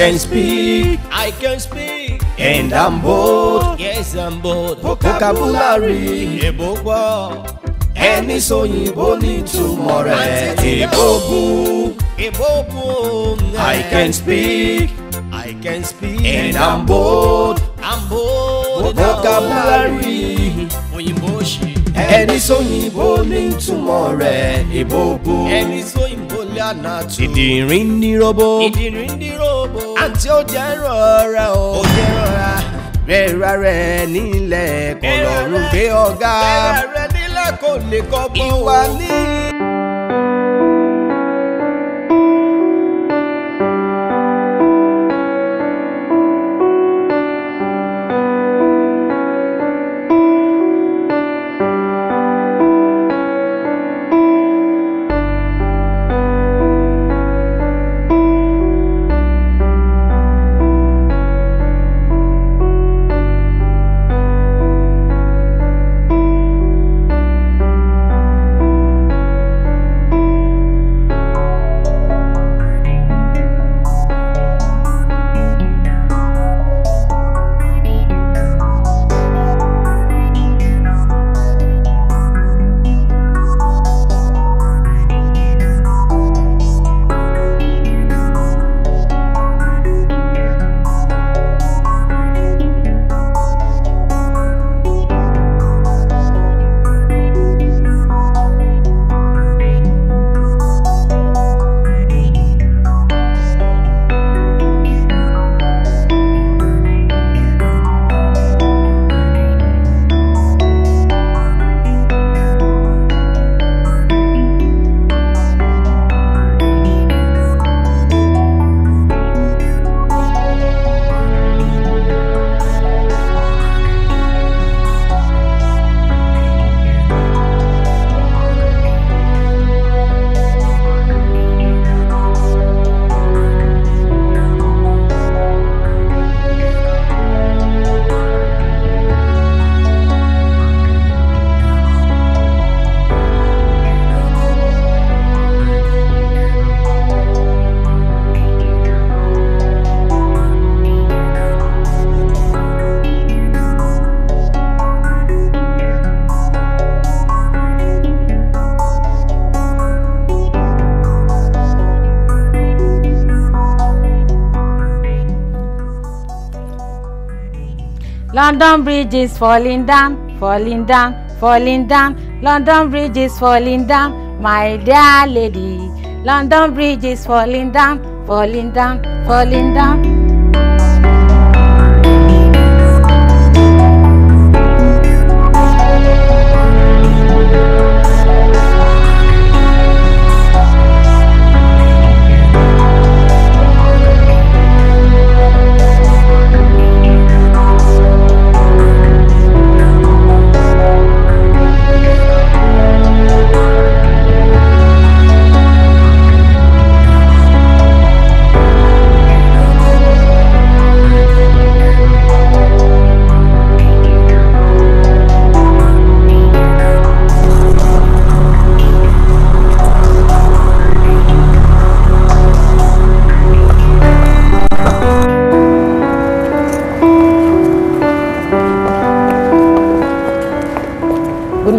can speak. I can speak. And I'm bold. Yes, I'm bold. Vocabulary. Èbó pọ̀. Ẹni sọ̀yìnbó ní túmọ̀ rẹ̀. Èbó bu. I can speak. I can speak. And I'm bold. I'm bold. Vocabulary. Òyìnbó ṣe. Ẹni sọ̀yìnbó ní túmọ̀ rẹ̀. Èbó bu. Ẹni sọ̀yìnbó lánàá tu. Ìdìrín ní robo. Ìdìrín ní àǹtí ó jẹ́ rọra ó jẹ́ rọra rẹ̀ra rẹ̀ nílẹ̀ kọ̀lọ̀rùn gbé ọ̀gá rẹ̀ra rẹ̀ nílẹ̀ kò lè kọ́ bọ́ o ìwà London Bridge is falling down, falling down, falling down. London Bridge is falling down, my dear lady. London Bridge is falling down, falling down, falling down.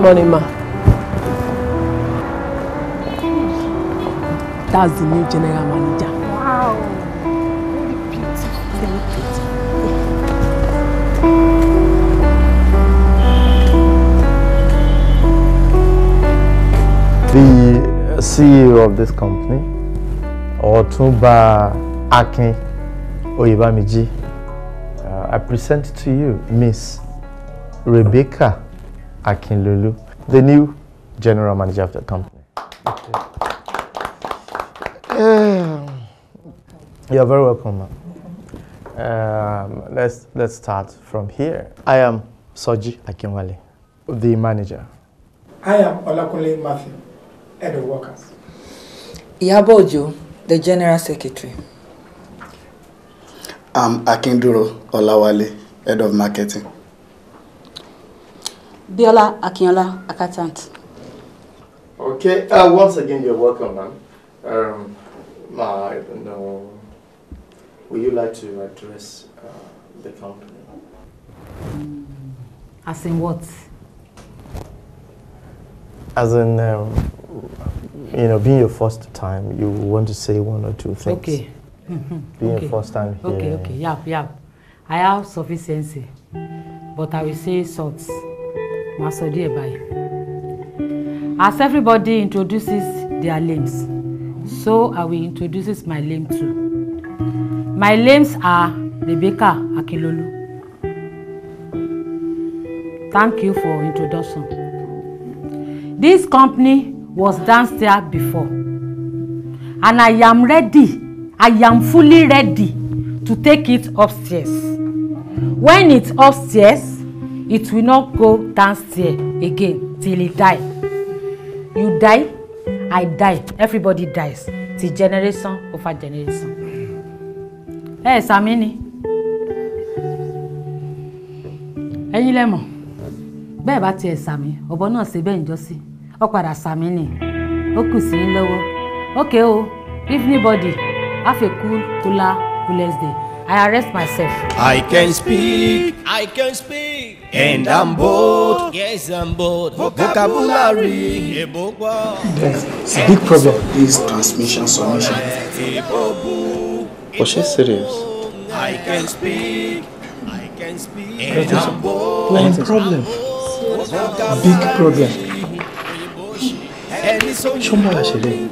Money ma. That's the new general manager. Wow. The CEO of this company, Otumba Akin Oyebamiji, uh, I present to you Miss Rebecca Akinlulu, the new general manager of the company. Uh, you're very welcome, ma'am. Um, let's, let's start from here. I am Soji Akinwale, the manager. I am Olakunle Matthew, head of workers. Iyabo the general secretary. I'm Akinduro Olawale, head of marketing. Biola Akinola Akatant. Okay, uh, once again, you're welcome, ma'am. Um, ma, I don't know, would you like to address uh, the company? As in what? As in, um, you know, being your first time, you want to say one or two things. Okay. Mm-hmm. Being okay. your first time here. Okay, okay, yeah, yeah. I have sufficiency, but I will say sorts. màá sọ As everybody introduces their names, so I will introduce my name too. My names are Rebecca Akilolu. Thank you for introduction. This company was downstairs before, and I am ready. I am fully ready to take it upstairs. When it's upstairs, it will not go downstairs again till it die you die i die everybody dies The generation over generation Hey Samini, sàmì ni ẹ̀yin lẹ mọ̀ bẹ́ẹ̀ bá tiẹ̀ sàmì ọ̀bọ náà ṣe bẹ́ẹ̀ ń jọ sí ọ padà sàmì ni ó kù sí í lọ́wọ́ okay o if anybody have a cool cooler coolest day i arrest myself. i can speak i can speak. And I'm bold. Yes, I'm bold. Vocabulary. Yes, it's a big problem. is transmission submission. Was she serious? I can speak. I can speak. And I'm bold. What problem. Big problem. Tomorrow, àṣẹlẹ̀.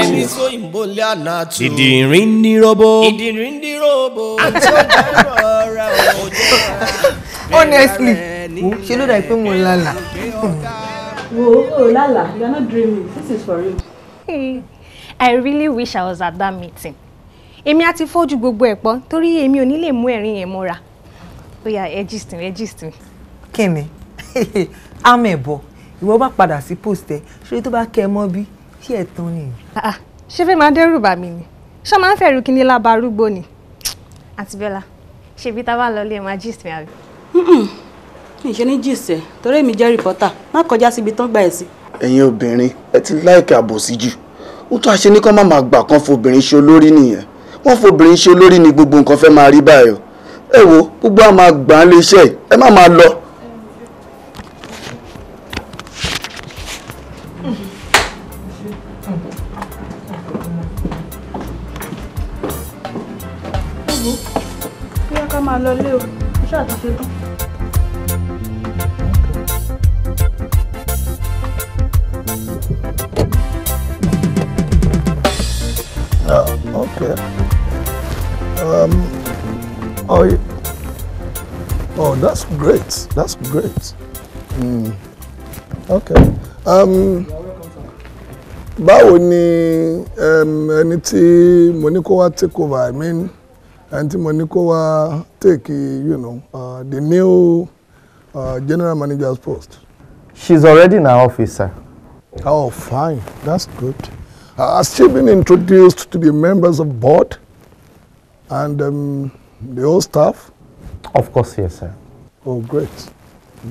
Ẹni tó yìnbó lé robo. Ìdìrín robo. honestly ṣe ló dàbí pé mo ń lálà. wo o lálà you are not dreaming this is for real. Hey, I really wish I was at that meeting. Emi ati fojú gbogbo ẹ̀ pọ̀ torí èmi ò ní lè mú ẹ̀rín yẹn mọ́ra. Ó yá register mi register mi. Kẹ́mi, àmọ̀ ẹ̀bọ̀, ìwọ bá padà sí post ẹ̀, ṣé tó bá kẹ́ ẹ mọ́ bí, ṣé ẹ̀ tán ni? Ah, ah. Ṣé fẹ́ máa dẹ́rù bà mí ni? Ṣé máa ń fẹ̀rù kí ni lábarúgbó ni? Àǹtí Bẹ́lá, ṣebí tá a bá lọ ilé ẹ̀ mi ṣe ní jìsẹ torí èmi jẹ́ rìpọ́tà má kọjá síbi tán gbà ẹ sí. ẹ̀yin obìnrin ẹ ti láìka àbòsí jù ó tó àṣẹ ní kán má máa gbà kán fobìnrin ṣe olórí nìyẹn wọ́n fobìnrin ṣe olórí ni gbogbo nǹkan fẹ́ máa rí báyọ ẹ wo gbogbo àwọn máa gbà á lé ẹ má máa lọ. máa lọ lé o ṣáà ti tán. Okay. Um, I, oh, oh, that's great. That's great. Mm. Okay. Um, báwo ni um, ẹni tí mo ní kó wá take over I mean ẹni tí mo ní take you know uh, the new uh, general manager's post. She's already in her office, sir. Oh, fine. That's good. Has she been introduced to the members of board and um, the whole staff? Of course, yes, sir. Oh, great.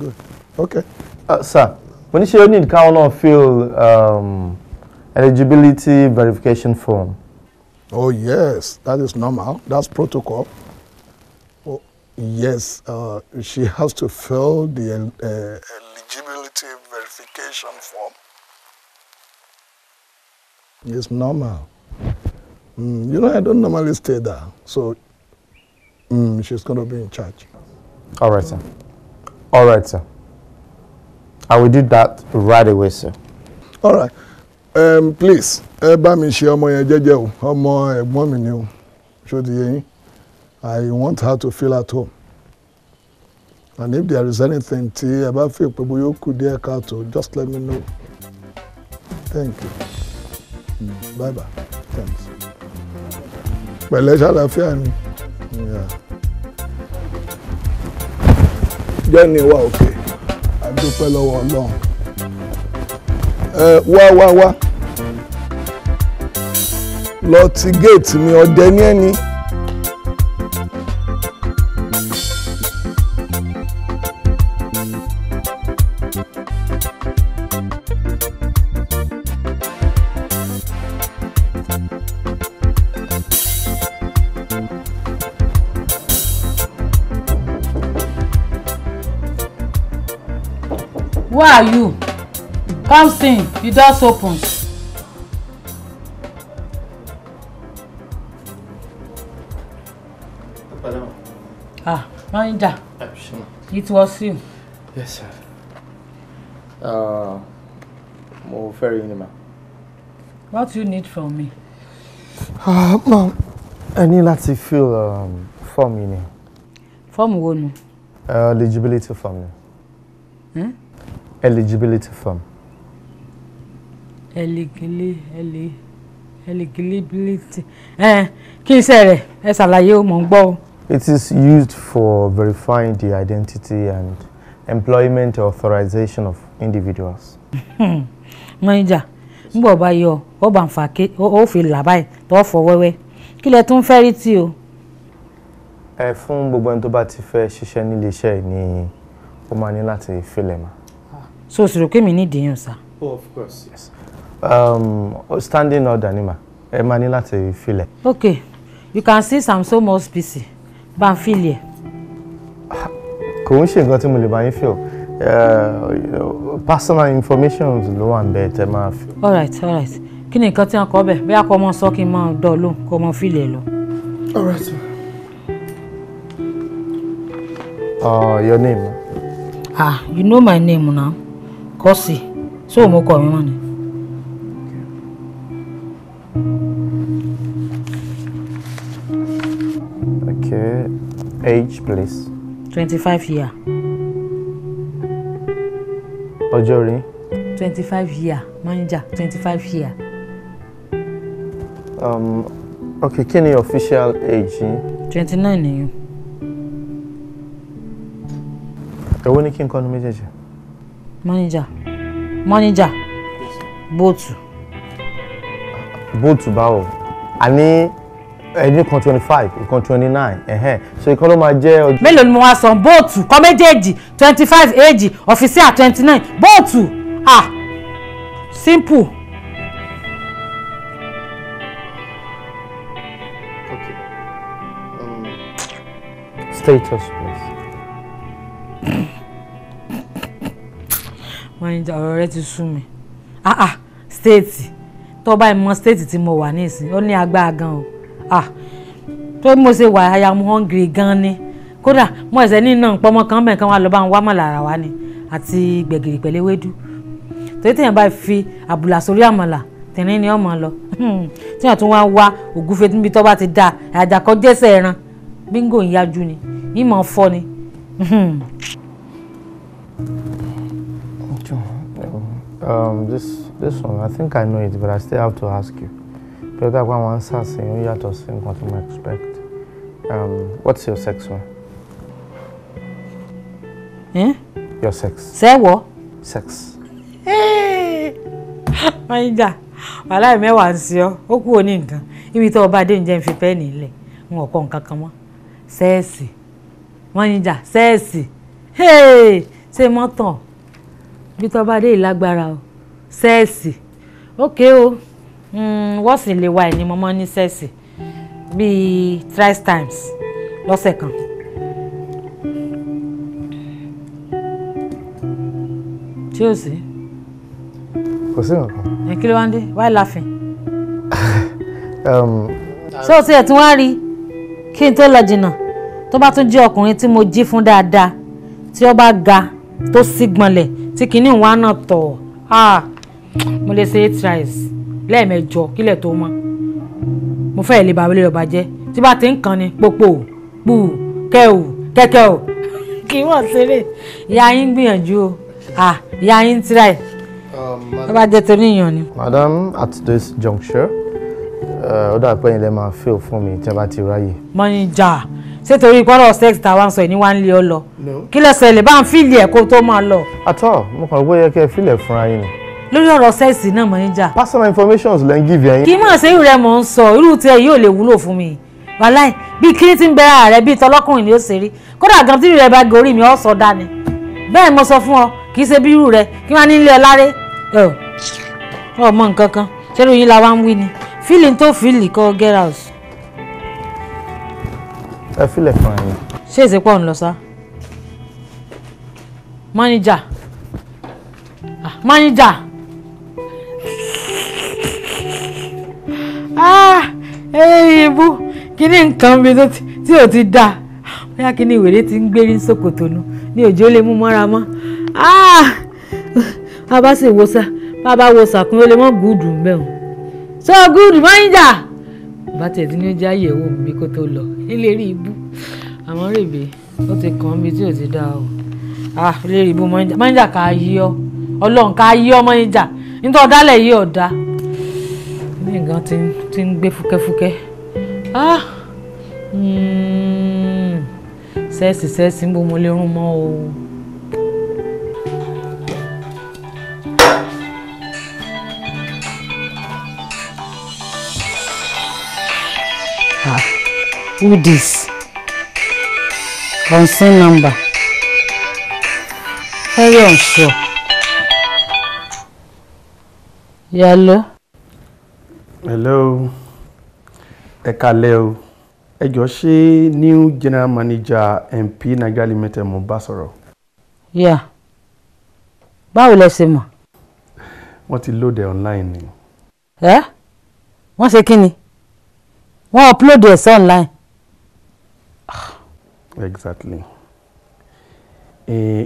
Good. Okay. Uh, sir, when she only count on fill um, eligibility verification form. Oh, yes, that is normal. That's protocol. Oh, yes, uh, she has to fill the uh, eligibility verification form. It's normal. Mm, you know, I don't normally stay there, so mm, she's going to be in charge. All right, sir. All right, sir. I will do that right away, sir. All right. Um, please, buy me mi ṣe ọmọ yẹn jẹ́jẹ́ o, ọmọ ẹ̀gbọ́n mi ni o, I want her to feel at home. And if there is anything tí ẹ bá fi pé bóyá ó kù just let me know. Thank you bye bye thanks. pẹ̀lẹ́ ṣàlàáfíà ni jẹ́ni wa òkè àdúpẹ́ lọ́wọ́ ọlọ́run ẹ wá wá wá lọ ti géètì mi ọdẹ ní ẹni. are you? Come sing. The doors open. Ah, manager. It was you. Yes, sir. Uh, ah, more fẹ́ rí What do you need from me? Uh, ah, ma, ẹ ní láti fill um, form yìí ni. Fọ́ọ̀mù wo Uh, eligibility form ni. Hmm? eligibility form. eligili eli eligibility Eh, kí n ṣe rẹ ẹ o mò ń It is used for verifying the identity and employment authorization of individuals. Manager, nígbà ọba yọ ọba ń fa o ó fi là báyìí tó fọ wẹ́wẹ́ kí lẹ tún fẹ́ rí tí o. ẹ fún gbogbo ẹni tó bá ti fẹ́ ṣiṣẹ́ nílé iṣẹ́ ni ó máa ní láti filẹ̀ mọ́ so o sì rò pé mi nídìí yàn sá. oh of course yes. Um, standing order ni ma ẹ máa ní láti filẹ̀. okay you can see samson most busy bá ń filẹ̀. kò ń ṣe nǹkan tí mo lè bá yín fi o eh, personal information ló wà ń bẹ tẹ máa fi. alright alright kí ni nǹkan tí wọn kọ bẹ bí akọ ọmọ sọ kí n máa dán lóhùn kó ọmọ filẹ̀ lọ. alright. Uh, oh, your name. ah you know my name now kọ́ sí i ṣé òun kọ́ mi mọ́ ni. Okay, age please. twenty-five year. ọjọ́ rí. twenty-five year manager twenty-five year. Um, okay, kí ni official age twenty-nine nìyẹn. èwo ni kí n kọ́ nu méjèèjì? manager, mọ́níjà bóòtù. bóòtù báwo àní ẹni kan twenty five ìkan twenty nine ẹ̀hẹ́n so ìkan ló máa jẹ́. mélòó ni mo wá san bóòtù kọ́ méjèèjì twenty five èjì ọ̀fíìsì à twenty nine bóòtù ah simple. Okay. Um, status please. manager ọ̀rọ̀ rẹ ti sú mi ah ah state tó bá ìmọ̀ state tí mo wà nísìnyí ó ní agbára gan o ah tó mo ṣe wà I am hungry gan ni kódà mo ẹ̀sẹ̀ ní iná pọ́nmọ́ kan bẹ́ẹ̀ wà lọ́ọ́ bá mọ̀ lára wa ni àti gbẹ̀gìrì pẹ̀lú ewédú torí téèyàn bá fi àbùlà sórí àmàlà tẹ̀rín ni ọmọ lọ hmm, téèyàn tún wá wá ògúfe níbi tó bá ti dáa àjàkọ́ jẹ́sẹ̀ ẹran bíngò ń ni ìmọ̀ fọ́ ni. Hmm. um, this this one I think I know it but I still have to ask you bí o one wọn sàṣẹ ń yàtọ̀ sí nǹkan tí mo expect um, what's your sex one. Eh? your sex. Say what? sex. ọ̀yìnjà wàhálà mẹ́wàá ń ṣe ọ́ ó kú òní nǹkan ibi tó ọba adéǹjẹ́ ń fi pẹ́ẹ́nì ilẹ̀ ń ọ̀kọ́ nǹkan kan mọ́ ṣẹ́ẹ̀sì wọ́n yìnjà ṣẹ́ẹ̀sì ṣé mọ́tàn. Victor Bade lágbára o sẹ́ẹ̀sì ókè o wọ́ọ̀sì lè wa ẹ̀ ní mọ́mọ́ ní sẹ́ẹ̀sì bíi thrice times lọ́sẹ̀ kan. ṣé o sí. kò sí nǹkan. ẹ kí ló wá ń dé why laughing. Um, ṣé o tiẹ̀ tún wá rí kí n tó lọ jìnnà tó bá tún jẹ́ ọkùnrin tí mo jí fún dáadáa tí ó bá ga tó sígbọnlẹ̀ tí kinní wa náà tọ̀ ah mo lè ṣe eight rice lẹ́ẹ̀mẹjọ kílẹ̀ tó mọ́ mo fẹ́ lè bàbá lè lọ́ba jẹ́ tí bá ti ń kan ni popo pu kẹ́ù kẹ́kẹ́ ò kí wọ́n ṣeré ìyá yín gbìyànjú o ah ìyá yín tíráì um, tó bá jẹ́ torí ìyàn ni. madam at this juncture uh, ó dà pé ilẹ̀ máa fail fún mi tí a bá ti ráyè. mọ́nìjà ṣé torí pọ́rọ̀ sex tá a wá ń sọ ẹ̀ ní wá ń lé ọ lọ kí ló ṣẹlẹ̀ bá ń fíìlì ẹ̀ kó tó máa lọ. àtọ mo kàn gbóyè kí ẹ fílẹ̀ fúnra yín ni. lórí ọ̀rọ̀ sex náà mọ̀níjà. personal information lẹ́ ń give yẹn. kì í mọ̀ ṣé irú rẹ mọ̀ ń sọ irú tiẹ̀ yóò lè wúlò fún mi wàláì bíi kí ni ti ń bẹ ara rẹ bíi tọlọ́kùnrin ni ó ṣe rí kódà gan tí irú rẹ bá gorí mi ó sọ la wá ń wí ni fíìlì ẹ filẹ̀ fún ẹ̀yìn. ṣé ìsìnkú ọ̀hún lọ sá máníjà máníjà èyìnbó kíní nǹkan mi tí ò ti dáa bóyá kíní ìwéré ti ń gbérí sókòtò nu ní òjò lè mú mọ́ra mọ́ ah, bá a bá sì wo sá bá wo sàkúnyó lè mọ́ gúdù ń o so gúdù máníjà bá tiẹ̀ tí ní ó já yẹ̀wò mi kó tó lọ nílé rí ibú àmọ́ rèébe ó ti kàn mí tí ò ti dá o ah ilé rí ibú mọ́nìjà mọ́nìjà ká yí ọ ọlọ́run ká yí ọ mọ́nìjà nítorí ọ̀dálẹ̀ yí ọ̀dá ní nǹkan ti ń gbé fúkẹ́fúkẹ́ ah hmm. sẹ́ẹ̀sì sẹ́ẹ̀sì ń bò mo lè rún mọ́ o. who this concern number very unsure Hello. hello ẹ kalẹ́ o new general manager mp nigeria limited mo bá sọ̀rọ̀. yà báwo lẹ ṣe mọ̀. wọ́n ti lóde online ni. ẹ wọ́n ṣe kí ni wọ́n upload ẹ̀ sí online exactly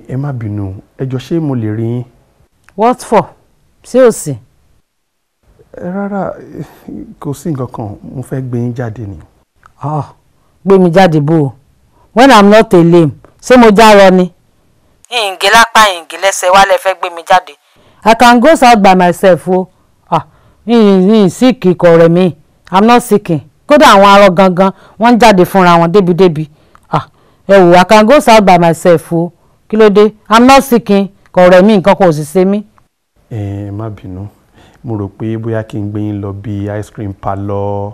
ẹ má bínú ẹ jọ ṣé mo lè rí yín. what for ṣé o sì. rárá kò sí nǹkan kan mo fẹ́ gbé yín jáde ni. Ah, gbé mi jáde bó o when i'm not a lame ṣé mo járọ ni. ìǹgé lápá ìǹgé lẹ́sẹ̀ wálé fẹ́ gbé mi jáde. i can go south by myself o ìyìn ah, síkì kọ̀ọ̀rẹ́ mi i'm not seeking kódà àwọn arọ gangan wọ́n ń jáde fúnra wọn débi débi ẹ I can go south by myself o kí ló dé I'm not seeking kò rẹ̀ mí nǹkan kan ò sì ṣe mí. ẹ ẹ má bínú mo rò pé bóyá kí n gbé yín lọ bí ice cream parlour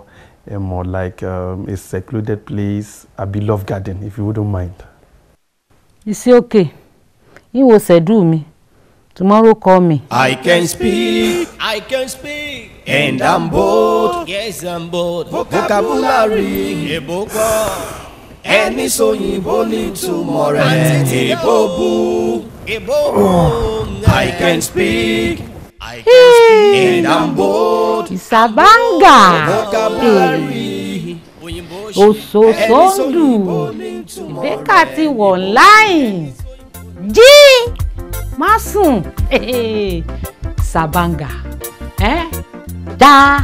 ẹ mọ̀ like um, a secluded place àbí love garden if you wouldn't mind. ìsí òkè ìwò ṣẹ̀dú mi tomorrow call me. I can speak. I can speak. And I'm bold. Yes, I'm bold. Vocabulary. Èbó ẹni sòyìnbó ní túmọ̀ rẹ̀ èbó bu èbó bu I can speak I can speak in Dambo. Ìsàbángà òṣòṣòǹdù ìbékà ti wọ̀ láìn jí má sùn Ìsàbángà dá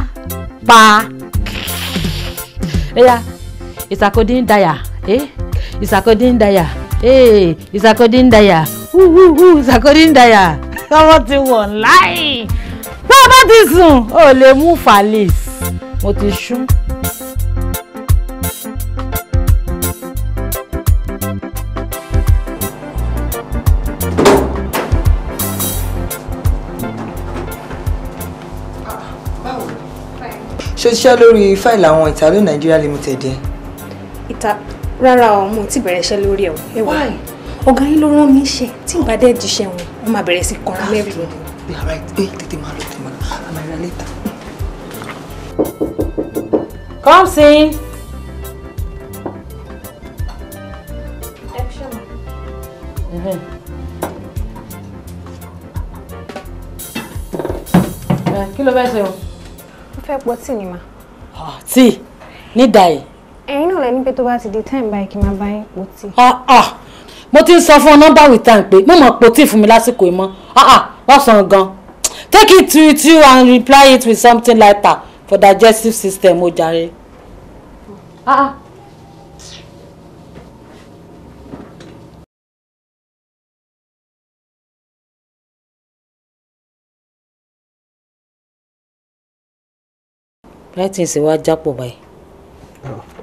pa. Yeah ìsàkódín dayà eh? ìsàkódín dayà eh? ìsàkódín dayà ìsàkódín dayà ọwọ́ ti wọ̀ láì bá a bá ti sùn ó lè mú falis mo ti sún. ṣiṣẹ́ lórí fáìlì àwọn ìtàló Nigeria Limited yẹn ìta rárá o mo ti bẹ̀rẹ̀ iṣẹ́ lórí ẹ̀ o ẹ wò ọ̀gá yín ló rán mi iṣẹ́ tí ìgbà dẹ́ jíṣẹ́ wọn wọ́n máa bẹ̀rẹ̀ sí kọra lẹ́rù. bí ara ẹ come sing. Mm-hmm. Eh, kí ló fẹ́ ṣe o. mo fẹ́ pọ̀ tí ni ma. Ah, tí ní dàí ẹ̀yin náà lẹni pé tó bá ti di time báyìí kí n máa bá yín pò tí. Ah, ah. mo ti ń sọ fún ọ nọ́mbà with time pé mo mọ̀ pò tí fún mi lásìkò yìí mọ́ lọ́sàn ah, gan take it to it you and reply it with something lighter for digestive system o jàre. writing ṣe wá jápọ̀ báyìí. Oh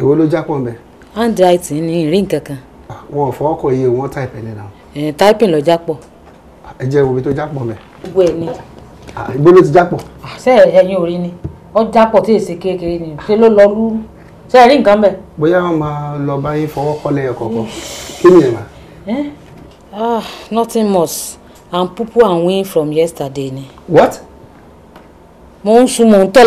èwo ló jápọ̀ mẹ́. handwriting ni ìrìn kankan. Ah, wọn ò fọwọ́ kọ iye wọn type ẹni náà. ẹ typing lọ jápọ̀. Ah, ẹ jẹ́ omi tó jápọ̀ mẹ́. gbogbo ẹ̀ ni. igbó ah, ló ti jápọ̀. ṣé ẹyin ò rí ni ó jápọ̀ tí èsì kékeré ni ṣé ló lọ lú ṣé ẹ rí nǹkan bẹ́ẹ̀. bóyá wọn máa lọ bá yín fọwọ́ kọ́ lẹ́yọ kọ̀ọ̀kan kí ni ẹ̀ ah nothing much i'm pupu and win from yesterday ni. what. mo ń sun mo ń tọ̀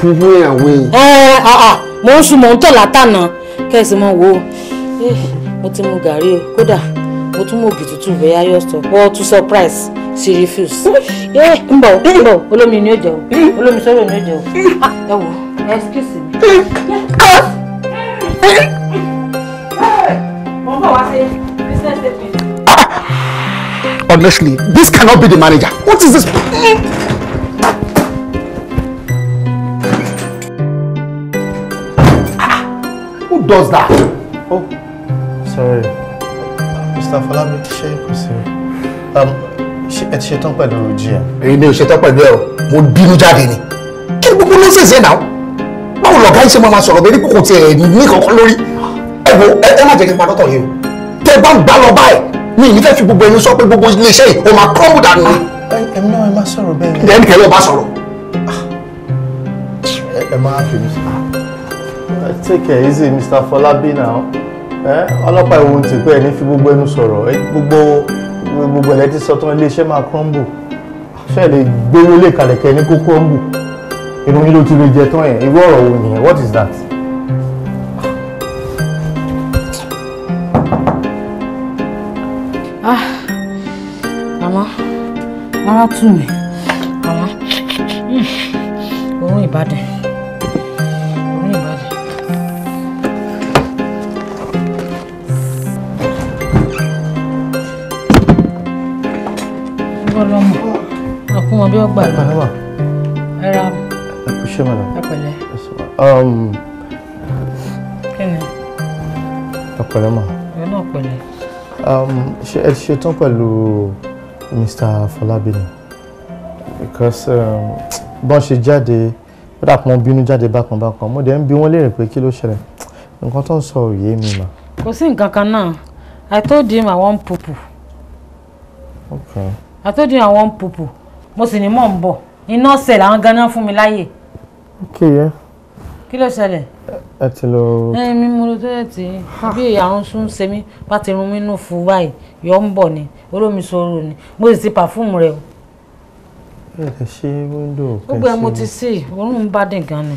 pupu and win. ẹ eh, ah ah mò ń sùn mò ń tọ̀ látànà kẹ́sì mọ̀ wò eh, mo ti mu gàrí o kódà mo tún mú ògì tútù bẹ́ẹ̀ ayọ̀ sọ wọ́n tún surprise she refuse. Eh, ń bọ̀ ń bọ̀ olómi ni ó jẹ́ o olómi sọ́rọ̀ ni ó jẹ́ o ah, ẹ wò excuse me. Eh, mo ń bọ̀ wá sí business statement. Ah, honestly, this cannot be the manager. What is this? does that? Oh, sorry. Mr. Falabi, ṣé kò sí? Um, ẹ ti ṣetán pẹ̀lú jí ẹ. Èyí ni ò ṣetán pẹ̀lú ẹ o, mo bínú jáde ni. Kí ni gbogbo nọ́ọ̀sẹ̀sẹ̀ náà? Báwo lọ̀gá ìṣe máa sọ̀rọ̀ bẹ́ẹ̀ ní kòkò tiẹ̀ ní kankan lórí? Ẹ wo ẹ ẹ má jẹ́ kí n pa dọ́tọ̀ yìí o. Tẹ bá ń gbá lọ báyìí, mi ì ní fẹ́ fi gbogbo ẹni sọ pé gbogbo iléeṣẹ́ yìí o máa crumble dànù. Ẹ̀mi náà ẹ má sọ̀rọ̀ bẹ́ẹ̀ ni. Ẹnì kẹ́lẹ́ ò sọ̀rọ̀. Ah, ẹ má fi mi sọ̀rọ̀ take it easy Mr. Fọlábí now ọlọ́pàá ìwọ̀n ti pé ẹni fi gbogbo ẹnu sọ̀rọ̀ gbogbo gbogbo ẹ̀lẹ́tì sọ́tàn iléeṣẹ́ máa crumble ṣe lè gbéró lè kalẹ̀ kẹ́ ní kó crumble inú yín ló ti lè jẹ tán yẹn irú ọ̀rọ̀ wo nìyẹn what is that. ah mama ara tù mí mama òun ìbàdàn. bí ó gbà lọ. ẹ ra ẹ kú ṣe mọ̀nà. ẹ pẹ̀lẹ́. Um, kí ni. ẹ pẹ̀lẹ́ mọ̀. ẹ náà pẹ̀lẹ́. Um, ṣe ẹ ṣe tán pẹ̀lú Mr. Fọlábí because um, bọ́n ṣe jáde bọ́dà pọ́n bínú jáde bákan bákan mo dẹ̀ ń bi wọ́n léèrè pé kí ló ṣẹlẹ̀ nǹkan tó ń sọ ò yé mi mà. kò sí nǹkan kan náà I told him I wan pupu. Okay. I told him I wan pupu mo sì ní mò ń bọ̀ iná ọ̀sẹ̀ làwọn ganan fún mi láyè. kí yẹ. kí ló ṣẹlẹ̀. ẹ ti lọ. ẹ mi mo lọ tẹ́lẹ̀ tí bí àrùn sún ṣe mí bá ti rún mi nù fún báyìí yọ ń bọ̀ ni olómi sọ̀rọ̀ ni mo sì ti pàfúùmù rẹ o. ẹ lè ṣe wíńdò kẹsì. gbogbo ẹ mo ti sí òórùn bá dín gan ni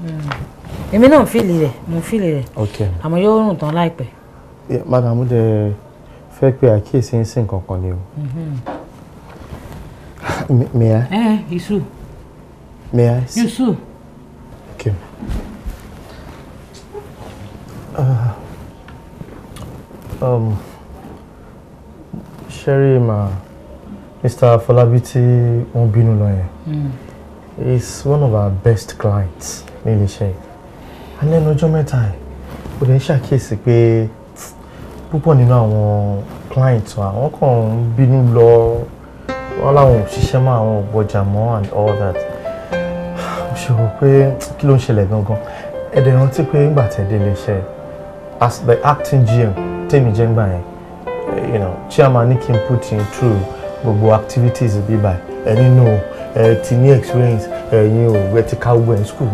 hmm. èmi náà ń fìlì rẹ mo ń fìlì rẹ àmọ́ yóò rùn tán láìpẹ́. madam mo dẹ fẹ́ pe àkíyèsí ń kankan ni o. Mm -hmm may I? Eh, Yusuf. May I? Yusuf. Okay. Uh, um, Sherry, ma, Mr. Folabi tí wọ́n bínú lọ hmm. He's one of our best clients ní iléeṣẹ́ yìí. A lẹ́nu ọjọ́ mẹ́ta yìí, kò dẹ̀ ṣàkíyèsí pé púpọ̀ nínú àwọn clients wa, wọ́n kàn ń bínú lọ wọ́n láwọn òṣìṣẹ́ mọ́ àwọn ògbọ́jà mọ́ and all that mo ṣe rò pé kí ló ń ṣẹlẹ̀ gangan ẹ̀dẹ̀ rántí pé ńgbà tẹ̀ iléeṣẹ́ as the acting GM tèmi jẹ́ ńgbà yẹn you know chairman ní kí n put in through gbogbo activities bí báyìí ẹni nù ẹ ti ní experience ẹ̀yin ò ẹ ti ká school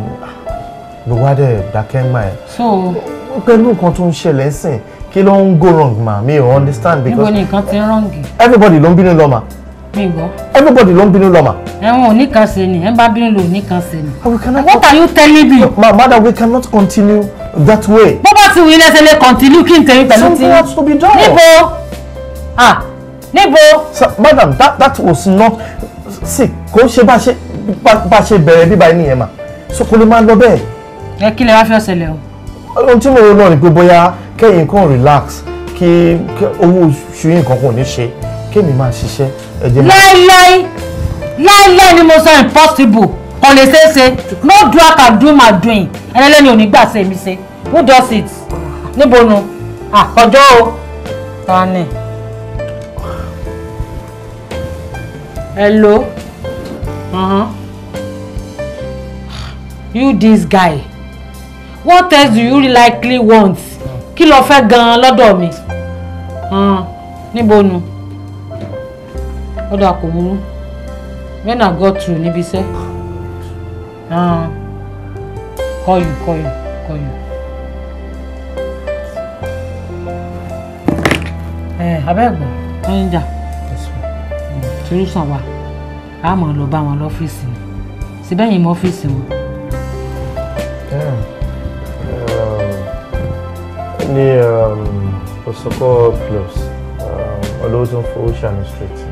gbogbo adé dákẹ́ ńgbà yẹn. so pẹ̀lú nǹkan tó ń ṣẹlẹ̀ sìn kí ló ń go wrong ma mi ò understand because. níbo ni nǹkan ti ń wrong. everybody ló ń bínú lọ́mà gbọ́. everybody ló ń bínú lọ mà. ẹ̀wọ̀n oníkan ṣe ni ẹ̀ ń bá bínú lò oníkan ṣe ni. we cannot. what are you telling me. ma madam we cannot continue that way. bó bá ti wù yín lẹ́sẹ̀ lè continue kí n tẹ̀yìn pẹ̀lú ti. something has to be done. níbo ah níbo. madam that that was not see kò ṣe bá ṣe bá ṣe bẹ̀rẹ̀ bíbá ẹni yẹn mà so kò lè máa lọ bẹ́ẹ̀. ẹ kí lè wá fẹ́ ṣẹlẹ̀ o. ohun tí mo rò náà ni pé bóyá kẹ́yìn kan relax kí owó oṣù yìí kankan ò ní ṣe kémi máa ṣiṣẹ́ ẹ̀jẹ̀ máa. láíláí láíláí ni mo sọ impossible kò lè ṣeé ṣe no do I can do my doing ẹlẹ́lẹ́ni ò ní gbà ṣe mi ṣe who does it níbo nu àkọjọ́ o ta ni. hello uh-huh. you this guy what else do you likely want kí lo fẹ́ gan-an lọ́dọ̀ mi uh-huh. níbo nu. Uh, ó dà kò burú when I got through níbi iṣẹ́ ah, call you call you call you. Eh, abẹ́ẹ̀gbọ́n wọ́n ń jà solúsàn wa a máa lọ bá wọn lọ́fíìsì ni síbẹ̀ yìí mọ ọ́fíìsì wọn. Hmm. Um, ní um, Osoko plus um, olówó tó ń fowó ṣàánú street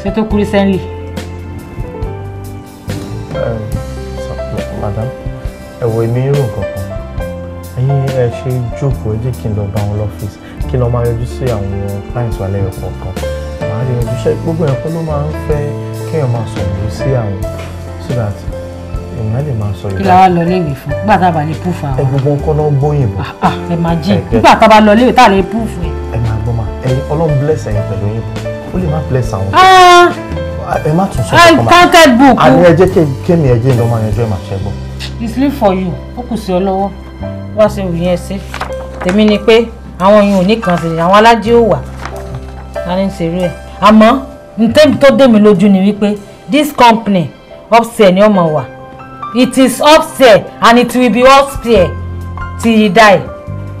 ṣé tó kú recently. madam ẹ wo èmi rò kankan ẹ̀yin ẹ ṣe jókòó ẹ jẹ́ kí n lọ bá wọn lọ́fíìsì kí n lọ máa yọjú sí àwọn clients wa lẹ́yọ̀ kọ̀ọ̀kan màá rí ojú ṣe gbogbo ẹ̀kọ́ ló máa ń fẹ́ kéèyàn máa sọ̀rọ̀ sí àwọn so that èèyàn lè máa sọ ìdá. kí la wá lọ léèwé fún nígbà tá a bá lè púfù àwọn. ẹ gbogbo nǹkan náà gbóyìnbó. Ah, ah, ẹ máa jí nígbà tá a bá lọ léèwé tá a lè púfù ẹ. ẹ máa gbọ́ ó lè má bless àwọn. Ah. Ah, ẹ má tún sọ fún ah, ọmọ counted book. àní ẹ jẹ́ kémi ẹ jẹ́ ìdánwò enjoy ìmọ̀ àṣẹ bọ̀. it's live for you ó kù sí ọ lọ́wọ́ wá sí ìwé yẹn sí tèmi ni pé àwọn yìí ò ní kàn sí àwọn alájí ò wà láti ń ṣeré ẹ̀ àmọ́ ntẹ́mi tó mi lójú ni wípé this company upset ni ọmọ wà it is upset and it will be upset till you die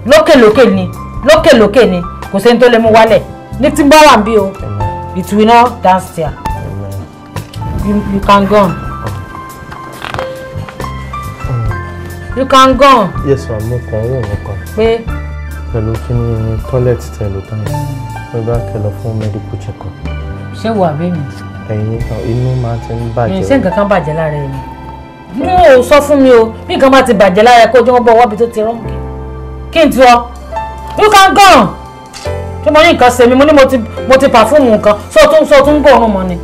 lókèlókè ni lókèlókè ni kò sẹ́ni tó lè mú wálẹ̀ ní tí ń bá wà ń bí o. It will not dance there. You, you can go. You can go. Yes, ma'am. Mo kàn wò wọ́n kan. Pé. Pẹ̀lú kí ni toilet tẹ̀ ló tán yìí. Hmm. Mo bá kẹlọ fún medical check-up. Ṣé wà bẹ́ẹ̀ You Ẹ̀yin inú máa ti ń bàjẹ́. Ṣé nǹkan kan bàjẹ́ lára ẹ̀ ni? mi ò sọ fún mi o bí nǹkan bá ti bàjẹ́ lára ẹ kó jẹ́ wọ́n bọ́ wọ́bi tó ti rán kí n tu ọ you can go ṣé mo ní nǹkan ṣe mi mo ní mo ti pàfúùmù nǹkan so tún so tún gbòòrùn mọ ni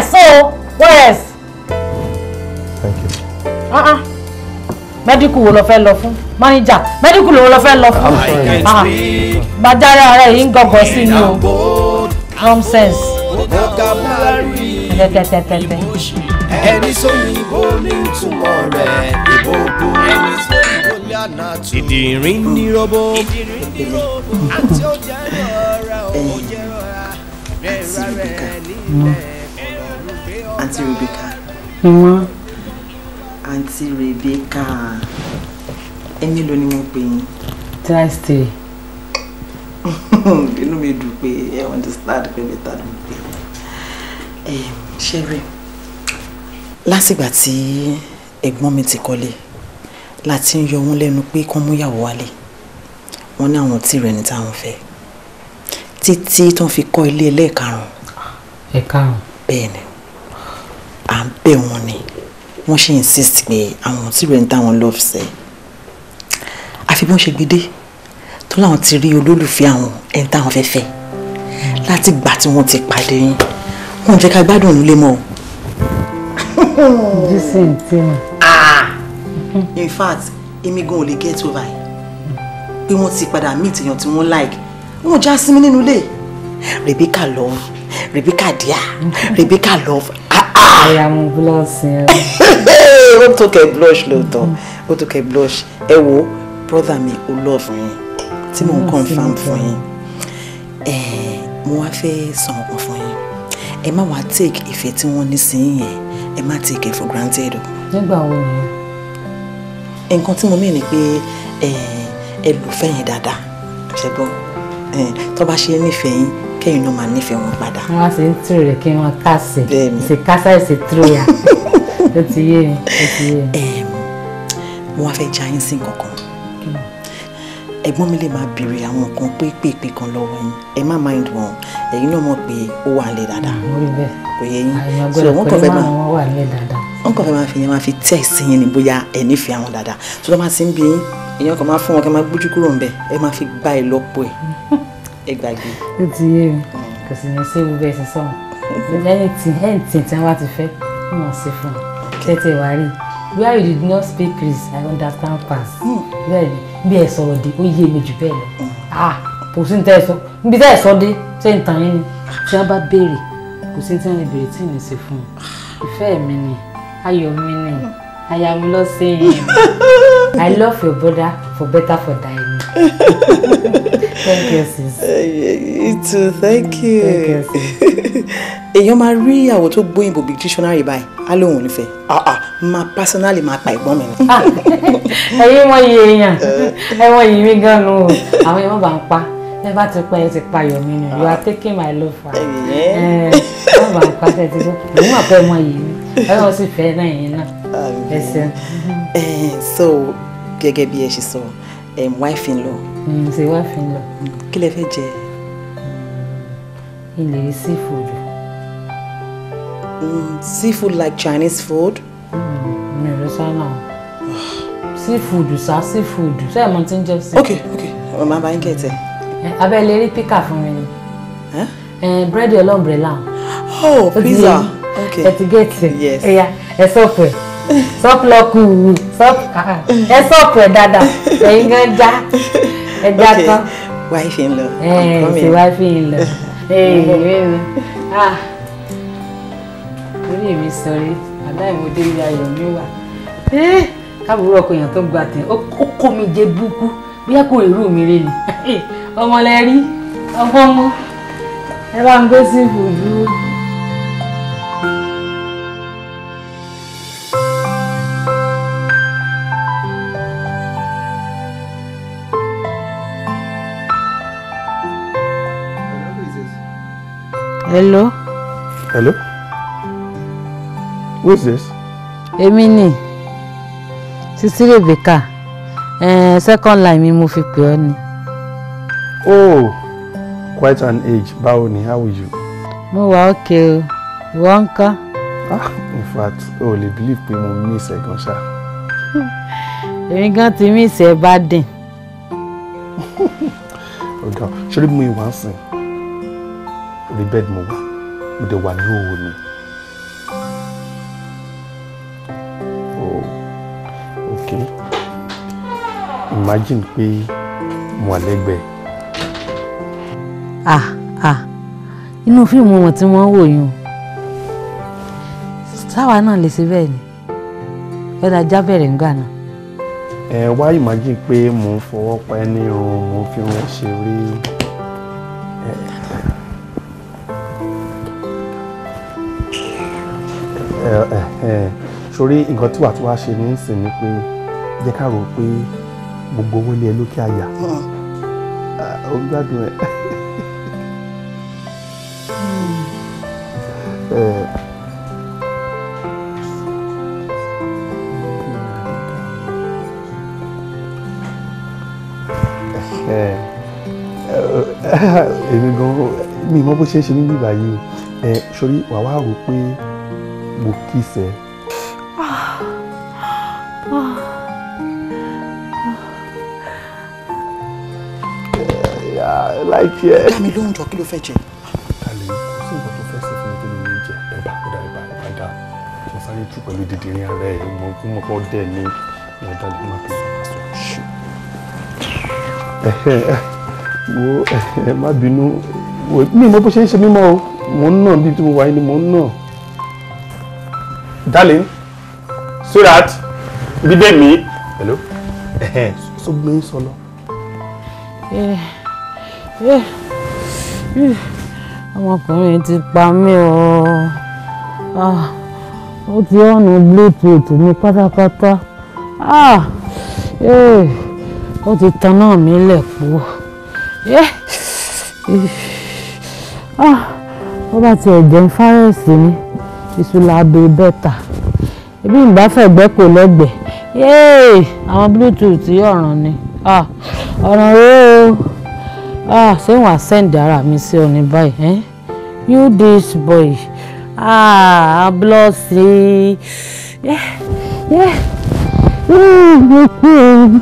so what thank you. Uh -uh. mẹ́díkù wo lo fẹ́ lọ fún mánéjà mẹ́díkù wo lo fẹ́ lọ fún ah, ah. gbàjáre ara yìí ń gọ̀gọ̀ sí mi o nonsense tẹ́tẹ́tẹ́tẹ́ ìdìrín ní rọ́bọ. àǹtí Rebecca wọn mm. àǹtí Rebecca ẹ mélòó ni wọ́n pè yín. thrice three. inú mi dùn pé ẹ understand pé mi ta ló ń pè é ṣe rí lásìgbà tí ẹ̀gbọ́n mi ti kọ́lé láti ń yọ wọ́n lẹ́nu pé kán múyàwó wálé wọ́n ní àwọn tí rẹ̀ ní táwọn fẹ́ títí tó fi kọ́ ilé ẹlẹ́ẹ̀karùn. ẹ̀karùn. bẹ́ẹ̀ ni à ń bẹ̀ wọ́n ni wọ́n ṣe insist pé àwọn tí rẹ̀ ní táwọn lọ́ọ̀fù sẹ́ àfi bọ́n ṣe gbé dé tó láwọn ti rí olólùfẹ́ àwọn ẹni táwọn fẹ́ fẹ́ láti gbà tí wọ́n ti pàdé yín wọ́n jẹ́ ká gbádùn òun lé mọ́ o. jísìn tí in fact èmi gan ò lè get over ẹ̀ pé wọ́n ti padà meet èèyàn tí wọ́n like wọ́n já sí mi nínú Rebecca love Rebecca dear Rebecca love ah ah. I am blush yẹn. ó tó kẹ́ blush lóòótọ́ ó tó kẹ́ blush ẹ wo brother mi ó love yín tí mò ń confirm fún Eh, mo wá fẹ́ sàn ọ̀pọ̀ fún yín ẹ má wá take ìfẹ́ tí wọ́n ní sí yín yẹn ẹ take it for granted o. nígbà wo ni nǹkan tí mo mì ni pé ẹ lò fẹ́yìn dáadáa ṣẹ́gbọ́n tó bá ṣe nífẹ̀ẹ́ yín kẹ́yìn náà máa nífẹ̀ẹ́ wọn padà. wọ́n á sì ń tìrì rẹ̀ kí wọ́n kásẹ̀ ṣe kásá ẹ̀sẹ̀ tìrìyà ló ti yé mi ló ti yé mi. mo wá fẹ́ ja yín sí kankan ẹ̀gbọ́n mi lè máa béèrè àwọn nǹkan pépèpé kan lọ́wọ́ yín ẹ má mind wọn ẹ̀yin náà mọ̀ pé ó wà lẹ̀ dáadáa kò yẹ yín so wọ́n kàn fẹ́ máa wọn kàn fẹ́ máa fi yẹn máa fi tẹ́ ẹ̀sìn yẹn ni bóyá ẹ̀ nífẹ̀ẹ́ àwọn dáadáa tó lọ́ máa ti ń bí yín èèyàn kan máa fún wọn kẹ́ máa gbójú kúrò ńbẹ ẹ máa fi gbá ẹ lọ́pọ̀ ẹ̀ ẹ gbàgbé. ó ti yé mi mm. kò sì ní séwu bẹ́ẹ̀ sí sọ̀rọ̀ lẹ́yìn tí ẹ̀yìn tí tí wọ́n ti fẹ́ wọ́n sì fún un tẹ́tẹ̀ wá rí where you did not speak Greece I understand pass mm. bẹ́ẹ̀ ni bí ẹ sọ̀rọ̀ di ó yé mi jù bẹ́ẹ̀ lọ mm. ah kò sí ní tẹ́ ẹ sọ níbi tẹ́ ẹ sọ dé ṣé ń tàn yín ni tí wọ́n bá béèrè kò sí ní tí wọ́n tí ì ṣe fún un ìfẹ́ mi ni ayọ̀ mi ni aya mi lọ i love your brother for better for dying thank you sis. you eh, eh, too thank you. thank you sis. èèyàn máa rí ìyàwó tó gbóyìnbó bíi dictionary báyìí á lóun ò ní fẹ́ ah, ah, máa personally máa pa ẹ̀gbọ́n mi ni. Ah, ẹ̀yin wọ́n yé èèyàn eh. ẹ̀wọ̀n yìí mi gan-an o àwọn èèyàn bá pa ẹ bá ti pa ẹ ti pa Yomi ni you are taking my love for her ẹ ẹ bá ń pa ẹ ti gbọ́ òun àbẹ̀mọ yìí ni. Ọlọ́run sì fẹ́ náà yẹn náà. Ẹ ṣeun. Eh, so gẹ́gẹ́ bí ẹ ṣe sọ wife in law. Mm, Ṣé wife in law. Mm, kí lẹ fẹ́ jẹ? Ilé sí fòdù. Mm, seafood like Chinese food? Mm, no, that's not. seafood, sir, seafood. Ṣé ẹ mọ̀ tí ń jẹ seafood. Okay, okay. Mo máa bá yín kẹ̀ tẹ̀. Abẹ́ lè rí píkà fún mi ni. Eh, búrẹ́dì ọlọ́mbrẹ́là. Oh, pizza okay. ẹ ti gẹ̀ẹ́tì yes. ẹ̀yà ẹ sọ́ọ̀pù ẹ̀ sọ́ọ̀pù lọ́kùnrin sọ́ọ̀pù ẹ dada, ẹ̀ dáadáa ẹ̀yin gan já ẹ já tán. wife in law i'm coming. ẹ ti wife in law. Ah. orí mi sọrí àdá ìmọ̀dé ilé ayọ̀ mi wà káàbùrú ọkọ èèyàn tó ń gba tẹ̀ ó kó mi jẹ búkú bí ẹ kò rírú mi rí ni ọmọ lẹ rí ọgbọ́n mú ẹ bá ń gbé sí ìbòjú. hello. hello. who is this. Emini. ni sisi Rebecca uh, second line mi mo fi pè ọ́ ni. oh quite an age báwo how are you. mo wa okay You ìwọ ń ah in fact oh, lè believe pé mo miss ẹ gan ṣá. èmi gan ti miss ẹ bá dín. ọ̀gá ṣé bí mo ìwà ń orí bẹ́ẹ̀dì mo wà mo dẹ̀ wà ní òwò mi. ok imagine pé mo wà lẹ́gbẹ̀ẹ́. ah ah inú fíìmù wọn tí wọ́n wò yún sáwa náà lè ṣe bẹ́ẹ̀ ni ẹ̀rọ ajá bẹ̀rẹ̀ ń gbà náà. ẹ wá imagine pé mo ń fọwọ́ pa ẹ́ ní irun mo fi ń ṣeré. sórí nǹkan tí wàá tún wá ṣe ní ìsìn ni pé jẹ́ ká rò pé gbogbo owó ilé ẹ lókè àyà ó ń gbádùn ẹ. Uh... èmi gan mi mọ bó ṣe ń ṣe mí bíbá yìí ẹ sori wàá wá rò pé mo kiss ẹ. láìpẹ́ ẹ. dá mi lóhùn jọ kí ló fẹ́ jẹ. kàlẹ́ kò sí nǹkan tó fẹ́ sí fún mi tó lè ní jẹ ẹ̀bà kódà ẹ̀bà ẹ̀bà dá mo sáré tú pẹ̀lú dídìrín ara ẹ̀ mo kú mo kọ́ dẹ̀ ní ìyàtọ̀ ló máa fi sọ. wo ẹ má bínú mi mọ bó ṣe ń ṣe mímọ́ o mò ń nà bíi tí mo wà ni mò ń nà darling so that bíbẹ̀ mi. hello so gbé sọ lọ. Eh, eh, eh, ọmọkùnrin ti pa mí o ah, ó ti ọ̀nà bluetooth mi pátápátá ah, ó ti tanná mi lẹ̀pọ̀ ah, ó bá tiẹ̀ jẹun fárẹ́sì ni iṣu láabe bẹ́tà ebi ìgbà fẹ̀gbẹ́ kò lẹ́gbẹ̀ẹ́ yéè àwọn bluetooth ọ̀ràn ni ọ̀ràn rèé o ṣé wọn á sẹ́ǹdì ara mi sí ọ ní báyìí you this boy ah blọ́ọ̀sì yeah yeah mm-hmm.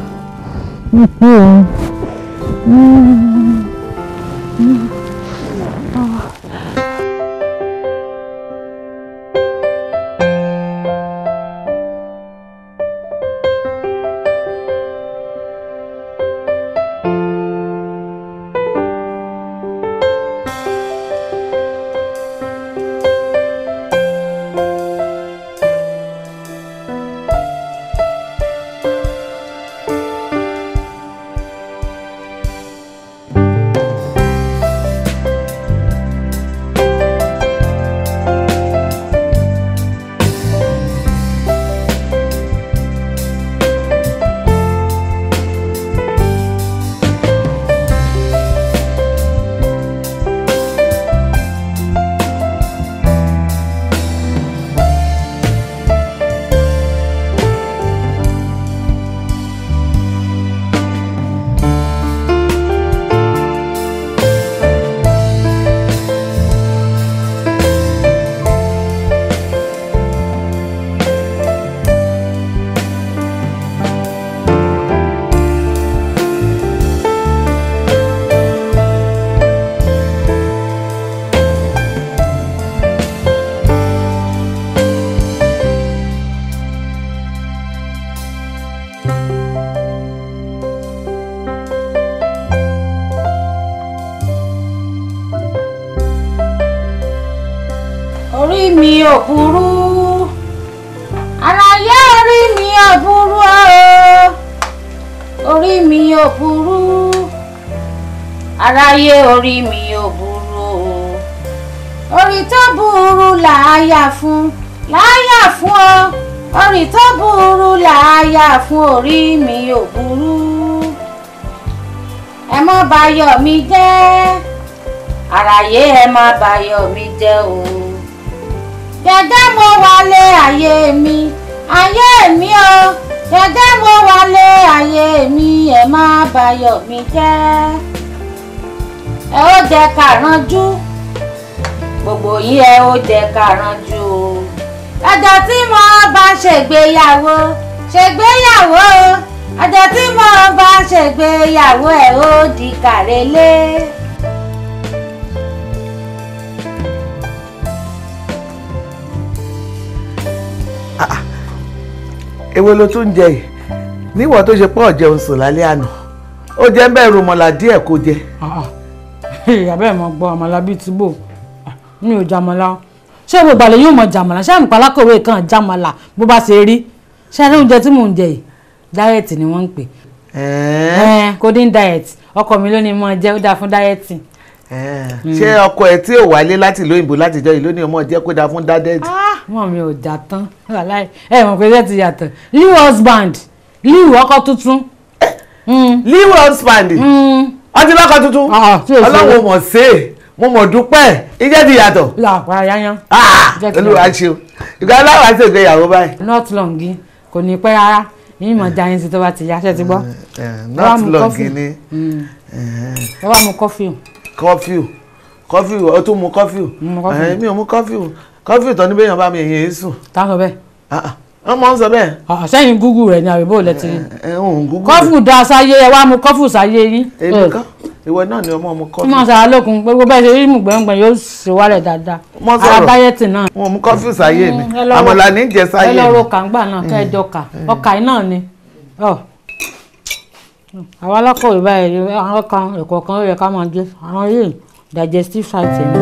Mm-hmm. Mm-hmm. ò burú àlàyé orí mi ò burú o orí mi ò burú àlàyé orí mi ò o orí tó burú làáyà fún làáyà fún ọ orí tó burú làáyà fún orí mi ò burú ẹ má bayọ̀ mi jẹ́ àlàyé ẹ má bayọ̀ mi jẹ́ o gẹ́gẹ́ mo wálé ayé mi ayé mi o gẹ́gẹ́ mo wálé ayé mi ẹ má bayọ̀ mi jẹ́ ẹ ó jẹ́ kàránjú gbogbo yín ẹ ó jẹ́ kàránjú ọjọ́ tí mo bá ṣègbéyàwó ṣègbéyàwó ọjọ́ tí mo bá ṣègbéyàwó ẹ ó di kàrélé. èwo ló tún jẹ yìí níwọ̀n tó ṣe pọ̀ jẹun sùn lálẹ́ àná ó jẹ́ ń bẹ̀rù mọ̀lá díẹ̀ kó jẹ. àbẹ́ ah, eh, mọ̀ gbọ́ àmàlà bíi tìbò ah, mi ò jàmàlà ṣé gbogbo àlẹ́ yóò mọ̀ jàmàlà ṣé àmìpalá kòwé kan jàmàlà bó bá ṣe rí ṣé ẹni oúnjẹ tí mò ń jẹ yìí diet ni wọ́n ń pè. kò dín diet ọkọ mi ló ní mo ó dáa fún dieting Mm. ṣé ọkọ ẹ tí ò wálé láti ìlú òyìnbó láti jọ ìlú ní ọmọ jẹ kó da fún dádẹ́ẹ̀dì. wọn ah! mi ò jà tán wàláì ẹ mọ̀ pé ṣé ti yàtọ̀ leave husband leave ọkọ tuntun. leave eh! mm. husband mm. ọtí lọkọ tuntun ah, ọlọ́wọ́ mọ̀ sí mo mọ̀ dúpẹ́ ìjẹ́ ti yàtọ̀. làpá yányán. Ah! olúwa ṣeun ìgbà aláwọ̀ àti ìgbéyàwó báyìí. not long kò ní pẹ́ rárá yín mọ̀ eh. já yín sí tó bá ti yá ṣe ti gbọ́. Eh, not long ni. ẹ wá mu kọfí. kọfíù kọfíù ó tún mu kọfíù mi ò mu kọfíù kọfíù tó ní yàn bá mi èyí sùn. táwọn bẹ́ẹ̀ ah, ah. wọ́n mọ̀ ń sọ bẹ́ẹ̀. ọ̀sẹ́yìn ah, gúgù ni lẹ ti rí. da sáyé ẹ wá mu sáyé yín. èmi kan. ìwọ náà ni ọmọ ọmọ mo gbogbo ṣe yóò ṣe dáadáa. mo náà. mo mu sáyé mi mm, àwọn alákọ̀wé báyìí àwọn kan ẹ̀kọ́ kan ó yẹ ká máa jẹ àwọn yìí digestive site ni.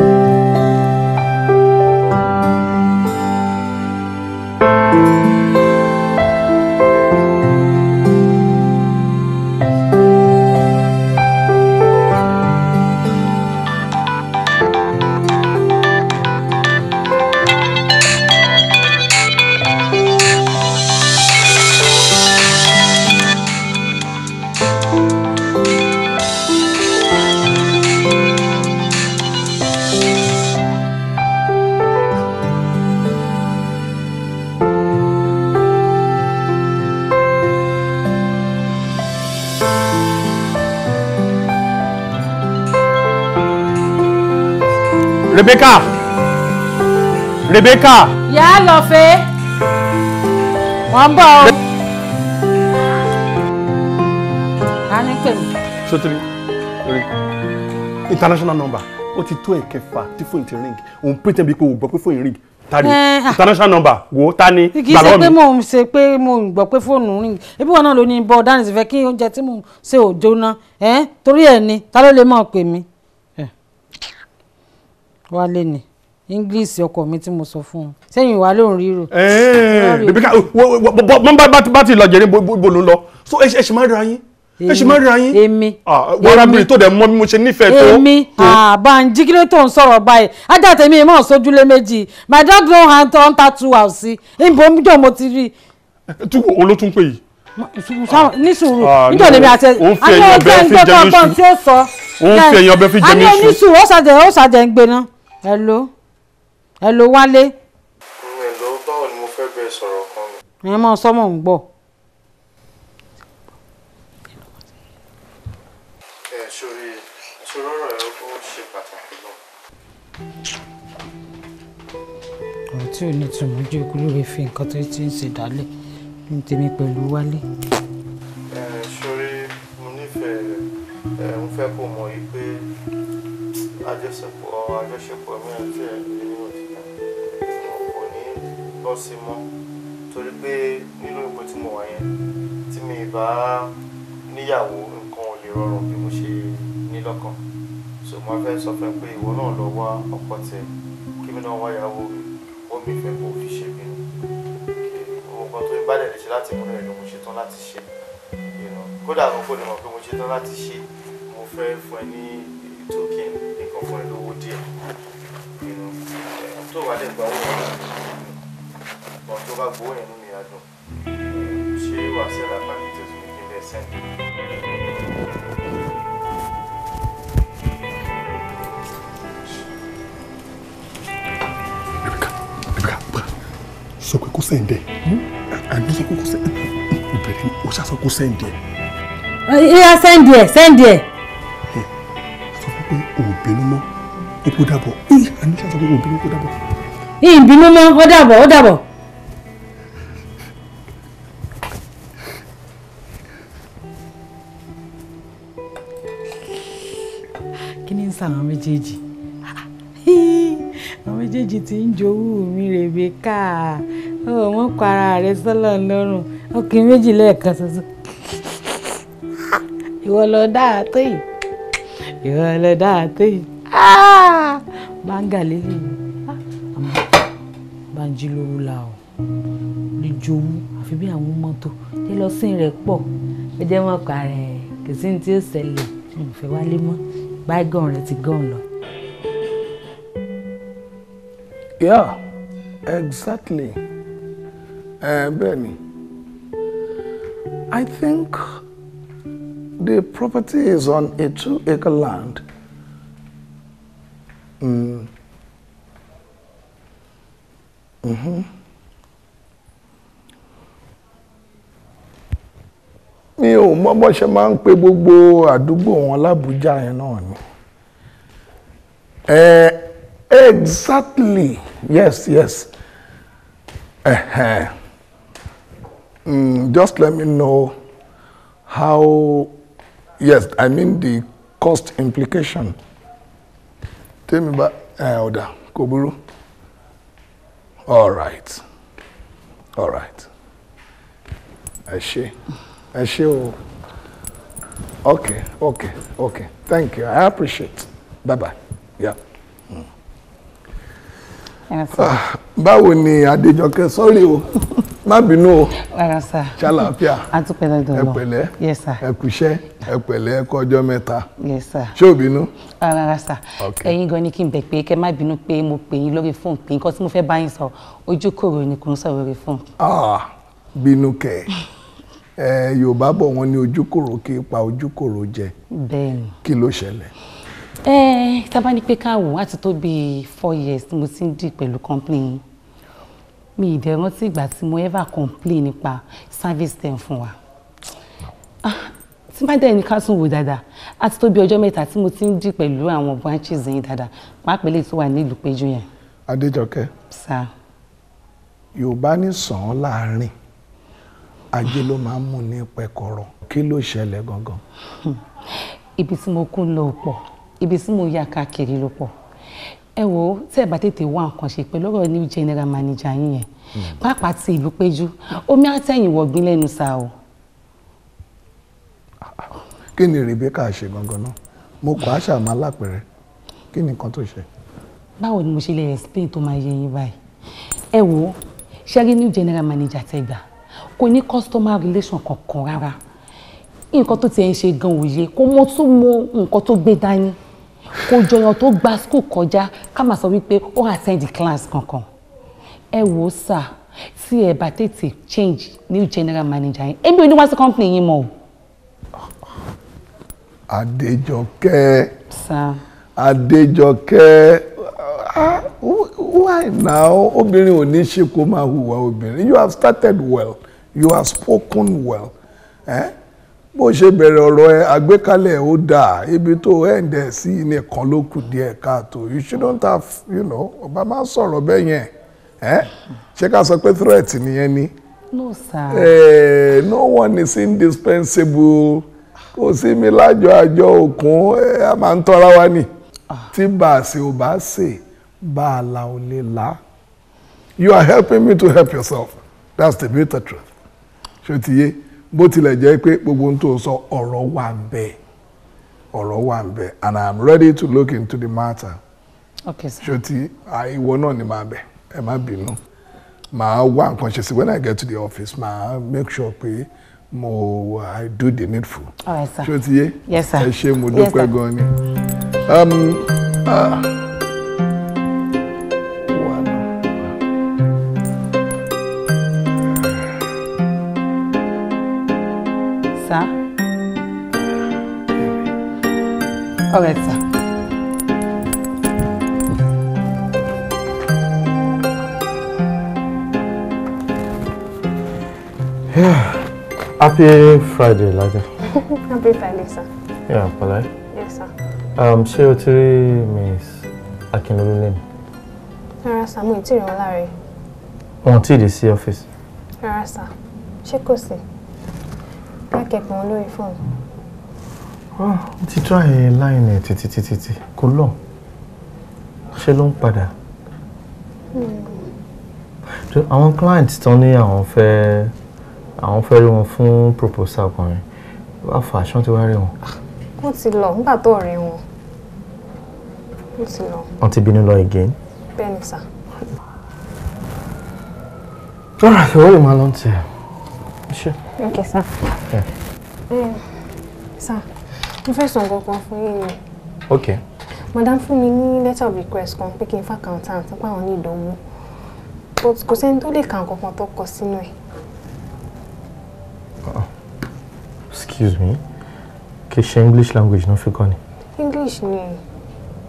Rebecca. Rebecca. Yà á lọ fẹ́. Wọ́n ń bọ̀ o. A ní Sotiri, international number O ti tó ẹ̀kẹfà tí fóònù ti ring òun pété bíi pé òun gbọ́ pé fóònù ring tani eh, ah. international number wo tani balọ́ọ̀mì. kì í ṣe pé mò ń ṣe pé mò ń gbọ́ pé fóònù ring ebi wọn náà ló ní bọ́ọ̀ dáhùn fẹ́ kí oúnjẹ tí mò ṣe ò jóná eh, torí ẹ̀ ni ta ló lè máa pè mí wálé ni english ọkọ mi tí mo sọ fún un sẹ́yìn wà lóun ríro. bọ́n bá ti lọ jẹ̀rẹ̀ bó ló lọ so ẹ ṣì máa ra yín ẹ ṣì máa ra yín. èmi wọ́n ra bíi tó dẹ̀ mọ́ bí mo ṣe nífẹ̀ẹ́ tó. èmi àbáǹjí kí ló tó ń sọ̀rọ̀ báyìí ajá tèmi ìmọ̀ sójúlé méjì my dad don hand on that two house ìbò mídò mo ti rí. tí olótún pè yìí ní sùúrù nítorí èmi àti àti ọjọ́ ìgbẹ́kọ̀ọ́ kan tí ó sọ. ó ń fi ẹ̀yìn ọbẹ̀ fi jẹ mí sùn. àní onísùúrù ó ṣàjẹ̀ ń gbéná hello hello wálé. hello báwo ni mo fẹ́ bẹ̀rẹ̀ sọ̀rọ̀ kan mi. ẹ mọ sọmọ ń gbọ́. ẹ sori sori ọ̀rọ̀ ẹ ó ṣe pàtàkì lọ. ọ̀rọ̀ tí ò ní túmọ̀ jẹ́ olóore fi nǹkan tó ti ń ṣe dálé ní tèmi pẹ̀lú wálé. ẹ sori mo nífẹ̀ẹ́ ẹ ń fẹ́ kó mọ̀ yìí pé àjọṣepọ̀ àwọn àjọṣepọ̀ mìíràn tí ẹ̀ ń gbé nínú òtítà wọn kò ní bọ́ sí mọ́ torí pé nínú ipò tí mo wà yẹn tí mi bá níyàwó nǹkan ò lè rọrùn bí mo ṣe ní lọ́kàn so mo fẹ́ sọ fún ẹ pé ìwọ náà lọ wá ọkọ tẹ kí mi náà wá ìyàwó mi wọ́n mi fẹ́ kó fi ṣe mí nǹkan tó ń bá dẹ̀ lè ṣe láti múlẹ̀ ni mo ṣe tán láti ṣe kódà àkókò ni mo pé mo ṣe tán láti ṣe mo fẹ́ fún ẹ ní token nǹkan fún ìlówó díẹ̀ nínú tó wà lè gba owó yẹn ọ̀n tó bá gbowó yẹn nínú mi á dùn ṣé wàá sẹ́lá pàdé tẹ̀sùn ní kí n bẹ́ẹ̀ sẹ́ńdì. sọ pé kó sẹ́ǹdẹ̀ àná sọ pé kó sẹ́ǹdẹ̀ ìbẹ̀rẹ̀ ni ó ṣàṣọ kó sẹ́ǹdẹ̀. ìyá sẹ́ǹdẹ̀ sẹ́ǹdẹ̀ bínú mọ́ ipò dàbọ̀ ìyá àníṣà sọ pé kò bínú kò dàbọ̀. ìbínú mọ́ ó dàbọ̀ ó dàbọ̀. kí ni ń sa àwọn méjèèjì àwọn méjèèjì tí ń jowú mi Rèbékà wọ́n kọ ara rẹ̀ sọ́lọ̀ lọ́rùn ọkùnrin méjì lẹ́ẹ̀kan ṣoṣo ìwọ lọ dáa tó yìí ìrọ̀lẹ́ dáadé báńgà lélẹ̀ àmọ́ Bánjí lówó la ọ̀ lè jowú àfi bí àwọn mọ́tò tí lọ sí rẹ̀ pọ̀ ẹ jẹ́ mọ́ pa rẹ̀ kì sí ní tí ó ṣẹlẹ̀ ń fẹ́ wálé mọ́ báígàn rẹ̀ ti gàn lọ. yeah exactly uh, bẹ́ẹ̀ ni i think. The property is on a two acre land. Mm. Mm-hmm. mi ò mọ bọ́ ṣe máa ń pe gbogbo àdúgbò wọn lábújá yẹn náà ni. Eh, exactly yes yes uh -huh. mm, just let me know how yes i mean the cost implication Tell me about kò Koburu. all right all right ẹ ṣé ẹ ṣé okay okay okay thank you i appreciate bye bye yeah. Ah, báwo ni Adéjọkẹ́ sọ́rí o má bínú o ṣàlàáfíà ẹ pẹ̀lẹ́ ẹ kúṣẹ́ ẹ pẹ̀lẹ́ ẹ kọjọ́ mẹ́ta ṣé ò bínú. rárá sà ẹ̀yin gan ni kí n bẹ̀ pé kẹ́ má bínú pé mo pè yín lórí fóònù pé nǹkan tí mo fẹ́ bá yín sọ ojú kòrò ni kò ń sọ lórí fóònù. Ah, bínú kẹ ẹ Yorùbá bọ̀ wọ́n ní ojú kòrò kí pa ojú kòrò jẹ kí ló ṣẹlẹ̀ ẹ eh, tá a bá ní pé ká wò á ti tó bíi four years tí mo ti ń dì pẹ̀lú company yìí mi ìdẹ̀ rántí ìgbà tí mo ever complain nípa service ten fún wa ah, tí bá dẹ̀ ní ká tún wò dáadáa á ti tó bíi ọjọ́ mẹ́ta tí mo ti ń dì pẹ̀lú àwọn branches yìí dáadáa pàápàá lè tó wà ní péjú yẹn. Adéjọkẹ́ Yorùbá ní sàn án láàrin ajé ló máa ń mú ní pẹ̀kọ̀rọ̀ kí ló ṣẹlẹ̀ gangan. ibi tí mo kú lọ pọ̀ ibi tí mo yà káàkiri ló pọ̀ ẹ wo tẹ́ ẹ bá tètè wá nǹkan ṣe pẹ̀lú ọ̀rọ̀ new general manager yín yẹn hmm. pàápàá ti ìlú péjú omi àtẹ̀yìn wọ̀gbìn lẹ́nu sá kí ni Rebecca ṣe gangan náà mo kọ́ àṣà máa lápẹ̀rẹ̀ kí ni nǹkan tó ṣe. báwo ni mo ṣe lè explain tó máa yé yín báyìí ẹ wo ṣẹ́rí new general manager tẹ́ gbà kò ní customer relation kankan rárá nǹkan tó tiẹ̀ ń ṣe gan òye kò mọ̀ tún mọ̀ nǹkan tó gbé dání kò jọyàn tó gba school kọjá ká máa sọ wípé ó attend class kankan ẹ wò ó sà tí ẹ bá tètè change new general manager yẹn èmi ò ní wá sí company yín mọ́ o. Adéjọkẹ́. Sir. ah why now obìnrin ò ní ṣe kó máa hùwà obìnrin you have started well you have spoken well eh? bó ṣe bẹ̀rẹ̀ ọ̀rọ̀ ẹ àgbékalẹ̀ ó dáa ibi tó ẹ̀ǹdẹ̀ sí nìkan ló kù díẹ̀ káàtó you shouldn't have you know ọba máa sọ̀rọ̀ bẹ́ẹ̀ yẹn ẹ́ ṣé ká sọ pé threat nìyẹn ni. no sir. Eh, no one is indispensable kò sí mi lájọ àjọ òkun ẹ a máa ń tọ́ra wa ni tí bàṣẹ ò bá ṣe bá a la ò lè la you are helping me to help yourself that's the bitter truth ṣé o ti yé bó tilẹ̀ jẹ́ pé gbogbo ohun tó sọ ọ̀rọ̀ wà ń bẹ̀ ọ̀rọ̀ wà ń bẹ̀ and i'm ready to look into the matter. okay sir. ṣòtí ìwọ náà ni màá bẹ̀ ẹ má bínú màá wá nǹkan ṣe sí when i get to the office màá make sure pé mo i do the needful. all sir. ṣòtí yé yes sir. ẹ ṣé mo dúpẹ́ gan ni. Um, uh, sir. All right, sir. Yeah. Happy Friday, Laja. Happy Friday, sir. Yeah, Palai. Yes, sir. Um, ṣé o ti rí Miss Akinlolu lẹ́nu? Rárá sá, mo ì tí ì rí wọn láre. Wọ́n ti dé sí ọ́fíìsì. Rárá sá, ṣé kò lákẹ̀kùn olórí fóònù. ó ah, ti try line ẹ̀ títí títí tí kò lọ ṣé ló ń padà. Hmm. àwọn client tán ní àwọn fẹ́ àwọn fẹ́ rí wọn fún proposal kan yẹn wá fà ṣán ti wá rí wọn. Ah, wọ́n ti lọ nígbà tó rí wọn wọ́n ti lọ. wọ́n ti bínú lọ again. bẹ́ẹ̀ ni sà. All right, where am I on to? ṣe. ok sir. Mm. sir mo fẹ́ sọ nǹkan kan fún yín ni. ok. madam fún mi ní letter of request kan pé kí n fa accountant nípa àwọn ní ìdánwò but kò sẹ́ni tó lè ka nǹkan kan tó kọ sínú ẹ̀. Uh-uh. excuse me kì í ṣe english language náà fi kọ́ ni. english ni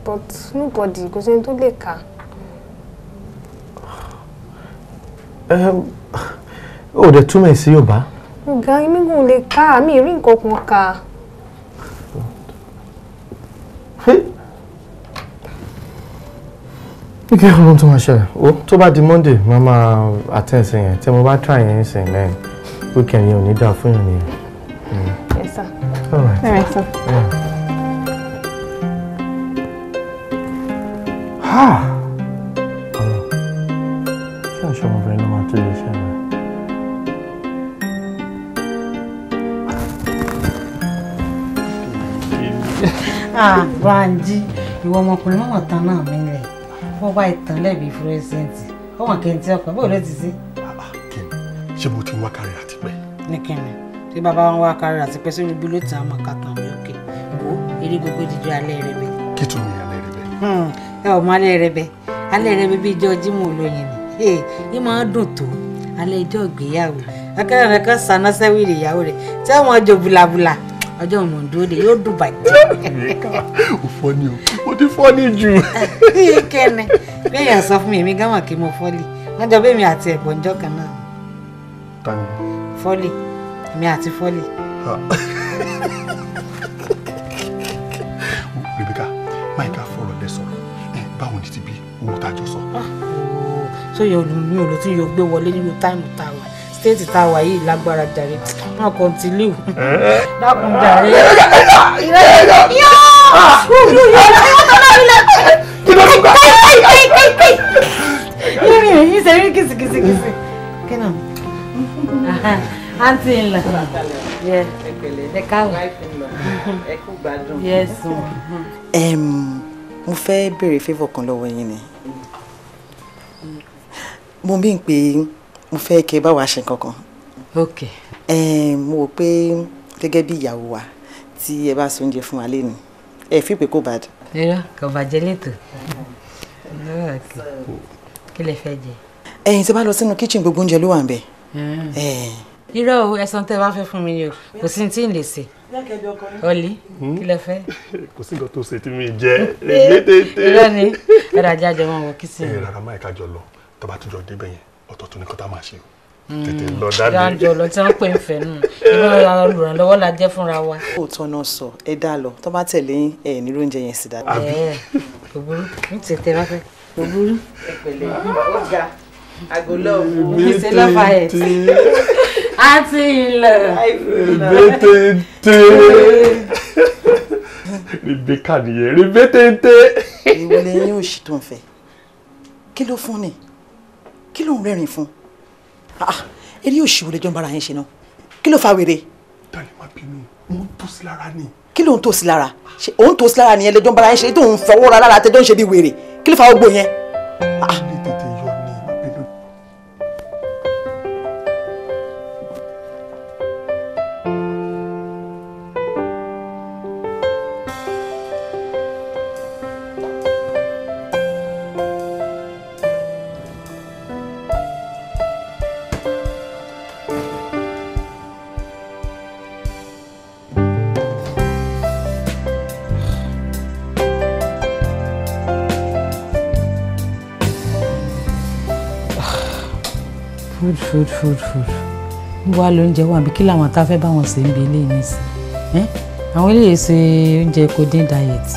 but nobody kò sẹ́ni tó lè kà. Um, ó dẹ̀ túmọ̀ sí Yorùbá. ọ̀gá mi kò lè kà á mi rí nǹkan kan kà á. kíkẹ́ ọmọ tó máa ṣẹlẹ̀ ó tó bá di Monday máa máa attend sí yẹn tí mo bá try yẹn sìn lẹ́yìn weekend yẹn ò ní dáa fún yẹn nìyẹn. Yes sir. All right. All right sir. Ah. Ah, Bánjí ìwọ ọmọkùnrin mọ̀mọ́ tán náà mi lẹ̀ wọ́n bá ìtàn lẹ́bi fúrẹ́sẹ̀ǹtì ọmọ kẹntì ọkọ̀ bó lè ti sí. Ah, ah, ṣé mo ti ń wá kárí àti pẹ́. ní kíni tí bàbá wọn wá kárí àti pẹ́ sórí bíló tí a mọ̀ ká tàn mí òkè wo eré gbogbo ìdíjọ alẹ́ rẹ bẹ. kí tó ní alẹ́ rẹ bẹ. Hmm, ẹ ò mọ alẹ́ rẹ bẹ alẹ́ rẹ bẹ bí ìjọ jímọ̀ olóyin ni yìí máa ń dùn tó alẹ́ ìjọ ìgbéyàwó akẹ́rẹ́ kan saná sẹ́wìrì ìyàwó rẹ̀ tí wọ́n jọ bùlàbùlà ọjọ́ mò ń de yóò dùn bàjẹ́. o fọ́ ni o o ti fọ́ ni jù. kẹ́ni bẹ́ẹ̀ yà sọ fún mi èmi gámà kí mo fọ́lì wọ́n jọ bẹ́ẹ̀ mi àti ẹ̀gbọ́n jọ kan náà. tani. fọ́lì èmi àti fọ́lì. Rebecca máìka fọ̀rọ̀ lẹ sọ̀rọ̀ ẹ báwo ni ti bí owó tá a jọ sọ. sọ ah, yọ mi ò lọ tún yọ gbé wọlé nínú táìmù tá a wà stéètì tá a wà yìí lágbára jàre má continue. Eh? dákun jàre. irin èyí ṣe rí kìsìkìsìkìsì kí náà àǹtí ńlá ẹ káwọ ẹ kú gbádùn. mo fẹ́ béèrè favour kan lọ́wọ́ yín ni mo bí n pé mo fẹ́ kí ẹ bá wa ṣe kankan. okay mo rò pé gẹ́gẹ́ bí ìyàwó wa tí ẹ bá so oúnjẹ fún wa lé ni ẹ fi pé kò bàd. irọ́ kò bàjẹ́ lẹ́tọ̀ kí lẹ fẹ́ jẹ. ẹ̀yin tí bá lọ sínú kíchìn gbogbo oúnjẹ ló wà ń bẹ. irọ́ o ẹ̀sán tẹ́ ẹ bá fẹ́ fún mi o kò sí ní tí ń lè ṣe ọlí hmm? kí lẹ fẹ́. kò sí nǹkan tó ṣe tí mi jẹ létètè. irọ́ ni ẹ̀rọ ajá jẹ wọn wọ kí sí. ẹ̀rọ ara máa ẹ̀ka jọ lọ tó bá tún jọ débẹ̀ yẹn ọ̀tọ̀ tó ní kọ́tà máa ṣe o tètè mm. lọ dálé. dáńjọ lọ tí wọn pè ń fẹ́ nù ìbára olùrànlọ́wọ́ la jẹ́ fúnra wa. ó tọ́ náà sọ ẹ dá lọ tó bá tẹ̀lé ẹ ní oúnjẹ yẹn sì dá. àbí òbúrú ní tètè bá fẹ́ òbúrú. ẹ pẹ̀lẹ́ ó ga àgọlọ òwò ìṣe lọfà ẹ tí a ti lọ. ribetente rebeka nìyẹn ribetente. ìwọlé yín ò ṣì tó ń fẹ́ kí ló fún ni kí ló ń rẹ́rìn fún un. Ah, eré òṣìwò lẹjọ ń bára yẹn ṣe náà kí ló fa wèrè. dalẹ̀ má bínú mo ń tó sí lára ni. kí ló ń tó sí lára ṣe òun tó sí lára nìyẹn lẹjọ ń bára yẹn ṣe tó ń fọwọ́ ra lára tẹjọ́ ń ṣe bí wèrè kí ló fa gbogbo yẹn. ilé tètè food food food wá lóúnjẹ wà bí kí làwọn tá a fẹ́ bá wọn ṣe ń bi ilé mi sí ẹ́ àwọn eléyìí ṣe oúnjẹ coding diet.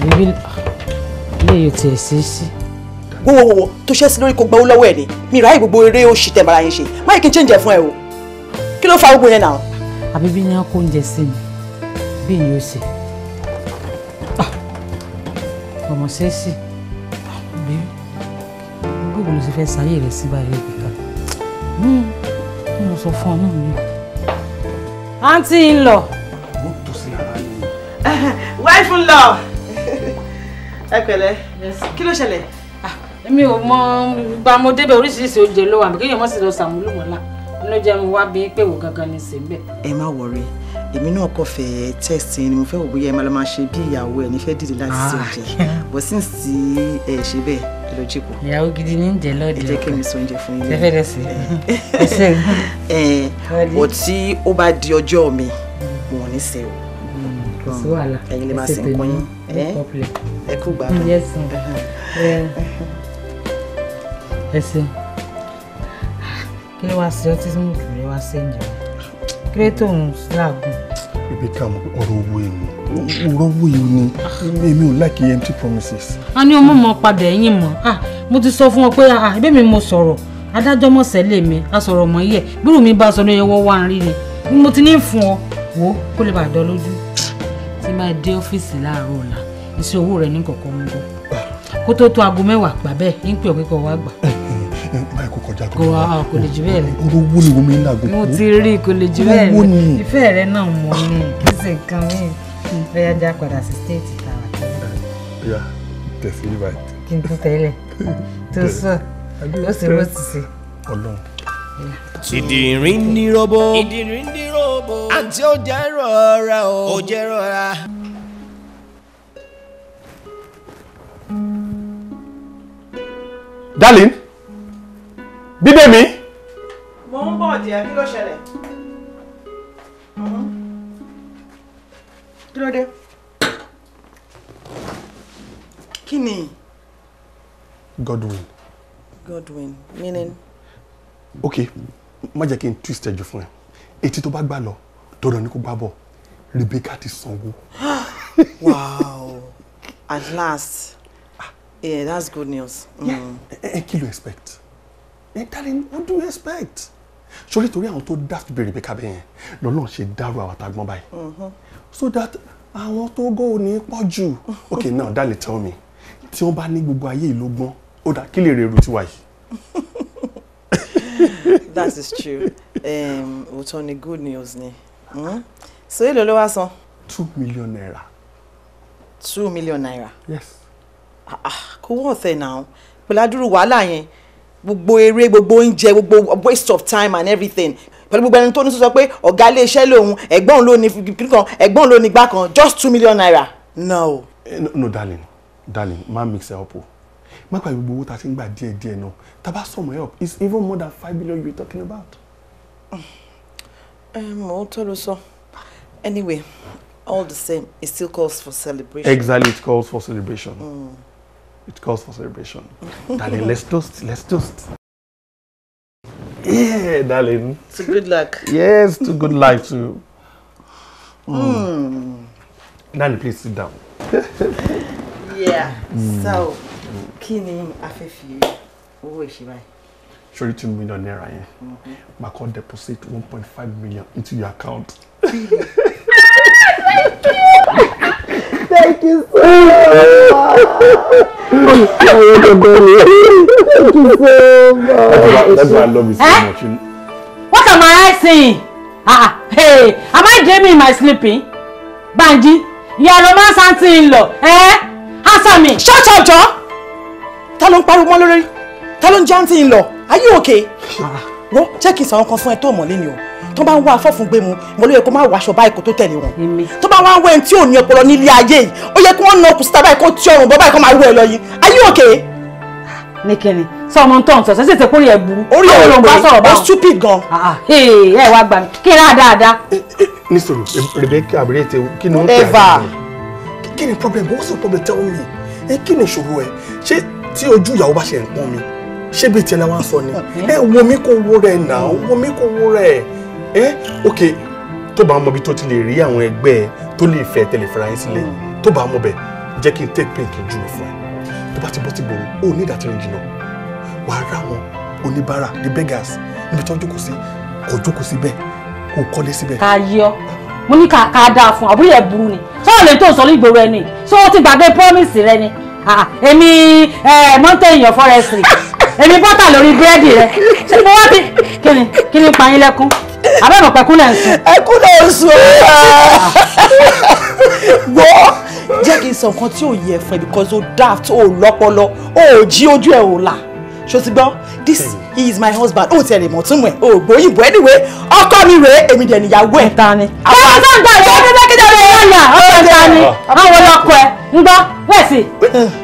eléyìí ti ẹ̀ ṣe é sí. wowowo tó ṣẹ́ sí lórí kó gbowó lọ́wọ́ ẹ̀ ni mi ìráyè gbogbo eré oṣù tẹ̀mọ̀ra yẹn ṣe má yẹ kí n change fún ẹ o kí ló fa gbogbo yẹn náà. àbí bí yẹn kó oúnjẹ sí mi bí yẹn ó ṣe ah, ọmọ ṣe é sí fẹ́ sáyé rẹ̀ sí báyìí Rebecca hmm, mo sọ fún ọ náà ni. àǹtí ń lọ. mo tò sí ara yìí. wife ń lọ. ẹ pẹ̀lẹ́ kí ló ṣẹlẹ̀. Ah, èmi ò mọ gba mo débẹ̀ oríṣiríṣi oúnjẹ ló wà kéèyàn mọ̀ sí lọ sàmúlò mọ́lá ló jẹ́ mo wá bí pé wò gangan ni sì ń bẹ̀. ẹ má wọrí èmi náà kò fẹ́ test ni mo fẹ́ wò bóyá ẹ máa lọ máa ṣe bí ìyàwó ẹ ní fẹ́ dìde láti ṣe ah, oúnjẹ bó sì ń sí ẹ ṣe bẹ́ẹ̀ lójú kù. ìyàwó gidi ní jẹ lọ́ọ̀dì ọkọ ẹ jẹ́ kí mi sọ oúnjẹ fún yín. ẹfẹ́ sí ẹ é. wọ́n tí ó bá di ọjọ́ mi mo mm. ní ṣe o. Mm, kò mm. sí wàhálà ẹ̀yin lè máa ṣe nǹkan yín ẹ kú gbàgbọ́. ẹ ṣe kí ló wá sí ọtí tí mo kì í wá sí ẹ̀jẹ̀ kí ló tó ń láàgùn. ibi ká ọ̀rọ̀ owó ẹ̀ mú ọ̀rọ̀ wo yìí ni èmi ò like empty promises. a ní ọmọ mọ padà ẹ̀yìn mọ́ ah, mo ti sọ fún ọ pé ah, ah, ẹbí mi mo sọ̀rọ̀ adájọ́ mọ̀sẹ̀ lè mi a sọ̀rọ̀ mọ́ yẹ gbúrú mi bá sọ ní ẹwọ́ wá ń rí ni mo ti ní fún ọ wò ó kó lè bàa dán lójú tí máa dé ọ́fíìsì láàárọ̀ ọ̀la iṣẹ́ owó rẹ̀ ní kọ̀ọ̀kan mú bọ́ kó tó tó aago mẹ́wàá gbà bẹ́ẹ̀ ń pè ọ́ pé kò wá gbà báyìí kò kọjá kò wá kò lè jù bẹ́ẹ̀ lọ. oró wó ni omi ńlá gbogbo. mo ti rí kò lè jù bẹ́ẹ̀ lọ ìfẹ́ rẹ náà mọ̀ ní kí sì kan mí bóyá já padà sí stéètì tàwa eh, tẹ́lẹ̀. tẹ̀sí ní báyìí. kí n tún tẹ́lẹ̀ tó sọ ló sì ló sì sí. ọlọ́run. ìdìrín ní robo. ìdìrín ní robo. àǹtí ó jẹ́ rọra o. ó jẹ́ rọra. darling bídèmí. mo ń bọ̀ díẹ̀ kí ló ṣẹlẹ̀. Mm-hmm kí ló kí ni. Godwin. Godwin meaning. ok má jẹ́ kí n twist ẹ̀jú fún ẹ etí tó bá gbà lọ dandan ni kò gbà bọ̀ Rebecca ti sanwó. wow at last ah. yeah that's good news. Mm. ẹ kí ló expect ẹ darling what do you expect sórí torí àwọn tó dáft bèrè bí kábẹ́ yẹn lọ́lọ́run ṣe dárò àwọn àtàgbọ́n báyìí uh-huh. so that àwọn tó gò ní pọ̀ jù uh-huh. okay now dale tell me tí wọ́n bá ní gbogbo ayé ìlógbọ́n ó dà kí lè rè èrò tiwa yìí. that is true òótọ́ um, ni good news ni hmm? so èlò ló wá san. two million naira. two million naira. yes. Ah, ah, kò wọ́n ọ̀tẹ̀ náà pẹ̀lú àdúrú wàhálà yẹn gbogbo eré gbogbo oúnjẹ gbogbo waste of time and everything pẹ̀lú gbogbo ẹni tó ní sọ pé ọ̀gá ilé iṣẹ́ lòun ẹ̀gbọ́n ló ní kan ẹ̀gbọ́n ló ní gbá kan just two million naira no. Eh, no darling darling ma mix it up o má gbàgbé gbogbo owó tá a ti ń gbà díẹ̀ díẹ̀ náà tá sum it up it's even more than five billion you talking about. mo tọ́ ló sọ anyway all the same it still calls for celebration. exactly it calls for celebration. Mm. It calls for celebration. darling, let's toast. Let's toast. Yeah, darling. To good luck. Yes, to good life too. Mm. Mm. Darling, please sit down. yeah. Mm. So, kí ni a fẹ́ fi owó ìṣe báyìí? Ṣorí two million naira yẹn. Mm-hmm. Màá kọ́ deposit 1.5 million into your account. Thank you. Thank you so much. Thank you so much. That's why I love you so much. What am I saying? Ah, ah, hey, am I dreaming in my sleeping? Banji, you are romance auntie-in-law. Eh? Answer me. Shut up, John. Ta ló ń pariwo mọ́ lórí? in law Are you okay? Ah, Wo, check in sàwọn confirm to ẹ tó tó bá ń wá afọ́fun gbé mu mo ló yẹ kó má wọ báyìí kó tó tẹ̀lé wọn tó bá wá ń ẹni tí ò ní ọpọlọ nílé ayé yìí ó yẹ kí wọ́n na okùn síta kó tí ọrùn bọ́ báyìí kó máa wọ ẹ lọ yìí ayé òkè. nìkẹ́ni sọ ọmọ tó ń sọ sẹ́sẹ̀ tẹ kórìí ẹ̀ burú orí ẹ̀ ló ń bá sọ̀rọ̀ bá stupid gan. Ah, ah, ẹ wá gbà mí kí n rà dáadáa. nisoro eh, eh, Rebecca abirẹ kí ni wọn tẹ problem what's the problem tell me ẹ eh, kí ni ìṣòro ẹ ṣé tí ojú ìyàwó bá ṣe ń pọn mi ṣé bíi tiẹ̀ náà wá sọ ni ẹ wo mi kò wo rẹ̀ náà wo mi kò wo Eh, ok tó bá mọbi tó ti lè rí àwọn ẹgbẹ́ ẹ tó lè fẹ́ tẹ̀lé fara yín sílẹ̀ yìí mm. tó bá mọ bẹ̀ jẹ́ kí n take pink kí n júwe fún ẹ tó bá ti bọ́ sí gbòòrò ó ní ìdátìrìn jìnnà wàá rà wọn oníbàárà the beggars níbi tó ń jókòó sí kò jókòó síbẹ̀ kò kọ́lé síbẹ̀. ká yọ mo ní ká ká dáa fún àbúrò ẹ burú ni sọ́wọ́n lè tó sọ ní ìgboro ẹni ṣé ti gbàgbé promise rẹ ni ah, èmi mountain your forest èmi bọ́tà lórí búrẹ́dì rẹ ṣé mo wá bí kí ni kí ni pa yín lẹ́kún abẹ́rẹ́ pẹ̀kú lẹ̀ ń sùn. ẹkú lẹ̀ ń sùn wọ́ jẹ́ kí n sọ nǹkan tí ò yẹ fún ẹ because o daft o lọ́pọlọ o jí ojú ẹ ò là ṣòsìgbọ́ this is my husband o tẹ̀lé mọ̀ tún mọ̀ ẹ̀ o gbóyìnbó anyway ọkọ mi rèé èmi dẹ̀ níyàwó ẹ̀. ta ni. báwo ló ń gbà yọ ọdún lẹ́kẹ̀dẹ̀ rẹ̀ wọ́n yà ọ̀sẹ̀ ta ni àwọn ọlọ́kọ ẹ̀ ń gbọ́ wẹ̀sì.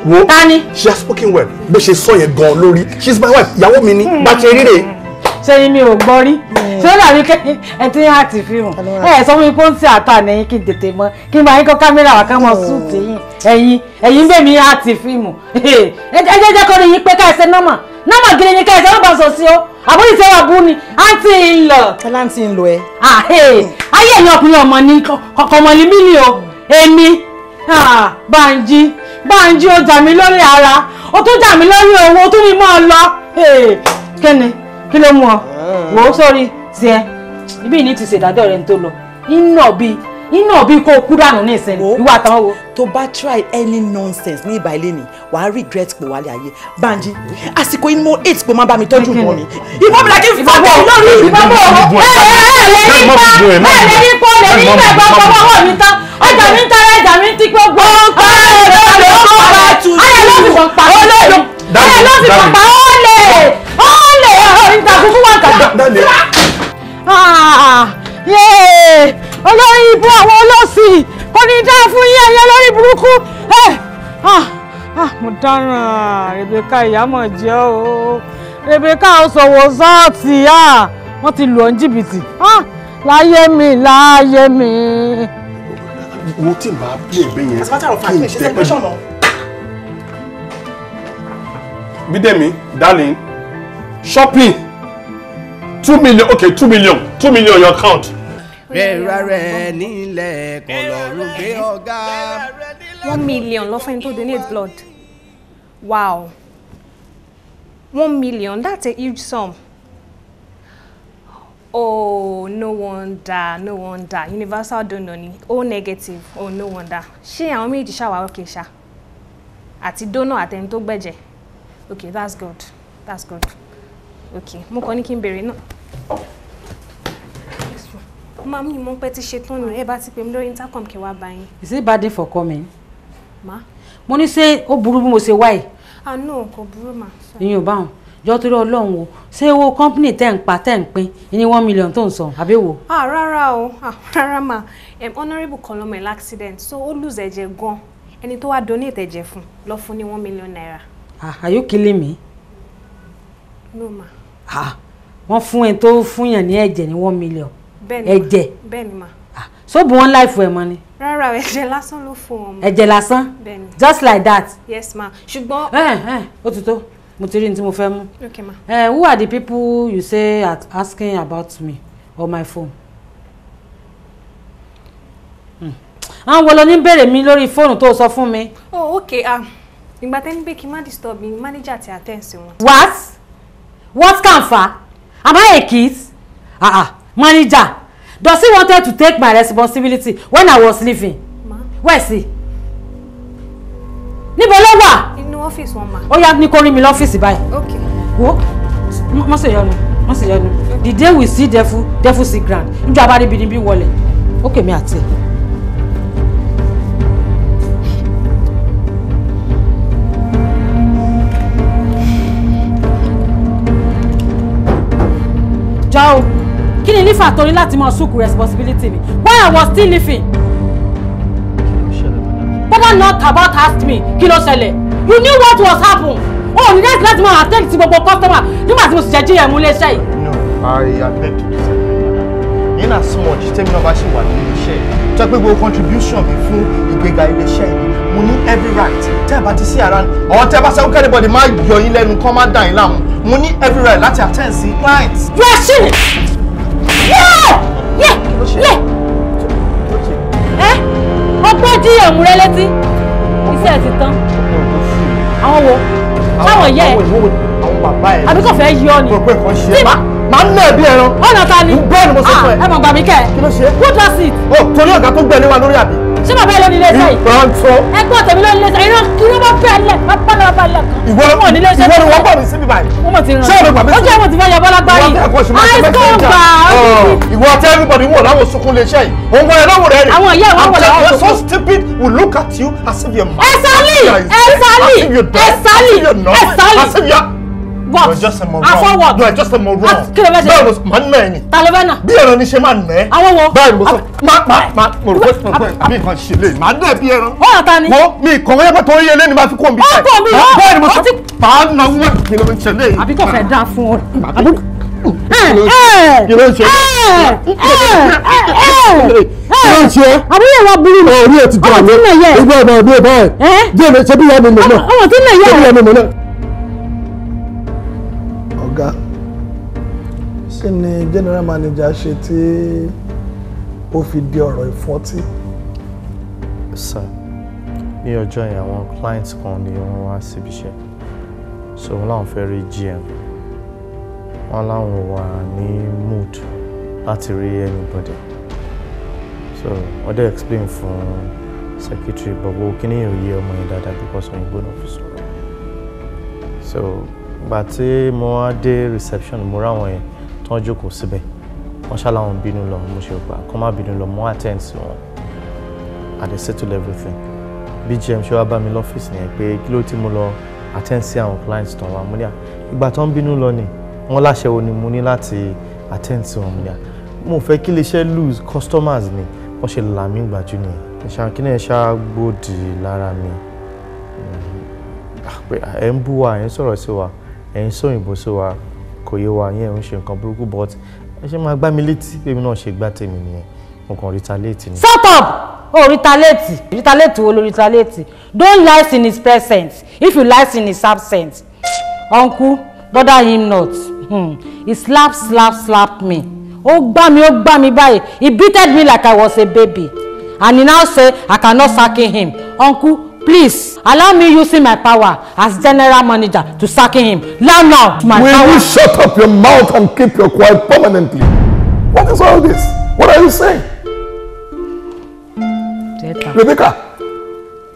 wo ta she has spoken well bó ṣe sọ yẹn gan-an lórí she is my wife ìyàwó mi ni bá ṣe rí rèé sẹ́yìn mi ò gbọ́ rí mm. ṣé làbí kẹ́yìn ẹ ti ń hàtì fíìmù ẹ sọ fún mi pé ó ń ṣe àtà nìyí kí n tètè mọ kí n máa yín kọ́ kámẹ́rà wà ká mọ mm. súùtì yín ẹ̀yin ẹ̀yin bẹ́ẹ̀ mi hàtì fíìmù ẹ jẹ́ jẹ́ kọ́ ni yín pé káìsẹ́ nọ́mà nọ́mà gidi ni káìsẹ́ ló bá sọ sí o àbúrò ìṣe wà bú ni àǹtí ń lọ. láǹtí ń lọ ẹ. Ah, ayé ẹ̀yin ọkùnrin ọmọ ni kọ̀kọ̀mọ̀lì mí ni o èmi ah, Bánjí Bánjí ó jà mí lórí ara ó tún jà mí lórí owó ó tún ní mọ́ ọ lọ kẹ́ni kí ló mú ọ wò ó sórí tiẹ ibi ìní ti ṣèdájọ́ rẹ̀ ń tó lọ iná bíi iná bí kò kú dànù ní ìsìn ìwà àtàwọn wo. tó bá try any nonsense ní ìbà ilé mi wàá regret pé wàá lè ayé Banji àsìkò yìí mo hate pé máa bá mi tọ́jú mọ́ mi ìbọn mi làkì fàgbọ́ lórí ìbámu ọ̀hún ẹ ẹ lè ní pa ẹ lè ní pa lè ní pa ẹgbẹ́ ọgbọ́n ọwọ́ mi tán ọjà mi ń tara ẹjà mi ń ti gbogbo ayẹyẹ ló fi kàn pa ó lè ayẹyẹ ló fi kàn pa ó lè ń takun fún wákàtí. olórí ibú àwọn olóòsì kò ní dá fún yín ẹyẹ lórí burúkú. Eh, ah, ah, mo dáràn Rebecca ìyámọ̀ jẹ́ o Rebecca ọ̀sọ̀wọ̀ sọ́ọ̀tì ah, wọ́n ti lù ọ́ ní jìbìtì láyé mi láyé mi. wo tí n bá play bẹ́ẹ̀ yẹn kí n tẹ́ pẹ́ bí. Bídèmí darling shopping two million okay two million two million your account. rẹ́ra rẹ̀ nílẹ̀ kò lọ́rùn gbé ọ̀gá. one million lọ fẹ́ tó donate blood wow one million that's a huge sum. Oh, no wonder, no wonder. Universal donor ni. O negative, oh, no wonder. Ṣé àwọn méjì ṣàwà òkè ṣá? Àti donor àtẹni tó gbẹ̀jẹ̀. Okay, that's good. That's good ok mo kàn ní kí n béèrè náà máa mú ìmọ̀ pẹ́ ti ṣe tán ni ẹ bá ti pè mí lórí intercom kí wàá bá yín. is it bad for coming? ma. mo ní ṣé ó burú bí mo ṣe wá yìí. ah no kò burú ma. ìyẹn ò bá wọn jọ torí ọlọ́run o ṣé owó company tẹ́ ń pa tẹ́ ń pín ní one million tó ń san àbí wo. ah rárá o ah rárá ma. um, honourable kọlọmọ accident so ó lose ẹ̀jẹ̀ gan ẹni tó wá donate ẹ̀jẹ̀ fún lọ fún ní one million naira. ah are you killing me? no ma wọ́n fún ẹ tó fún yàn ní ẹ̀jẹ̀ ní one million ẹ̀jẹ̀ bẹ́ẹ̀ni ma ah, so bu wọn láìfọ ẹ mọ ni. rárá ẹ̀jẹ̀ lásán ló fún wọn. ẹ̀jẹ̀ lásán just like that. yes ma ṣùgbọ́n. ẹ eh, ẹ eh, ó ti tó mo ti rí ní tí mo fẹ́ mú. okay ma. ẹ eh, who are the people you say are asking about me or my phone. Hmm. àwọn wo ló ní béèrè mi lórí fóònù tó sọ fún mi. oh okay ah, ìgbà tẹ́ni pé kí n má disturb mi manager ti àtẹ̀sí wọn. what What can fa? Am I a kid? Ah ah, manager. Does he wanted to take my responsibility when I was leaving? Ma. Where is he? Níbo ló wà? Inú office wọn ma. Ó yá ní kó me mi l'office báyìí. Okay. Wò. Mo ṣe yanu. Mo ṣe yanu. The day we see devil, devil see grand. Njo abari bi ni bi wọlé. Okay mi àti. kí ni nífà torí láti máa sùkú responsibility mi why I was still living. bọ́bá not about asked me kí ló ṣẹlẹ̀ you knew what was happen o ò ní láti láti máa attend sí gbogbo customer nígbà tí mo sì jẹ́ jíyà ìmúlé iṣẹ́ yìí. no I abeg to disagree madam in as much tèmi náà bá ṣe wà nínú iṣẹ́ yìí tó pé gbogbo contribution mi fún ìgbéga ilé iṣẹ́ yìí mo ní every right tẹ́ ẹ bá ti sí ara ọ̀hún tẹ́ ẹ bá sẹ́wọ́n kẹ́rìbọ̀dì máa yọ yín lẹ́nu kọ́ máa dà yín láàmú mo ní every right láti attend sí clients. you are shit yẹ yẹ ẹ ọgbọ́n jí ẹ̀mú rẹ létí iṣẹ́ ti tán àwọn wo sáwọn yẹ ẹ àbí kò fẹ́ yọ ni tí ma màá nà ẹ bí ẹran ọ̀nà ta ni bẹ́ẹ̀ ni mo sọ fún ẹ ah, ẹ mọ̀ gbà mí kẹ́ ẹ who does it. o oh, torí ọ̀gá tó gbẹ ní wa lórí àbí ṣé bàbá ẹ ló ní ilé iṣẹ́ yìí. ìgbà ń tọ́. ẹgbọ́n tèmi ló ní ilé iṣẹ́ iná kí ló bá fẹ́ lẹ̀ má bá lọ́wọ́ bá lẹ̀ kan. ìwọ ìwọ ni wọ́n bọ̀ mí síbi báyìí. wọ́n mọ̀ ti ràn. ṣé o lè gbà mí sí. ó jẹ́ mo ti fẹ́ yabọ́ lágbárí. ìwọ tẹ everybody wò láwọn sunkún lè ṣe yìí. òun wọ ẹlọ́wọ̀ rẹ rè. àwọn ìyá ìwọ wọlé àwọn sunkún. so stupid we look at you as if you're mad. ẹ sálì ẹ sálì ẹ sálì ẹ sálì what you are just a moron afọ ah, what you are just a moron bẹ́ẹ̀ ah, mo máa ń nà ẹ̀yìn talẹ́fẹ́nà bí ẹran ni ṣe máa nà ẹ́ àwọn wo bẹ́ẹ̀ mo sọ ma ma ma mo rò pé ah, mo pé mi kàn ṣe lè máa nà ẹ́ bí ẹran wọ́n àtà ni wo mi kàn wọ́n yẹ pé torí yẹlé ni máa fi kó mi bẹ́ẹ̀ bẹ́ẹ̀ ni mo sọ máa nà wọ́n kí ló ń ṣẹlẹ̀ yìí àbí kò fẹ́ dá fún ọ eh, eh, kí ló ń ṣe kí ló ń ṣe eh, àbúyẹ̀ wa burú ni orí ẹ̀ ti dùn àná ìgbà ọmọ ọdún ẹ̀ báyìí jẹ́ mi ṣe bí ìyá mi mọ̀ náà ṣe bí ìyá mi mọ̀ náà ọ̀gá kí ni general manager ṣe tí ó fi di ọ̀rọ̀ ìfọ́tí. sir ní ọjọ́ yẹn àwọn clients kan ni wọ́n wá síbi iṣẹ́ so wọ́n láwọn fẹ́ rí gm wọ́n láwọn wà ní mood láti rí anybody so wọ́n dẹ̀ explain fún secretary gbogbo kí ni ìròyìn ọmọ yẹn dáadáa because òyìnbó náà fi sọ̀rọ̀ so ìgbà tí mo wá dé reception mo ráwọn yẹn tó ń jókòó síbẹ̀ wọ́n ṣàlàwọn bínú lọ mo ṣe gbà kó má bínú lọ mo attend sí wọn i dey settle everything bgm ṣe wá bá mi lọ́fíìsì yẹn pé kí ló ti mo lọ attend sí àwọn clients tó ń wá mo ní à ìgbà tó ń bínú lọ ni wọ́n láṣẹ wo ni mo ní láti attend sí wọn mo ní à mo fẹ́ kí iléeṣẹ́ lose customers ni wọ́n ṣe là mí gbàjú nìyẹn ìṣàkínní ẹ̀ ṣáà gbòdì lára mi ẹ̀ ń bú wa ẹ̀ ń sọ̀rọ̀ sí wa ẹ̀ ń sọ òyìnbó sí wa kò yé wa yẹn ń ṣe nǹkan burúkú but ẹ ṣe máa gbá mi létí pé mi náà ṣe gbá tèmi nìyẹn mo kàn retaliate ni. shut up o oh, retaliate retaliate wo lo retaliate don't lie in his presence if you lie in his absence uncle bother him not hmm. he slap slap slap me ó gbá mi ó gbá mi báyìí he beated me like i was a baby and he now say i cannot sack him uncle Please allow me using my power as general manager to sack him. Now, now, my Will power. Will you shut up your mouth and keep your quiet permanently? What is all this? What are you saying? Zeta. Rebecca,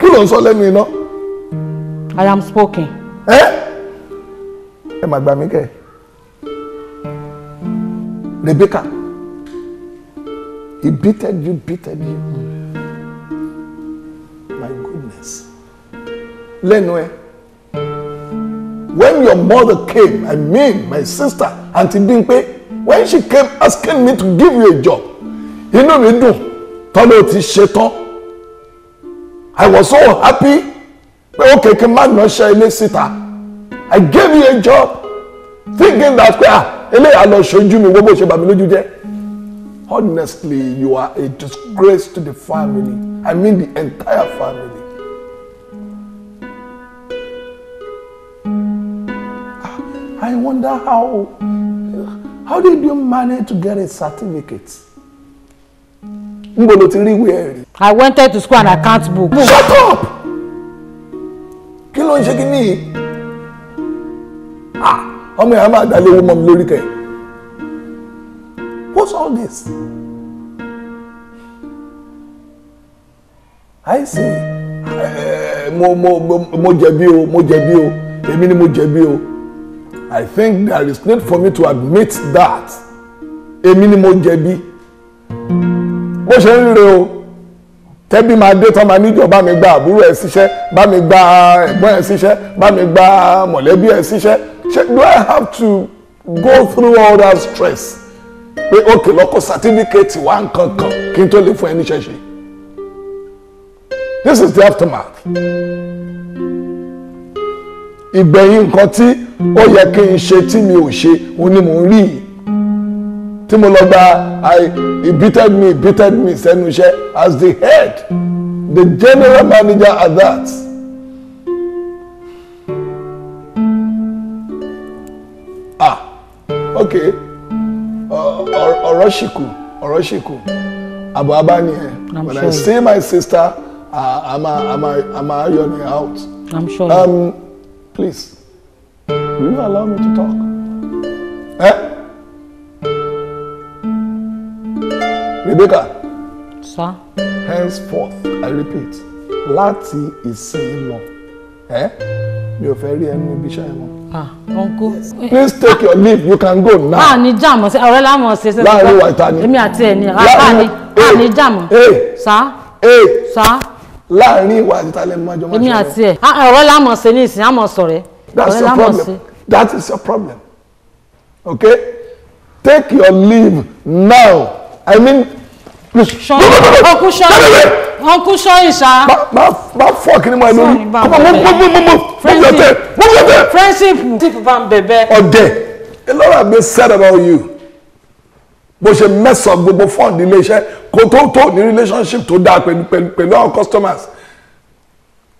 kí ló ń sọ lẹ́nu iná? I am spoken. Ẹ Ẹ mà gbà mí kẹ́. Rebecca, he beated you, beated you. Mm. lẹ́nu ẹ. When your mother came, I mean my sister, Aunty Bimpe, when she came asking me to give you a job, inú mi dùn tọ́lọ́ ti ṣe tán. I was so happy pé ó kékeré má nà ṣe ilé síta. I gave you a job thinking that pé ah eléyà lọ ṣojú mi wo bó ṣe bà mí lójú jẹ́. Honestly, you are a disgrace to the family. I mean the entire family. I wonder how how did you manage to get a certificate? Níbo lo ti rí ìwé ẹ̀rí? I wanted to score an account book. Shut up! Kí ló ń ṣe kí nìyí? Ah, ọmọ ìyá máa dalé owó mọ́ mi lórí kẹ̀. What's all this? I see. Eh, mo mo mo jẹ̀bi o, mo jẹ̀bi o, èmi ni mo jẹ̀bi o. I think there is need for me to admit that èmi ni mo jẹ̀bi bó ṣe ń re o tẹ́bí máa dé tán máa níjọ bá mi gba àbúrò ẹ̀ síṣẹ́ bá mi gba ẹ̀gbọ́n ẹ̀ síṣẹ́ bá mi gba mọ̀lẹ́bí ẹ̀ síṣẹ́ ṣe do I have to go through all that stress pé òkè lọ́kọ̀ sátífíkẹ́tì wá nǹkan kan kí n tó lè fún ẹ níṣẹ́ ṣe this is the aftermath ìgbẹ̀yìn nǹkan tí ó yẹ kí n ṣe tí mi ò ṣe òun ni mò ń rí yìí tí mo lọ gba he beated me he beated me sẹ́nu iṣẹ́ as the head the general manager at that. ah okay ọ̀rọ̀ ṣì kù ọ̀rọ̀ ṣì kù àbọ̀ abániyẹn when sure. I see my sister uh, I'm a, I'm a, I'm a yawning out. I'm sure. Um, please. Will you allow me to talk? Eh? Rebecca. Sir. Henceforth, I repeat, láti ìsìn lọ. Eh? Mi very enemy, rí Ah, uncle. Please take your leave. You can go now. Máa ní jàmọ̀ sí ọ̀rẹ́ I ṣe ṣe. Láàrin wa ìta ni. Èmi àti ẹ̀ ni. Lari, ah, ni eh, jam. Sá. Eh, Sir. Eh. Láàrin wa ìta lẹ́nu májọ máa ṣe. Èmi àti ẹ̀. Ọ̀rẹ́ láwọn ṣe ní ìsìn àmọ̀ sọ̀rẹ́. That's your problem. That is your problem. Okay? Take your leave now. I mean, Uncle Sean. Uncle Sean Isha. Ma ma fuck ni mo enu. Come on, move move move move. Friendship. Move your there. Friendship. Friendship van bebe. Ode. A lot have been said about you. Bó ṣe mess up gbogbo fund ilé iṣẹ́ kó tó tó ní relationship tó dáa pẹ̀lú pẹ̀lú customers.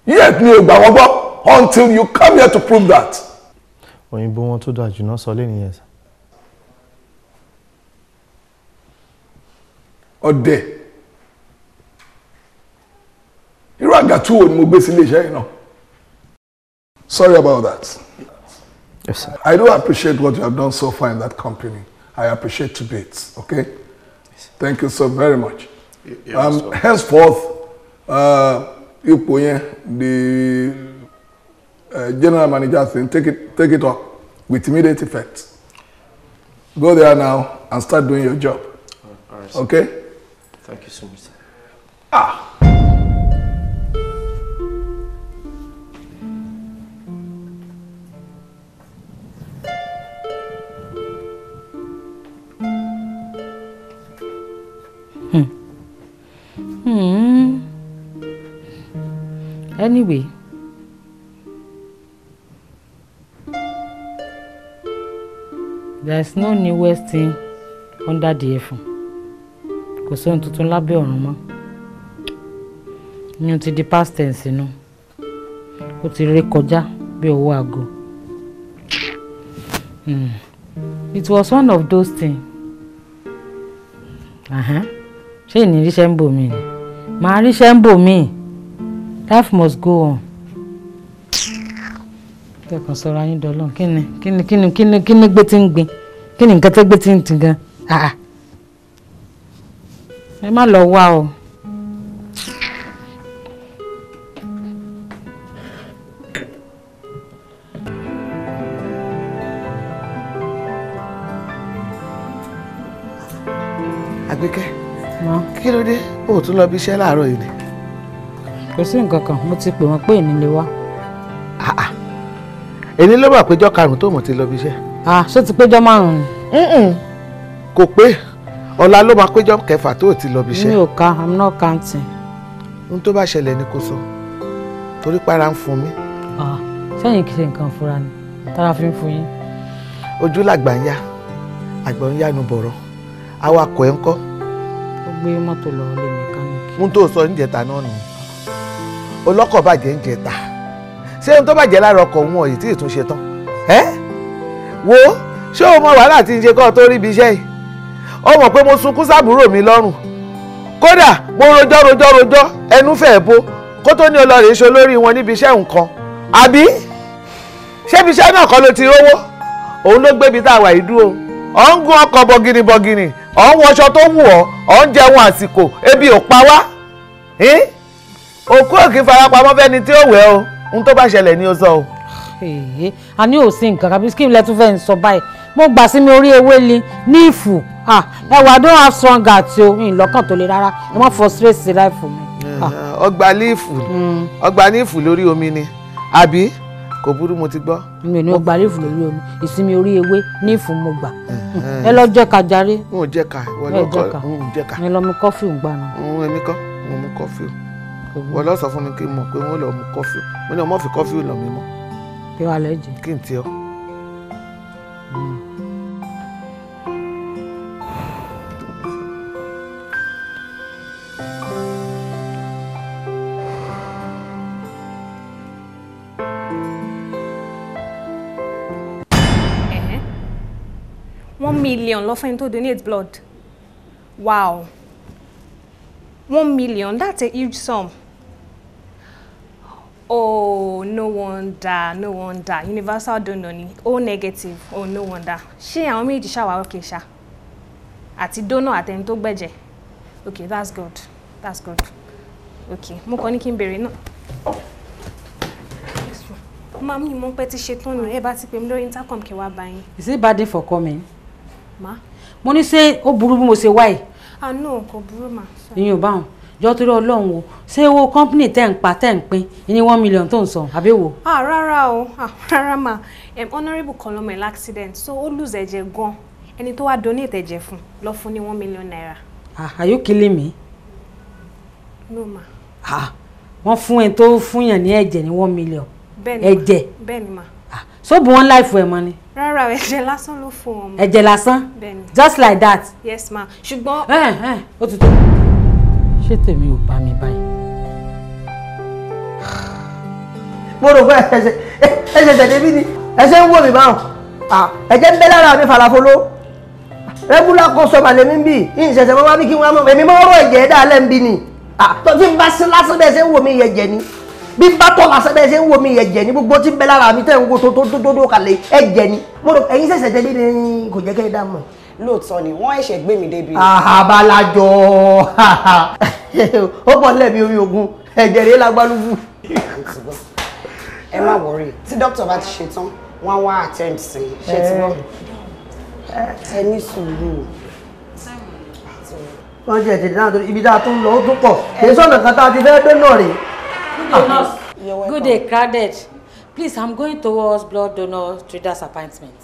Yet ni ò until you come here to prove that. òyìnbó wọn tó dáa jù náà sọ lẹ́nu yẹn. ọdẹ irú àgàtú wo ni mo gbé sí iléeṣẹ́ yìí náà sorry about that. Yes, sir. I do appreciate what you have done so far in that company. I appreciate to bits, okay? Yes. Thank you so very much. Yeah, um, Henceforth, uh, ipò yẹn the Uh, General Manager thing, take it, take it up with immediate effect. Go there now and start doing your job. All right, okay? Thank you so much, sir. Ah! Hmm. Hmm. Anyway, there is no newest thing under the ẹ̀fọ̀n kò sóhun tuntun lábẹ́ ọ̀run mọ́ ní o ti di past tense nu o ti ré kọjá bí owó aago hmm. it was one of those things ṣé ìníríṣẹ́ ń bò mí ni màá ríṣẹ́ ń bò mí life must go on tẹkàn sọ̀rọ̀ ayé dọlọ kíni kíni kíni kíni kíni gbé tí ń gbin kíni nǹkan tẹ gbé tí ń tì gan àà ẹ má lọ wá o. àgbékẹ́ kí ló dé o ò tún lọ bí iṣẹ́ láàárọ̀ yìí ni. kò sí nǹkan kan mo ti pè wọ́n pé ìnílé wá èyí ló wà péjọ karùnún tó mọ̀ ti lọ bí iṣẹ́. ah ṣé ti péjọ márùn-ún ni. kò pé ọ̀la ló máa péjọ kẹfà tó ti lọ bí iṣẹ́. mi ò ka i'm not counting. ohun tó bá ṣẹlẹ̀ ni kò sọ torí para ń fún mi. ah sẹ́yìn kì í ṣe nǹkan fúra ni tára fi ń fún yín. ojú làgbà ń yá àgbà ń yánu bọ̀rọ̀ awakọ̀ ẹ̀ ń kọ́. ó gbé mọ́tò lọ lé mẹkáníìkì. ohun tó sọ ń jẹta náà nù ọlọ́kọ̀ bàjẹ́ ń jẹta ṣé ohun tó bàjẹ́ lára ọkọ̀ òun ọ̀yìn tí ìtúnṣe tán ẹ́ wo ṣé o mọ wàhálà tí ń ṣe kọ́ ọ tó rí ibi iṣẹ́ yìí o mọ̀ pé mo sunkún sábúrò mi lọ́rùn kódà mo rojọ́ rojọ́ rojọ́ ẹnu fẹ́ẹ́ bo kó tó ní ọlọ́rẹ̀ ṣe olórí wọn níbi iṣẹ́ nǹkan àbí ṣébi iṣẹ́ náà kọ́ ló ti rówó òun ló gbébi tá a wà yìí dúró ọ̀ ń gun ọkọ̀ bọ̀gìnì bọ̀gìnì ọ̀ ń wọṣọ tó wù ọ́ ọ̀ ń jẹun àsìkò ebi ò pa wá òkú òkè farapamọ́ fẹ́ni tí ó wẹ̀ o n tó bá ṣẹlẹ̀ ni ó sọ a ní òsín nǹkan kàbí kí n lẹ tún fẹ́ ń sọ báyìí mo gbà sí mi orí ewé li ní ìfù ẹwà don't have strong àti o ìlọ́kàn tó le rárá ẹ má frustrate sí life mi. ọgbà ní ìfù hmm. ọgbà ní ìfù lórí omi ni àbí kò burú mo ti gbọ́. mi ò ní ọgbà ní ìfù lórí omi ìsinmi orí ewé ní ìfù mo gbà ẹ lọ jẹ́ ká jàre. n ò jẹ́ ká ìwọ ló kọ́ n ò jẹ́ ká. ẹ lọ mu kọ́fì ń gbà náà. èmi kọ́ mo mu kọ́fì o wọ́n lọ sọ fún mi kí n mọ̀ pé wọ́n lọ mu kọfí mo ní ọmọ fi kọfí lọ mi mọ́. kí wàá lọ jẹ. kí n tiọ. one million lọ fẹ́ tó donate blood wow one million that's a huge sum. Oh, no wonder, no wonder. Universal donor ni. O negative, oh, no wonder. Ṣé àwọn méjì ṣàwà òkè ṣá? Àti donor àtẹni tó gbẹ̀jẹ̀. Okay, that's good. That's good. Okay, mo kàn ní kí n béèrè náà. Máa mú ìmọ̀ pẹ́ ti ṣe tán nù ẹ bá ti pè mí lórí intercom kí wàá bá yín. Is it bad day for coming? Ma. Mo ní ṣé ó burú bí mo ṣe wá yìí. Ah no, kò burú mà. Ìyẹn báwọn jọ torí ọlọ́run o ṣé owó kọ́ńpìnì tẹ̀ ń pa tẹ̀ ń pín ní one million tó ń san àbí wo. ah rárá o ah rárá ma um, honourable kọlọmọ ẹ̀ l'accident so ó lose ẹ̀jẹ̀ gan ẹni tó wá donate ẹ̀jẹ̀ fún lọ fún ní one million naira. ah are you killing me. no ma. ah wọ́n fún ẹ tó fún yàn ní ẹ̀jẹ̀ ní one million. bẹ́ẹ̀ni ma ẹ̀jẹ̀ bẹ́ẹ̀ni ma. ah so bu wọn láìfọ ẹ mọ ni. rárá ẹ̀jẹ̀ lásán ló fún wọn. ẹ̀jẹ̀ lásán. bẹ́ẹ̀ni just like that. yes ma ṣùgbọ́n. ẹ ẹ ó ti ṣé tèmi ò bá mi báyìí. mo rò pé ẹsẹ̀ ẹsẹ̀ tẹ̀lé mi ni ẹsẹ̀ ń wò mí báwọn ẹ̀jẹ̀ ń bẹ́ lára mi falafolo rẹ́gúlà kan sọ màlẹ́ mi bì í ìṣẹ̀ṣẹ̀ mọ́ wá bí kí wọ́n mọ̀ èmi mọ́ ọ̀rọ̀ ẹ̀jẹ̀ ẹ̀dá alẹ́ ń bí ni tó ti ń bá sí lásán bẹ́ẹ̀ ṣe ń wò mí yẹ jẹ ni bí n bá tọ́ lásán bẹ́ẹ̀ ṣe ń wò mí yẹ jẹ ni gbogbo tí ń bẹ lára mi tẹ̀ ń wo tó tó tó tó kalẹ̀ ẹ̀jẹ̀ ni mo rò ẹ̀yin ṣẹ̀ṣẹ̀ tẹ̀lé ni kò jẹ́ kẹ́ ẹ dá mọ̀ lóòótọ́ ni wọ́n ẹ̀ṣẹ̀ gbé mi débi. àhàbàlájọ ó bọ̀ lẹ́bi orí ogun ẹ̀jẹ̀ rẹ̀ lágbálúgbù. ẹ má wọrí tí dókítà bá ti ṣe tán wọ́n á wá attend sí i ṣé ti wọ́n ẹ ní sùúrù wọ́n jẹ́ ìtẹ̀lẹ̀ náà torí ibi dáa tó ń lọ ó tún pọ̀ èyí sọ̀nà kan tá a ti fẹ́ gbé náà rè. good day crowded please i'm going towards blood donor traders appointment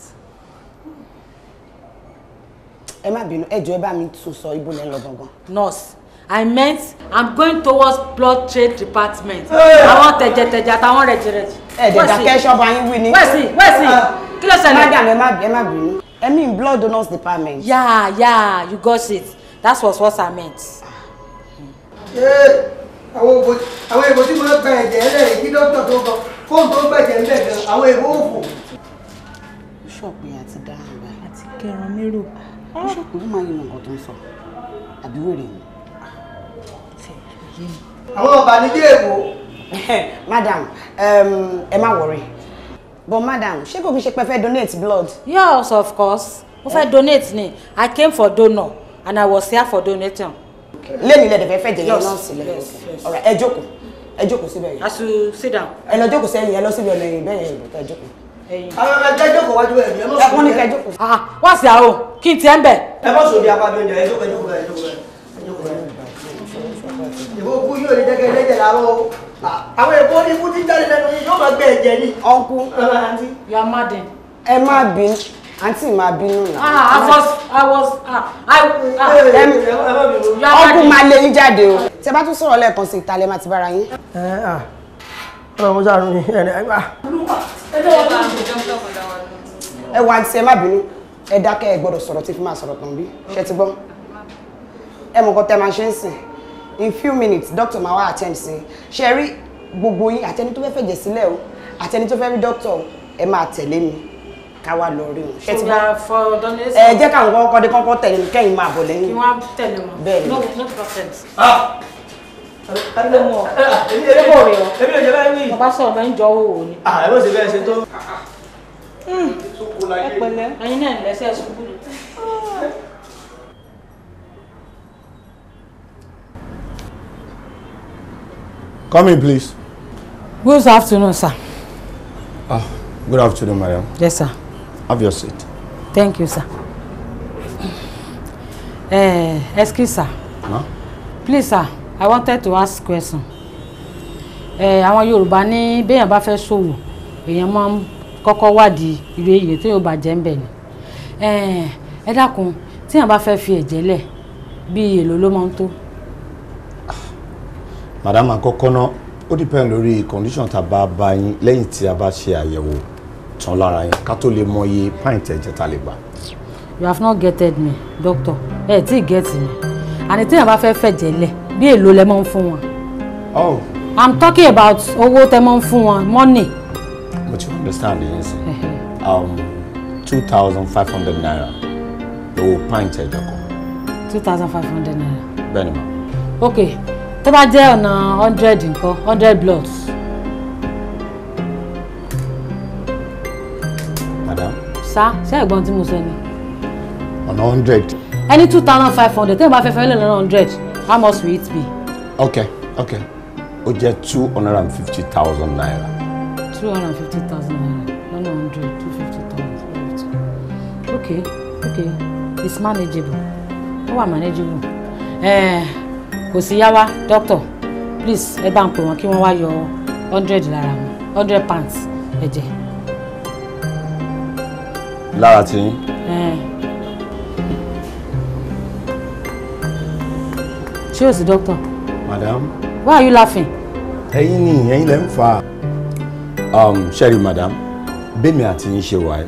ẹ má bínú ẹ jọ̀ọ́ ẹ bá mi tún sọ ibo lẹ ń lọ gangan. nurse i meant i'm going towards blood trade department àwọn tẹ̀jẹ̀tẹ̀jẹ̀ àtàwọn rẹ̀jẹ̀rẹ̀jẹ̀. ẹ dẹ̀ dákẹ́ ṣọ́ba yín wí ni. wẹ́sì wẹ́sì ah, kí ló ṣẹlẹ̀. madam ẹ má bínú i mean blood donors department. Yeah, yeah. you got it that was what i meant. ṣé àwọn èèbò tí mo gba ẹ̀jẹ̀ ẹlẹ́rìí kí dókítà tó kọ fóònù tó ń gbẹ̀jẹ̀ ń bẹ̀ gan àwọn èèbò òfò. bíṣọ̀pù yẹn àti dáhùn báyìí. àti kẹrin mérò ó ṣe pé ó máa yin nǹkan tó ń sọ àbí wèrè ni. àwọn ọba nílé èwo. madam ẹ má wọrí but madam ṣé kò kí ṣe pé fẹ́ donate blood. yes of course mo fẹ́ donate ni i came for donor and i was here for donation. lẹ́nu ilẹ̀ dẹ̀fẹ̀ fẹ́ jẹ̀yẹ náà sílẹ̀ ọ̀rọ̀ ẹ jókòó ẹ jókòó síbẹ̀ yẹn. as you sit down. ẹ lọ jókòó sẹ́yìn ẹ lọ síbi ọ̀nà ẹ̀yìn bẹ́ẹ̀ yẹn ẹ jókòó àwọn ọmọ ẹgbẹ́ jókòó wájú ẹ̀ ní ẹ mọ̀ sóbi ẹ jókòó. Ah, wá sí àwọn kí n tiẹ̀ ń bẹ̀. ẹ mọ̀ sóbi apábí oúnjẹ ẹ jókòó ẹ jókòó ẹ jókòó ẹ jókòó ẹ. ìwọ kú yóò lè jẹ́kẹ́ lẹ́jẹ̀ láró ah, àwọn èkó ní kú tí jáde lẹ́nu yóò máa gbé ẹ̀jẹ̀ ẹ ọlọ́run sáà ní ẹni ẹgbà. ẹ wá àǹtí ẹ má bínú ẹ dákẹ́ ẹ gbọ́dọ̀ sọ̀rọ̀ tí fi máa sọ̀rọ̀ tán bí ṣe ti gbọ́ ẹ mọ̀ nǹkan tẹ́ máa ṣe ń sìn in few minutes doctor máa wá attend sí ṣe rí gbogbo yín àtẹni tó fẹ́ fẹ̀jẹ̀ sílẹ̀ o àtẹni tó fẹ́ rí doctor ẹ máa tẹ̀lé mi ká wá lọ rí wọn. ṣé ti bá ẹ jẹ́ káwọn kọ́kọ́ dé kọ́kọ́ tẹ̀lé mi kẹ́yìn máa bọ̀ lẹ́yìn. kí ah! wọ́n tẹ̀lé wọn no no ọlọmọ ẹgbẹ́ ọ̀rẹ́ ọ ẹbí lè jẹ báyìí wí. bàbá sọ̀rọ̀ ni. Ah, ẹ bó ṣe bẹ́ẹ̀ ṣe tó. Hmm. ẹ pẹ̀lẹ́ ẹ̀yin náà lẹ́sẹ̀ Come in, please. Good afternoon, sir. Oh, good afternoon, madam. Yes, sir. Have your seat. Thank you, sir. Eh, excuse, sir. Huh? Please, sir. I wanted to ask question. Ẹ àwọn Yorùbá ní béèyàn bá fẹ́ ṣòwò èèyàn máa ń kọ́kọ́ wádìí irú èyí tó yóò bàjẹ́ ń bẹ̀ ni. Ẹ dákun tíyàn bá fẹ́ fi ẹ̀jẹ̀ lẹ̀ bí èlò ló máa ń tó. Màdàmà kọ́kọ́ ná ó dìpẹ́ lórí condition tá a bá bá yín lẹ́yìn tí a bá ṣe àyẹ̀wò tán lára yín ká tó lè mọ iye pint ẹ̀jẹ̀ tá a lè gbà. You have not getted me, doctor. Ẹ hey, tí ì get me. Àní about to fẹ́ fẹ̀jẹ̀ lẹ̀ bí èlò lẹ ń fún wọn. oh. i'm talking about owó tẹ ń fún wọn money. but you understand yẹn sẹ um, two thousand five hundred naira owó pint ẹ̀jọ̀ kan. two thousand five hundred naira. bẹ́ẹ̀ni ma. ok tó bá jẹ́ ọ̀nà hundred nǹkan hundred bloods. madam. sá ṣé ẹ̀gbọ́n tí mo sọ ni. ọ̀nà hundred. ẹni two thousand five hundred tẹ́lẹ̀ bá fẹ́ fẹ́ lẹ́nu hundred. How much will it be? Okay, okay. Ó jẹ́ two hundred and fifty thousand naira. Two hundred and fifty thousand naira. One hundred, two fifty thousand. Okay, okay. It's manageable. Ó wà manageable. Eh, kò sí doctor. Please, a bank ń pè wọ́n kí wọ́n wá hundred lára hundred pounds ẹ̀jẹ̀. Lára tí ṣé o doctor. madam. why are you laughing. Hey, ni ẹ̀yin lẹ ń um, sherry madam be me at in wáyé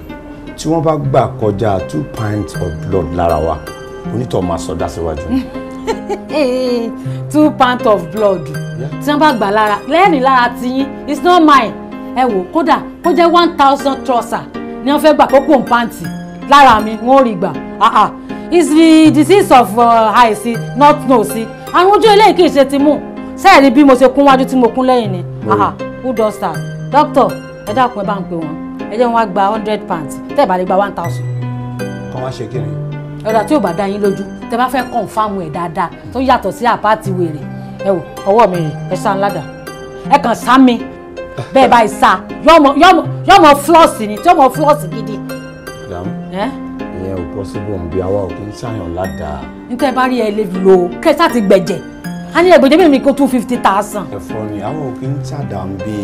tí wọ́n bá gbà kọjá two pints of blood lára wa onítọ̀ máa sọdá síwájú. two pints of blood tí wọ́n bá gbà lára lẹ́yìn lára tiyín it's not mine ẹ wò kódà kó jẹ́ one thousand trọ́sà ni wọ́n fe gbà kókó pàǹtì lára mi wọ́n ah, gbà ah. it's the disease of uh, eye see not nose see àrùn ojú eléyìí kì í ṣe ti mú sẹ́ẹ̀rí bí mo ṣe kún wájú tí mo kún lẹ́yìn ni who does that doctor ẹ dákun ẹ bá ń pè wọn ẹ jẹ́ wọn wá gba hundred pounds tẹ́ ẹ bá lè gba one thousand. kọ́ wá ṣe kíni. ọ̀dà tí ò bá dá yín lójú tẹ́ bá fẹ́ kọ̀ǹfàmù ẹ̀ dáadáa tó yàtọ̀ sí àpáàtì wèrè ẹ wò ọwọ́ mi rìn ẹ sá ńládà ẹ kàn sá mi bẹ́ẹ̀ báyìí sá yọmọ yọmọ yọmọ flọ́ọ̀sì ni tí yọmọ flọ́ọ̀sì gidi yẹn ò possible ọ̀nbi àwa ò kí ń ṣàyàn ládàá. nítorí ẹ bá rí ẹ lè lo kẹsà ti gbẹ̀jẹ̀ a ní ẹgbẹ̀jẹ̀ mímu kó two fifty thousand. ẹ̀fọ́ ni àwọn ò kí ń ṣàdá ń bí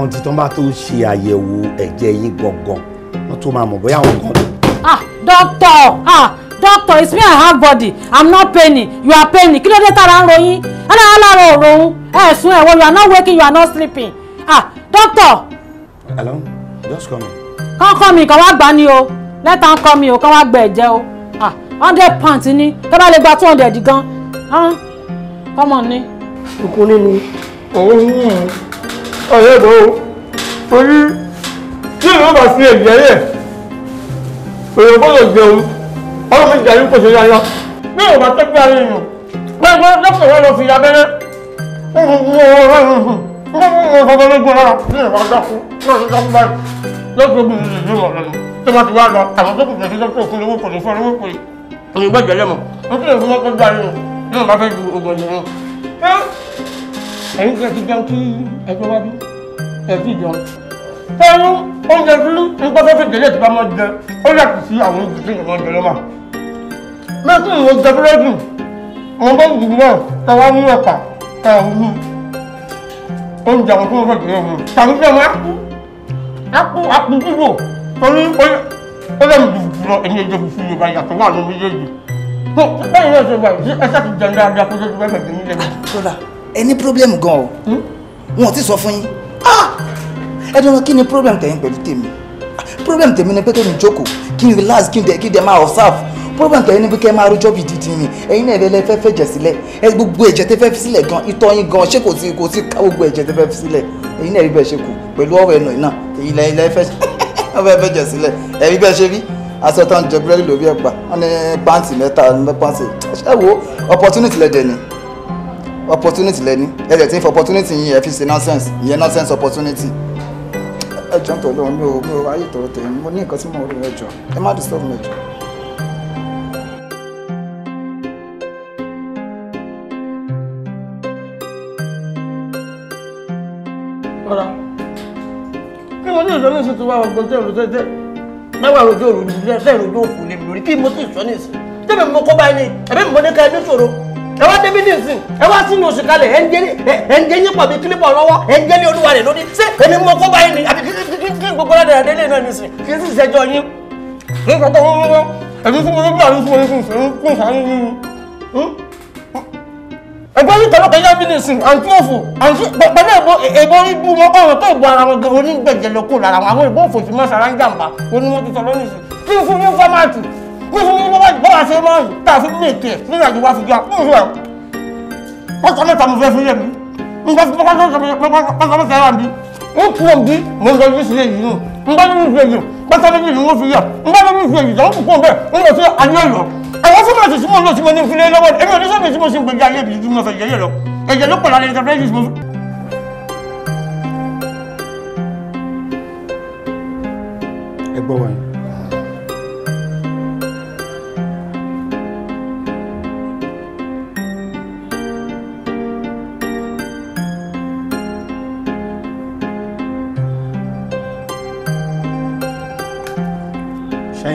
ọ̀n tí tán bá tó ṣe àyẹ̀wò ẹ̀jẹ̀ yín gangan wọ́n tó máa mọ̀ bóyá àwọn kan. ah doctor ah doctor it's me i have body i'm not paining you are paining kí ló dé tara ń ròyìn ẹ̀rọ alára òòrùn ẹ̀sùn ẹ̀wọ̀ you are not waking you are not sleeping ah doctor. hello just come in. kọ́kọ́ mi kàn wá gbá ni o lẹ́tà ń kọ́ mi ò kán wá gbẹ ẹ̀jẹ̀ o hundred pound ni kí bá lè gba two hundred gan kọ́mọ ni. ìkún nínú ọ̀hún yìí ọ̀yẹ́ ìbò torí tí ìlú bá sí ẹ̀jẹ̀ yẹ̀ èèyàn gbọ́dọ̀ jẹun ọ̀rọ̀ mi jẹun kò ṣe yáyá bí èèyàn bá tẹ́gbẹ́ ara èèyàn pẹ́ẹ́pẹ́ lọ́pọ̀ wọn lọ fi abẹ́rẹ́ lọ́pọ̀ wọn lọ́gbọ̀n lára bí èèyàn bá dákú lọ́pọ̀ wọn lọ́gbọ̀n lára lọ́pọ̀ wọn lọ́gbọ̀n lára tó bá ti wá lọ àwọn tó kù fẹ́ sí dókítà òkú lówó kò ní fún olówó pé òyìn gbọ́dọ̀ lẹ́mọ̀ ó kí lè fún mọ́tò gbà nínú nínú bá fẹ́ ju ogun ọ̀dọ̀ wọn. ẹ̀yin kẹ́ ti jẹun kí ẹjọ́ wá bí ẹ̀ ti jẹun. fẹ́rú oúnjẹ dúró nípa tó fi délé tó bá mọ́ jẹ ó yàtọ̀ sí àwọn oúnjẹ tó yẹ mọ́ jẹ lọ́mà. mẹ́tò ìwọ jẹ búrẹ́dì wọn bá wù náà ẹ wá mú ọ̀pá ẹ wù oúnjẹ àwọn tó wọ́n fẹ́ jẹ náà wù. tàbí fẹ́ mọ́ apú apú apú bíbò torí ó lẹ́nu dùdù lọ èmi ẹjọ́ fún mi bá yàtọ̀ wà lórí méjèèjì tó báyìí náà ṣe wà yìí ẹsẹ̀ ti jẹun dáadáa kó tó ti bẹ́ẹ̀ bẹ̀rẹ̀ nílẹ̀. kódà ẹ ní pírọ́blẹ́mù gan o hmm? wọn ò tí sọ fún yín ah! ẹ dọ́nà kí ni pírọ́blẹ́mù tẹ̀yìn pẹ̀lú tèmi pírọ́blẹ́mù tèmi ni pé kí n jókòó kí n relax kí n dẹ̀ kí n dẹ̀ máa observe problem tẹ̀yìn níbi kẹ́ máa rújọ́ bíi dídì ni ẹ̀yin náà ẹ̀rẹ́lẹ́ fẹ́ fẹ́ jẹ̀ sílẹ̀ ẹ gbogbo ẹ̀jẹ̀ tẹ́ fẹ́ fi sílẹ̀ gan ìtọ̀ yín gan ṣé kò sí kò sí ká gbogbo ẹ̀jẹ̀ tẹ́ fẹ́ fi sílẹ̀ ẹ̀yin náà rí bẹ́ẹ̀ ṣe kù pẹ̀lú ọ̀rọ̀ ẹ̀nà náà èyí lẹ́yìn lẹ́yìn fẹ́ wọ́n fẹ́ fẹ́ jẹ̀ sílẹ̀ ẹ̀rí bẹ́ẹ̀ ṣe rí aṣọ tó ń jẹ búrẹ́dì lórí ẹ̀pà wọ́n ní pàǹtì mẹ́ta pàǹtì ṣé wo opportunity lẹ́dẹ̀ ni opportunity lẹ́ni ẹ̀dẹ̀ tí ń fọ opportunity yìí ẹ̀ fi ṣe nonsense ìyẹn nonsense opportunity ẹ̀jọ̀ ń tọ̀ lóhun mi ò mi ò ayé tọ̀rọ̀ tẹ̀yìn mo ní nǹkan tí mo rò ẹ̀jọ̀ ẹ má disturb mi ẹ̀jọ̀. lọ lóṣù tó wà ọgbọ́n tẹ̀rù tẹ́tẹ́ mẹ́wàá rojú òru nílẹ̀ tẹ́rù ojú òfò lè lórí kí mo sì sọ ní ìsìn tẹ́mi mo kọ́ báyìí ni ẹ̀mí mo ní ká ẹ níṣòro ẹ wá débi ní ìsìn ẹ wá sínú oṣù kalẹ̀ ẹ ń jẹ́ ẹ ń jẹ́ yín pàbí kílípọ̀ lọ́wọ́ ẹ ń jẹ́ ní olúwa rẹ̀ lórí ṣé èmi mo kọ́ báyìí ni àbí kí gbogbo ládàá ẹgbẹ́ yìí tọ́lọ́ kan yá mi lè sìn àǹtí òfò àǹtí pẹ̀lú èbó èbó rí bú wọn ọ̀rọ̀ tó ìbò ara wọn gẹ̀rọ onígbẹ̀jẹ̀ ló kó lára wọn àwọn èbó òfò sì máa ṣara ń jàǹbá onímọ̀ ti tọ́lọ́ nìsín kí n fún yín fọ́máàtì kí n fún yín fọ́máàtì bọ́wá ṣe máa yìí tá a fi lè tẹ̀ nínú àjò wa fi jọ àpò ìwà ọkọ̀ mẹ́ta mo fẹ́ fún yẹn mi nǹkan fi pọ́kọ́ nbá ní ìfẹ́ yìí pátá méjì ni wọ́n fi yà nbá ní ìfẹ́ yìí lọ́wọ́ púpọ̀ bẹ́ẹ̀ ń lọ sí àyè lọ àwọn fún mi tí mo lọ sí mo ní ìfilé lọ́wọ́ èmi ò ní sọ́ọ̀bì tí mo ṣe ń gbẹ̀gẹ́ ayé ìbí tí mo fẹ́ yẹ̀yẹ̀ lọ ẹ̀jẹ̀ ló pọ̀ lára ẹ̀jẹ̀ fẹ́ẹ́ yìí ẹ gbọ́ wọ̀nyí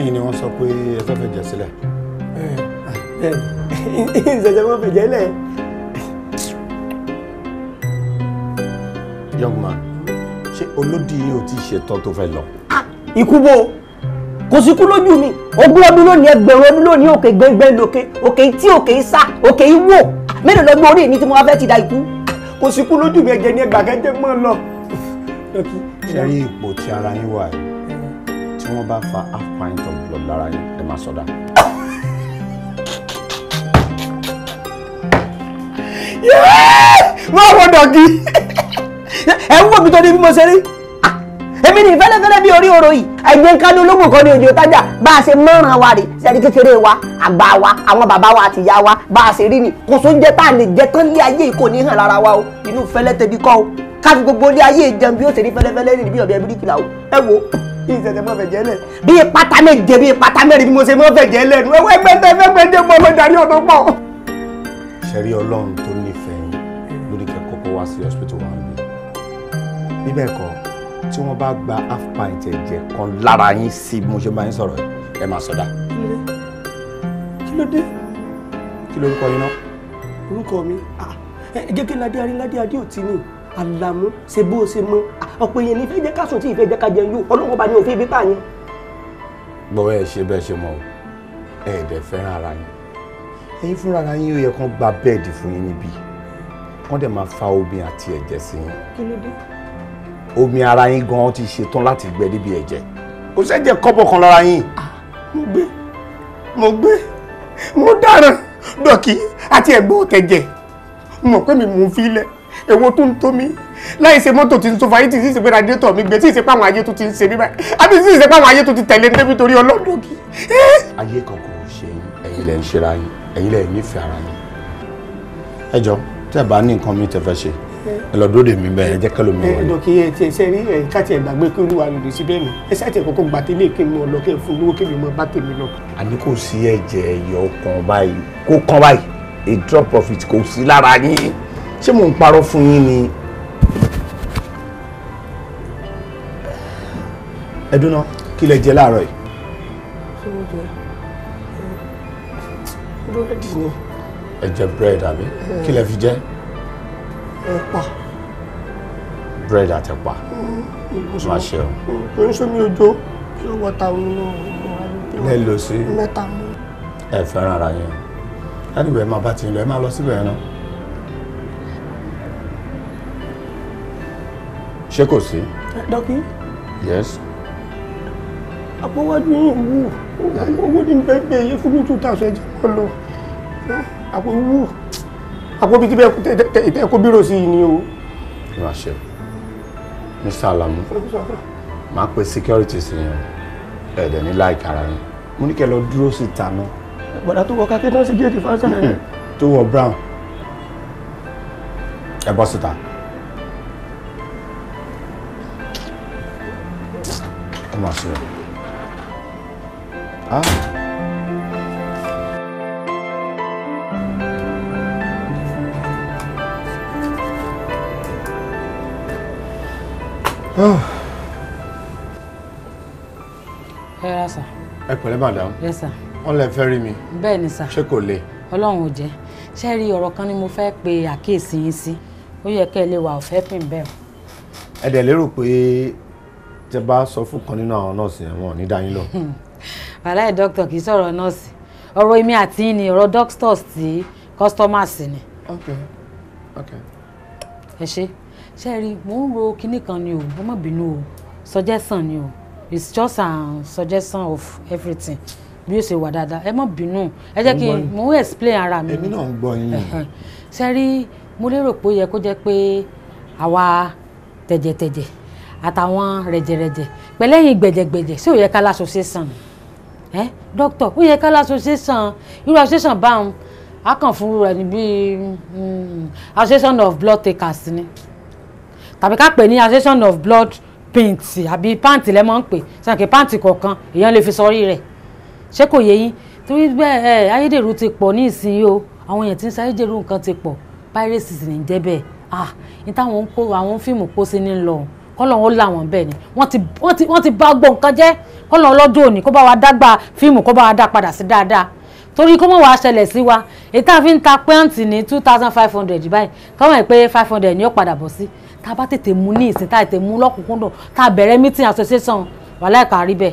ẹ̀yin ni wọ́n sọ pé ẹ fẹ́ fẹ̀jẹ̀ sílẹ̀. ìṣẹ̀jẹ̀ wọn fẹ̀jẹ̀ lẹ̀. young man ṣé olódì yìí ò ti ṣetán tó fẹ́ lọ. ikú bo kò sí kú lójú mi ogún ọdún lónìí ẹgbẹ̀rún ọdún lónìí òkè gbẹngbẹ lókè òkè tí òkè sá òkè wò mélòó lọ́gbọ́n orí mi tí mo wá fẹ́ ti da ikú kò sí kú lójú mi ẹ̀jẹ̀ ni ẹgbàgẹ́jẹ́ mọ́ lọ. ṣe rí ipò tí ara yín wà yìí tí wọ́n bá fa half pint lára yín ẹ máa sọdá. wọ́n wọ dọ̀gí ẹ ń wọ́bi tó ní bí mo ṣe rí èmi ní fẹ́lẹ́fẹ́lẹ́ bí orí oró yìí ẹgbẹ́ kánú ológun kan ní òjò tájà bá a ṣe mọ́ràn wa rè sẹ́ni kékeré wa àgbà wa àwọn bàbá wa àti ìyá wa bá a ṣe rí ni kò sóun jẹ́ tá a lè jẹ tán lé ayé yìí kò ní hàn lára wa o inú fẹ́lẹ́ tẹbi kọ́ o káfí gbogbo lé ayé ìjẹun bí ó ṣe rí fẹ́lẹ́fẹ́lẹ́ rìn bí ọ̀bẹ bíríkìlà o ẹ wo bí ìṣẹ̀ṣẹ̀ mọ́ fẹ̀jẹ̀ lẹ̀ bí pátá méje bí pátá mẹ́rin bí mo ṣe mọ́ fẹ̀jẹ̀ lẹ̀ wẹ́wẹ́ gbẹ́ndẹ́ fẹ́gbẹ́ndẹ́ mọ́ fẹ́ darí ọ̀dọ́ pọ̀. ṣẹ̀rí ọlọ́run tó nífẹ̀ẹ́ lórí kẹ́kọ̀ọ́ kó wá sí hospital wa mi bíbẹ̀ kọ́ tí wọ́n bá gba half pint ẹ̀jẹ̀ kan lára yín sí bí mo ṣe bá yín sọ̀rọ̀ ẹ máa sọ̀dá. kí ló dé kí lorúkọ yín náà. orúkọ mi ah, jẹ́ kí ládé aríládé adé òtí ni àlàmú ṣe bó ṣe mọ́ ọ̀pọ̀ èèyàn ní fẹ́ jẹ́ ká sùn tí ìfẹ́ jẹ́ ká jẹun yóò ọlọ́run ọba ni òfin ibi pààyàn. gbọ́ ẹ ṣe bẹ́ẹ̀ ṣe mọ́ ẹ ẹ̀dẹ̀ fẹ́ràn ara yín ẹ̀yin fúnra ara yín ó yẹ kán gba bẹ́ẹ̀dì fún yín níbí kán dẹ̀ máa fa omi àti ẹ̀jẹ̀ sí yín. kí ló dé? omi ara yín gan ti ṣetán láti gbẹ níbi ẹ̀jẹ̀ kò sẹ́jẹ̀ kọ́bọ̀ kan lára yín. Ah, mo gbé mo gbé mo dáràn dọ̀kì àti ẹ̀gbọ́n tẹ̀jẹ̀ mo mọ̀ mi mò ń fi ilẹ̀ èwo tó ń tó mi láì ṣe mọ́tò tí ń sọ fàyè tí sì ṣe pé radiator mi gbé tí ì ṣe pé àwọn ayé tó ti ń ṣe mí báyìí àbí tí ì ṣe pé àwọn ayé tó ti tẹ̀lé débi torí ọlọ́dún kì. Eh? ayé kan kò ṣe ẹ̀yin lẹ ń ṣe ara yín ẹ̀yin lẹ nífẹ̀ẹ́ ara yín. ẹ jọ tẹ bá ní nǹkan mi tẹ fẹ́ ṣe ẹ lọ dúró de mi bẹ́ẹ̀ ẹ jẹ́ kẹ́lò mi eh, wọlé. ẹnìkan yẹn tiẹ̀ ṣe rí ẹ̀ káàtì ẹ̀gbàgbé kí olúwa lòdì sí bẹ́ẹ̀ náà ẹ ṣáàtì ẹ̀kọ́kọ́ gbà tẹ́lẹ̀ kí n mọ̀ lọ kẹ́ fún olówó kí mi mọ̀ bá tèmi lọ. drop of it kò sí lára yín ṣé mò ń ẹdúná kí lẹ jẹ láàárọ̀ yìí. búrẹ́dì ni. ẹ jẹ búrẹ́dì àbí kí lẹ fi jẹ. ẹ̀pà. búrẹ́dì àtẹ̀pà. máa mm-hmm. ṣe o. kò ń sómi ojo kí ló wọta òun náà. lẹ lọ sí. mẹ́ta mú. ẹ fẹ́ràn ara yẹn láníwèé máa bá ti lọ ẹ máa lọ síbẹ̀ yẹn náà. ṣé kò sí. dọ́kí. yes àpọ̀wájú yìí wù owó ní bẹ́ẹ̀ yé fún mi two thousand ẹ̀jẹ̀ náà lọ àpò wù àpò bíi tíbẹ̀ tẹ̀ kó bírò sí i ni o. ìránṣẹ́ mr alamu máa pe security sí yẹn ẹ̀ẹ́dẹ̀ ní láìka ara yẹn mo ní kẹ́ lọ dúró síta náà. bọ̀dá tó wọ kákẹ́ náà sí géètì fásitì rẹ̀. tó wọ brown ẹ bọ́ síta. Come on, sir. Ah. Ah. rárá sà. ẹ pẹ̀lẹ́ madam. yes sà. wọ́n lè fẹ́ rí mi. bẹ́ẹ̀ ni sà. ṣé kò le. ọlọ́run ò jẹ́ ṣé rí ọ̀rọ̀ kan ni mo fẹ́ pe àkíyèsí yín sí ó yẹ kẹ́ ẹ lè wà ọ̀fẹ́ pín bẹ́ẹ̀. ẹ dẹ̀ lérò pé tẹ bá sọ fún kan nínú àwọn nọ́ọ̀sì ẹ̀wọ̀n ní dáyín lọ. wàhálà dókítà kì í sọ̀rọ̀ nọ́ọ̀sì ọ̀rọ̀ èmi àti yín ni ọ̀rọ̀ doctors tí customers ni. okay okay. ẹ ṣe ṣe rí mò ń ro kinní kan ni o ẹ má bínú o suggestion ni o it's just a suggestion of everything bí ó ṣe wà dáadáa ẹ má bínú ẹ jẹ́ kí n mò ń explain ara mi. èmi náà ń gbọ́ yín. ṣe rí mo lérò pé ó yẹ kó jẹ́ pé àwa tẹ̀jẹ̀tẹ̀jẹ̀ àtàwọn rẹ̀jẹ̀rẹ̀jẹ̀ pẹ̀lẹ́yìn gbẹ̀jẹ̀gbẹ̀jẹ̀ ṣé ò yẹ ká láṣọ ṣe sàn ni ẹ eh, dókítà ó yẹ ká l'association irú association báwọn a kàn fún rẹ ní bíi hmm, association of blood takers ni tàbí ká pè ní association of blood paints àbí pàǹtì lẹ́ mọ́ ń pè sàn kí pàǹtì kọ̀ọ̀kan èèyàn lè fi sọrí rẹ̀ ṣé kò yé yín torí bẹ́ẹ̀ ayédèrú ti pọ̀ ní ìsinyìí o àwọn èèyàn tí ń ṣayédèrú nǹkan ti pọ̀ piracy sì ní jẹ́ bẹ́ẹ̀ ah ní táwọn fíìmù kó sí ní lọ́hùn kọ́lọ́run ó làwọn bẹ́ẹ̀ ni wọ́n ti bá gbọ́ nǹkan jẹ́ kọ́lọ́run ọlọ́jọ́ òní kó bá wa dágbà fíìmù kó bá wa dá padà sí dáadáa torí kó mọ̀ wá ṣẹlẹ̀ sí wa èyí tá a fi ń ta pẹ́ǹtì ní two thousand five hundred báyìí káwọn ẹ̀ pé five hundred ni ó padà bọ̀ sí tá a bá tètè mú ní ìsìn tá a tètè mú lọ́kùnkúndùn tá a bẹ̀rẹ̀ meeting association wà láìka àrí bẹ́ẹ̀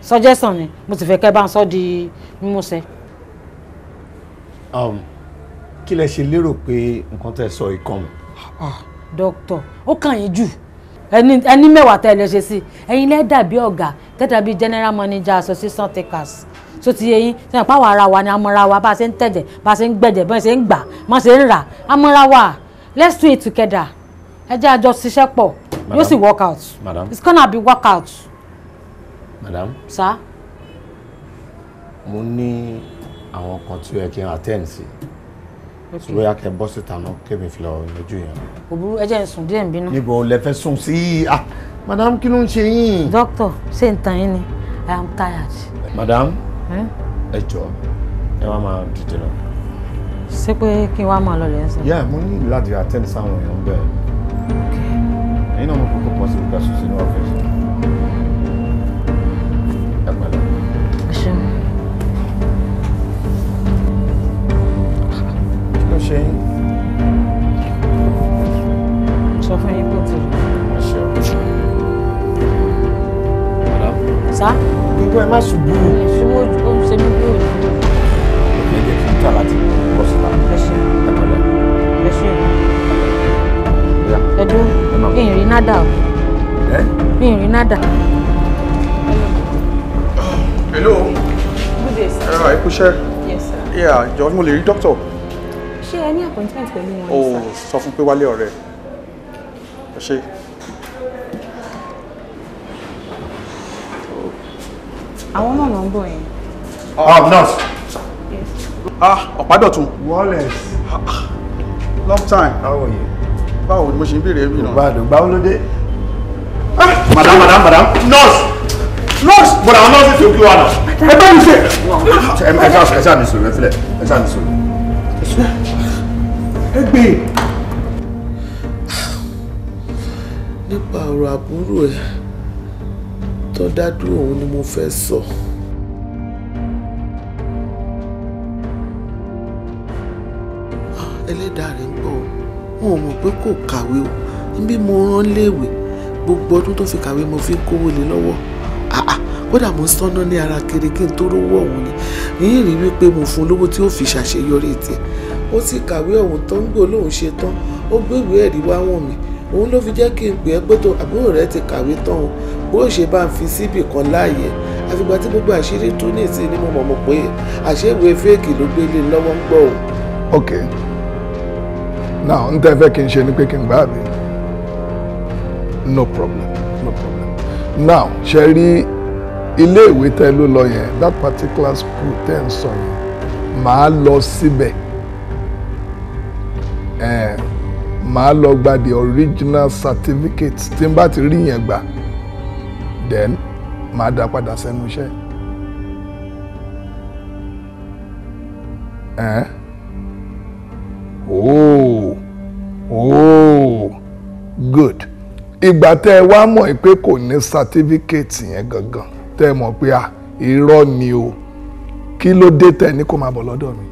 suggestion ni mo sì fẹ́ kẹ́ bá ń sọ di mímúṣẹ. Um, kí lẹ ṣe lérò pé nǹkan tẹ́ sọ ìkànnì. Ah, dókítà ó kàn yín jù ẹni mẹ́wàá tẹ́ ẹ lè ṣe sí ẹ̀yin lẹ́ dàbí ọ̀gá tẹ́ dàbí general manager association takers tó ti yẹ yín sẹ́yìn ara wa ni amọ̀ra wa bá a ṣe ń tẹ̀jẹ̀ bá a ṣe ń gbẹ̀jẹ̀ bá a ṣe ń gbà bá a ṣe ń rà amọ̀ra wa let's do it together ẹ jẹ́ àjọ ṣiṣẹ́ pọ̀ yóò sì work out it's gonna be work out. madam sir. mo ní àwọn kan tí ó yẹ kí n attend sí. Si bóyá kẹ bọ́ síta náà kébì fi lọ lójú yẹn. òbúrú ẹ jẹ́ n sùn díẹ̀ ń bínú. níbo lẹ fẹ́ sùn sí ah madam kí ló ń ṣe yín. doctor ṣé n tàn yín ni i am tired. madam ẹ jọ ẹ wá máa dìde lọ. ṣé pé kí n wá máa lọ lẹ́yìn sọ. yẹ mo ní láti attend sáwọn èèyàn bẹ́ẹ̀ ẹ̀yin náà mo kókó pọ̀ sí ìgbà sùn sínú ọ́fíìsì. ṣe yín. sọ fún yín kó ti rí. ẹ ṣe ọ. madam. sá. gbogbo ẹ má ṣubú. ẹ ṣubú ó ṣe mí bí òní. òkè jẹ́ kí n tà láti bọ́ síta. hello. Who day sir. ẹ ẹ kú iṣẹ́. yes sir. yeah jọ̀wọ́ mo lè rí ṣé ẹ ní appointment pẹ̀lú wọn. o sọ fún pé wálé ọ̀rẹ́ ẹ ṣe. àwọn náà ló ń bọ̀ yẹn. ah nurse. yes. ah ọ̀pádọ̀tun. Wallace. Ah, ah. long time. báwo yẹ. báwo ni mo ṣe ń béèrè ẹbí náà. ìbàdàn báwo ló dé. Ah, madam madam madam nurse nurse bọ̀dà àwọn nurse ti òkè wa náà. ẹ bá mi ṣe. ẹ ṣáà mi sọ̀rọ̀ ẹ filẹ̀ ẹ ṣáà mi sọ̀rọ̀ ẹ gbé. nípa ọ̀rọ̀ àbúrò ẹ̀ tó dá dúró òun ni mo fẹ́ sọ. So. ẹlẹ́dàá rẹ̀ ń gbọ́ o wọn ò mọ̀ pé kò kàwé o níbi mo rán léèwé gbogbo ọdún tó fi kàwé mo fi ń kówó lé lọ́wọ́ àà kódà mo ń sọ́nà ní ara kiri kí n tó rówó ọ̀hún ni yín rí wípé mo fún un lówó tí ó fi ṣàṣeyọrí tiẹ̀ ó sì kàwé ọ̀hún tó ń gbò lóun ṣe tán ó gbéwèé ẹ̀rí wá wọ̀n mi òun ló fi jẹ́ kí n pè é pé tó àbúrò rẹ̀ ti kàwé tán o bó o ṣe bá ń fi síbì kan láàyè àfìgbà tí gbogbo àṣírí tú ní ìsìn ni mo mọ̀ mọ̀ pé àṣewé fẹ́ẹ̀kì ló gbélé e lọ́wọ́ ń gbọ́ o. ok now n tẹ́ fẹ́ kí n ṣe ni pé kí n gbá mi no problem no problem now ṣe rí ilé ìwé tẹ́ ló lọ yẹn that particular school tẹ́ ń sọ yẹn màá lọ síbẹ̀. Si Eh, màá lọ gba the original certificate tí n bá ti rí yẹn gbà then màá dá padà sẹ́nu iṣẹ́. Eh? Oh, oh, good. Ìgbà tẹ́ ẹ wá mọ̀ pé kò ní sátífíkẹ́ẹ̀tì yẹn gangan tẹ́ ẹ mọ̀ pé à ah, irọ́ ni o kí ló dé tẹ̀ ní kó máa bọ̀ lọ́dọ̀ mi.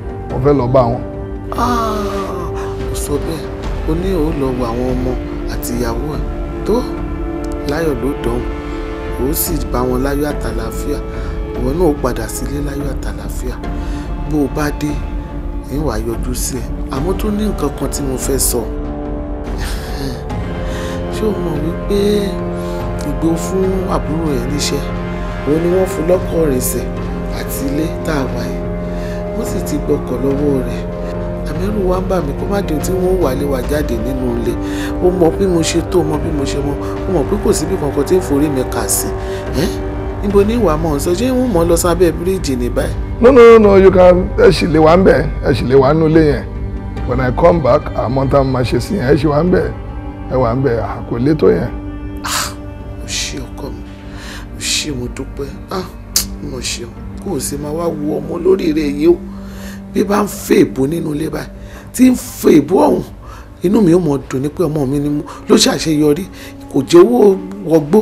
mo fẹ́ lọ bá wọn. ó ah, sọ bẹ́ẹ̀ ó ní òun lọ wo àwọn ọmọ àti ìyàwó ẹ̀ tó láyọ̀ ló dán ó sì bá wọn láyọ̀ àtàlàáfíà ìwọ náà ó padà sílé láyọ̀ àtàlàáfíà bó o bá dé ìwà yọjú sí ẹ àmọ́ tó ní nǹkan kan tí mo fẹ́ sọ ṣé o mọ̀ wípé ìgbó fún àbúrò ẹ̀ níṣẹ́ òun ni wọ́n fún lọ́kọ̀ rẹ̀ sẹ̀ àti ilé tá a wà yìí wọ́n sì ti gbọ́kọ̀ lọ́wọ́ rẹ̀ àmẹ́rù wa ń bà mí kó má di tí wọ́n wà lé jáde nínú ilé ó mọ bí mo ṣe tó mọ bí mo ṣe mọ ó mọ pé kò síbi kankan tí ń forí mi kà sí ẹ́ níbo ní ìwà mọ̀ sọ ṣé wọ́n mọ̀ lọ sábẹ́ bíríìjì ní báyìí. no no no you can ẹ ṣì lè wá ń bẹ̀ ẹ ṣì lè wá nú ilé yẹn when i come back àmọ́ tá a máa ṣe sí yẹn ẹ ṣì wá ń bẹ̀ ẹ wà ń bẹ̀ àkò lé tó yẹn. ah o ṣe ọkọ mi o ṣe mo dúpẹ́ ah, mo ṣeun kó o sì máa wá wo ọmọ olóríire yìí o bí bá ń fẹ́ èbó nínú ilé báyìí tí ń fẹ́ èbó ọ̀hún inú mi ò mọ̀ dùn ní pé ọmọ mi ni ló ṣàṣeyọrí kò jẹ́wọ́ wọgbó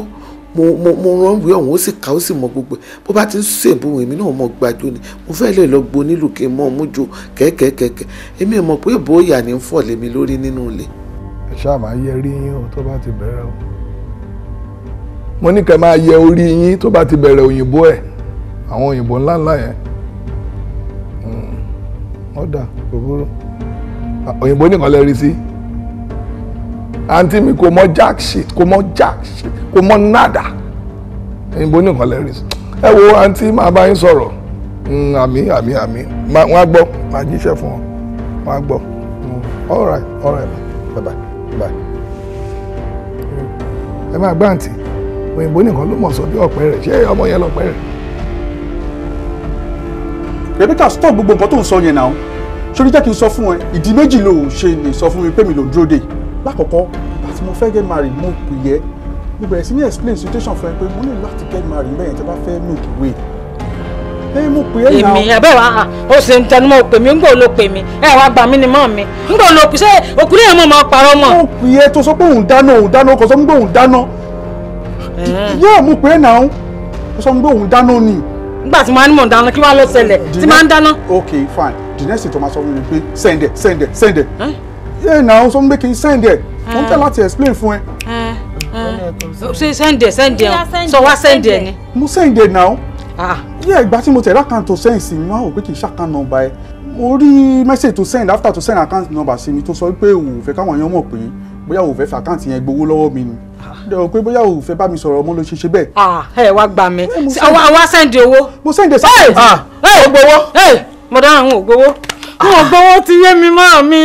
mo mo mo rán wí ọ̀hún ó sì kà ó sì mọ gbogbo bó bá ti ń sè bó èmi náà mọ gbàjọ ni mo fẹ́ lè lọ gbo nílùú kí n mọ mú ju kẹ́kẹ́kẹ́kẹ́ èmi mọ̀ pé bóyá ni ń fọ̀ lémi lórí nínú ilé. ẹ ṣáà máa yẹ rí yín o tó bá ti bẹ̀rẹ̀ o mo ní kẹ́ máa yẹ orí yín tó bá ti bẹ̀rẹ̀ òyìnbó ẹ̀ àwọn òyìnbó ńláńlá yẹn ọ̀dà òwúrọ̀ òyìnbó nìkan lè rí sí àǹtí mi kò mọ jack shit kò mọ jack shit kò mọ nada òyìnbó nìkan lè rí sí ẹ wo àǹtí bá yín sọ̀rọ̀ àmì àmì àmì wọ́n á gbọ́ fún ọ wọ́n á gbọ́ mm, all right all right bye bye bye ẹ máa gbá àǹtí òyìnbó nìkan ló mọ̀ sọ bí ọ̀pẹ Rebecca stop gbogbo nǹkan tó ń sọ yẹn náà sori jẹ́ kí n sọ fún ẹ ìdí méjì ló ṣe lè sọ fún mi pé mi ló dúró dé lákọ̀ọ́kọ́ àti mo fẹ́ get married mo pè yẹ mo bẹ̀rẹ̀ sí ní explain situation fún ẹ pé mo ní láti get married bẹ́ẹ̀ tí a bá fẹ́ make way ẹ mo pè é náà. èmi ẹ̀bẹ̀ wa ó ṣe ń tẹnu mọ́ ò pè mí ńgbà ló pè mí ẹ wá gbà mí ni mọ́ mi ńgbà ló pè ṣé òkúlé yẹn mọ̀ máa parọ́ mọ́. mo pè é tó sọ pé òun dáná òun dáná kò sọ pé òun dáná yóò mo pè é náà kò sọ pé òun dáná ni nígbà tí màá ní mò ń dáná kí wàá lọ ṣẹlẹ̀ tí màá ń dáná. ok fine the next thing tó máa sọ fún mi ni send it send it send it. yé na o sọ mi pé kí send it mo ń tẹ̀ láti explain fún ẹ. ṣe send it send it sọ wá send it ni. mo send it now. yé ìgbà tí mo tẹ̀ lákàn tó sẹ́yìn sí mi wá wò pé kì í ṣàkàn nọ́mbà ẹ mo rí message to send after to send account number sí mi tó sọ pé òun ò fẹ́ káwọn èèyàn mọ̀ pé bóyá òun ò fẹ́ fi account yẹn gbowó lọ́wọ́ mi ni dẹ̀rọ pé bóyá o fẹ́ bá mi sọ̀rọ̀ mo ló ṣe ṣe bẹ́ẹ̀. ah ẹ wá gbà mí àwa àwa sẹ́ǹdì owó. mo sẹ́ǹdì sẹ́ǹdì ah ó gbowó. mo dáhùn àwọn ògbówó wọn ò ti yé mi mọ́ mi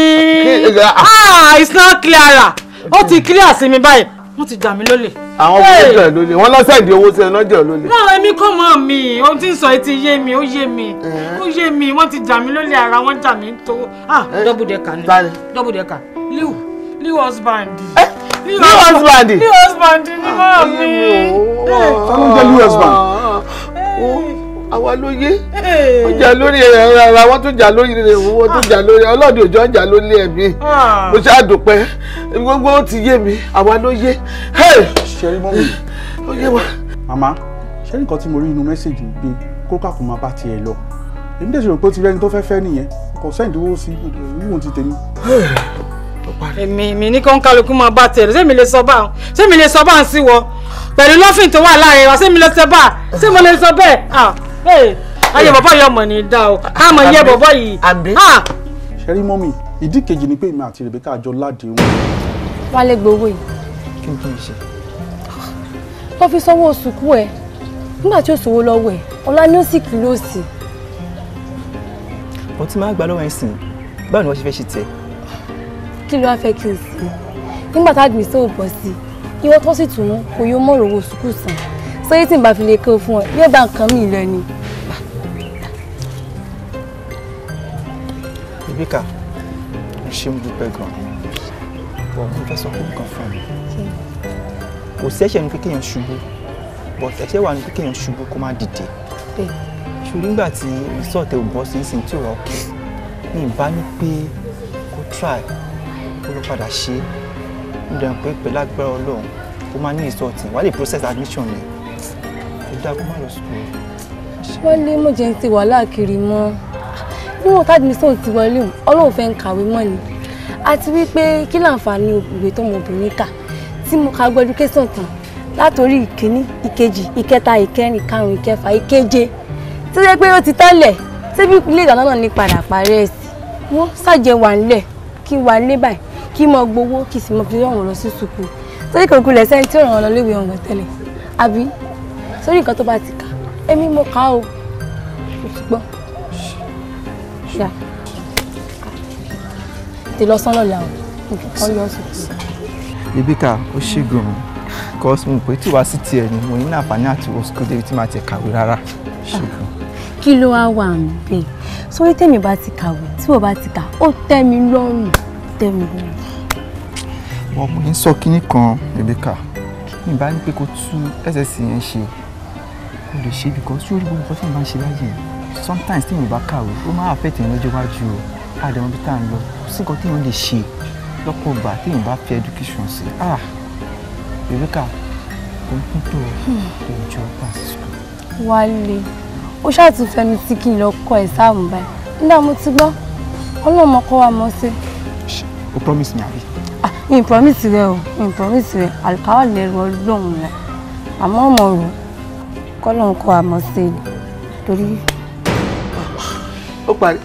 ah it's not clear ó ti clear sí mi báyìí wọ́n ti dà mí lólè. àwọn ọmọ ìjọ lólè wọn lọ́sẹ̀dì owó tí ẹnu ọjọ́ lólè. wọn èmi kò mọ̀ mi ohun tí ń sọ etí yé mi ó yé mi eh. ó yé mi wọ́n ti dà mí lólè ara wọn dà mí tó ah eh. double decker ni double decker liu liu husband. Eh? new husband new husband ni mọ́ ah, mi. Eh. ta ló ń jẹ́ new husband. Eh. Oh, àwa ló yé wọ́n jà lórí ara wọ́n tún jà lórí rẹ̀ wọ́n tún jà lórí ọlọ́ọ̀dẹ òjò ń jà lórí ẹ̀mí ah. mo ṣáà dúpẹ́ gbogbo ó ti yé mi àwa ló yé. ṣẹ́rí mọ́ mi. ó yé wa. màmá ṣé nǹkan tí mo rí inú mẹ́sẹ̀gì gbé kó kàkó máa bá tiẹ̀ lọ èmi dẹ̀ ṣe rò pé ó ti rẹ́ni tó fẹ́ fẹ́ nìyẹn kò sẹ́ǹdínwó sí ìwọ̀n ti tèmi èmi mi ní kó ń kálukú máa bá tẹ̀lé sẹ́mi lè sọ bá ń sẹ́mi lè sọ bá ń sí wọ pẹ̀lú lọ́fìn tó wà láàrin wa sẹ́mi lè sọ bá sẹ́mi lè sọ bẹ́ẹ̀ ayé bàbá yìí ọmọ ní dá o káàmọ yẹ bàbá yìí. ṣẹ́rí mọ́mì ìdí kejì ni pé èmi àti Rebecca àjọ láde wọn. wálé gbowó yìí. kí n kí n ṣe. tó fi sanwó oṣù kú ẹ nígbà tí ó sòwò lọ́wọ́ ẹ ọ̀la ni ó sì kì lóòsì. mo ti máa gbà lọ́wọ́ ẹ̀ sìn báwo ni wọ́n ṣe fẹ́ ṣe tẹ̀ kí ló wá fẹ́ kí n sí nígbà tá àdìmísẹ́ ò bọ̀ sí ìwọ tó sì tún kò yóò mọ̀rọ̀ owó sùkúù sàn sẹ́yìn tí n bá fi lè kó fún ẹ yóò bá nǹkan mi lọ ni. Ibika mo ṣe ń dúpẹ́ gan-an wọ́n kò fẹ́ sọ fún nǹkan fún mi kò sí ẹ̀ṣẹ̀ ní pé kéèyàn ṣubú but ẹ̀ṣẹ̀ wà ní pé kéèyàn ṣubú kó má dìde ṣùgbọ́n nígbà tí resort ò bọ́ sí ní sìn tí ò wá òkè ní ìbá ní pé kó try ló padà ṣe ń dẹ̀ pé pẹ̀lú agbára ọlọ́run ó máa ní ìsọ̀tì wà lè process admission ni kò dáa má lọ sùkúl. wọ́n lé mo ti wàhálà kiri mọ́ bí wọ́n tá admission ti wọlé ọlọ́run fẹ́ ń kàwé mọ́ ni àti wípé kí láǹfààní ìwé tọmọbìnrin kà tí mo ka gbọ́ education tán látòrí ìkíní ìkejì ìkẹta ìkẹrin ìkarùn ìkẹfà ìkeje tó yẹ pé ó ti tẹ́lẹ̀ síbi ilé ìdáná náà ní padà parẹ́ sí wọ́n ṣàjẹwà ńlẹ̀ kí n wà nílé báyìí kí mo gbowó kì í sì mo fi ọ̀hún lọ sí sùkú sórí kan kulẹ̀ sẹ́ni tí ọ̀ràn ọlọ́lẹ́wé ọ̀hún tẹ́lẹ̀ àbí sórí nǹkan tó bá ti kà èmi mo kà á o ṣùgbọ́n ṣá ti lọ sánlọ̀ làwọn nǹkan lọ sùkú. Rebecca ó ṣe gan-an because mo pé tí wàá sí tiẹ̀ ni mo ní àǹfààní àti wọ sùkú débi tí màá ti kàwé rárá ṣùgbọ́n. kí ló wá wà ń bẹ̀ sórí tèmi bá ti kàwé tí wọ́n bá ti kà ó tẹ́ mi lọ́rùn tẹ̀ mí gan. wọ́n mú ń sọ kínní kan Rebecca kí n bá ní pé kó tú ẹsẹ̀ sí yẹn ṣe kó lè ṣe bìkọ́ sí orí gbogbo tí bá ń ṣe láyè sometimes tí mo bá kàwé ó máa affect èèyàn lọ́jọ́ iwájú o àdàmọ́ bí tá à ń lọ kò tí mo lè ṣe lọ́pọ̀ ìgbà tí mo bá fi education sí ah Rebecca kò kún tó lè hmm. jọ pàṣẹ. Wálé ó ṣáà tún fẹnu tí kì í lọ kọ ẹ̀ sáàmù báyìí nígbà mo ti gbọ́ ọlọ́mọkọ́ wa mọ̀ sí i o promise mi àbí. ah mi promise rẹ o mi promise rẹ alikawa lẹrú ọlọ́run rẹ àmọ́ ọmọ rò kọ́lọ́run kọ́ àmọ́ sí i torí. ó parí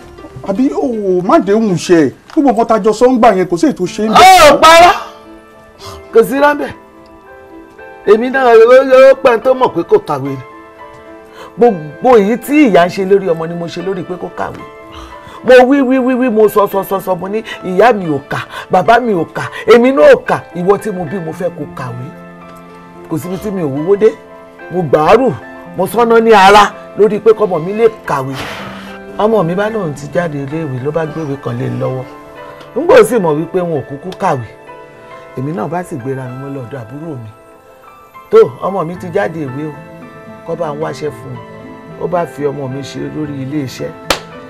àbí o má déhùn iṣẹ́ ẹ̀ gbogbo nǹkan tájọ sọ ń gbà yẹn kò sí ètò ṣe ń bẹ̀. ó parọ́ kò sí rábẹ̀ èmi náà ló pẹ́ tó mọ̀ pé kò kàwé gbogbo èyí tí ìyá ń ṣe lórí ni mo ṣe lórí pé kò kàwé mo wí wí wí wí mo sọ sọ sọ sọ mo ní ìyá mi ò kà bàbá mi ò kà èmi náà ò kà ìwọ tí mo bí mo fẹ́ kó kàwé kò síbi tí mi ò wúwo dé mo gbàárù mo sọ́nà ní ara lórí pé kọ́mọ mi lè kàwé ọmọ mi bá lóun ti jáde iléèwé ló bá gbéwé kan lé e lọ́wọ́ n gbọ́dọ̀ sì mọ̀ wípé wọn ò kúkú kàwé èmi náà bá sì gbéra mi mọ́ lọ́dọ̀ àbúrò mi tó ọmọ mi ti jáde ìwé o kọ́ bá ń wáṣẹ́ fún un ó bá fi ọmọ mi ṣe lórí ilé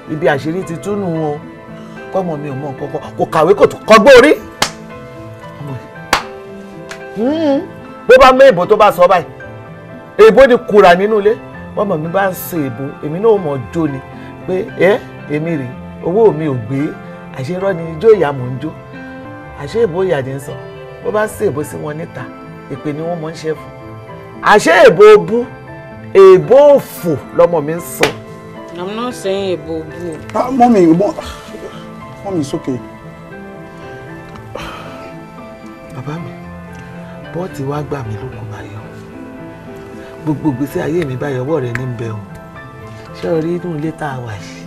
ibi àṣírí ti túnú o kọ́mọ mi ò mọ nǹkan kan kò kàwé kò kọgbó orí hmm. bó bá mú èbó tó bá sọ báyìí èbó ni kùrà nínú ilé bọ́mọ mi bá ń ṣe èbó èmi náà mọ̀ jó ni pé ẹ èmi rèé owó mi ò gbé àṣerọ́ ni ijó ìyá mò ń jó àṣé èbó ìyá ni ń sọ bó bá ṣe èbó sí wọn níta èpè ni wọ́n mọ̀ ń ṣe fún àṣé èbó bú èbó òfò lọmọ mi ń sọ. I'm not saying a bobo. Ah, mommy, mo ah, mommy, it's okay. Bàbá mi, bọ́ọ̀tì wá gbà mí lókun báyọ̀. Gbogbo gbèsè ayé mi báyọ̀ ọwọ́ rẹ̀ ní ń bẹ o. Ṣé o rí inú ilé tá a wà yìí?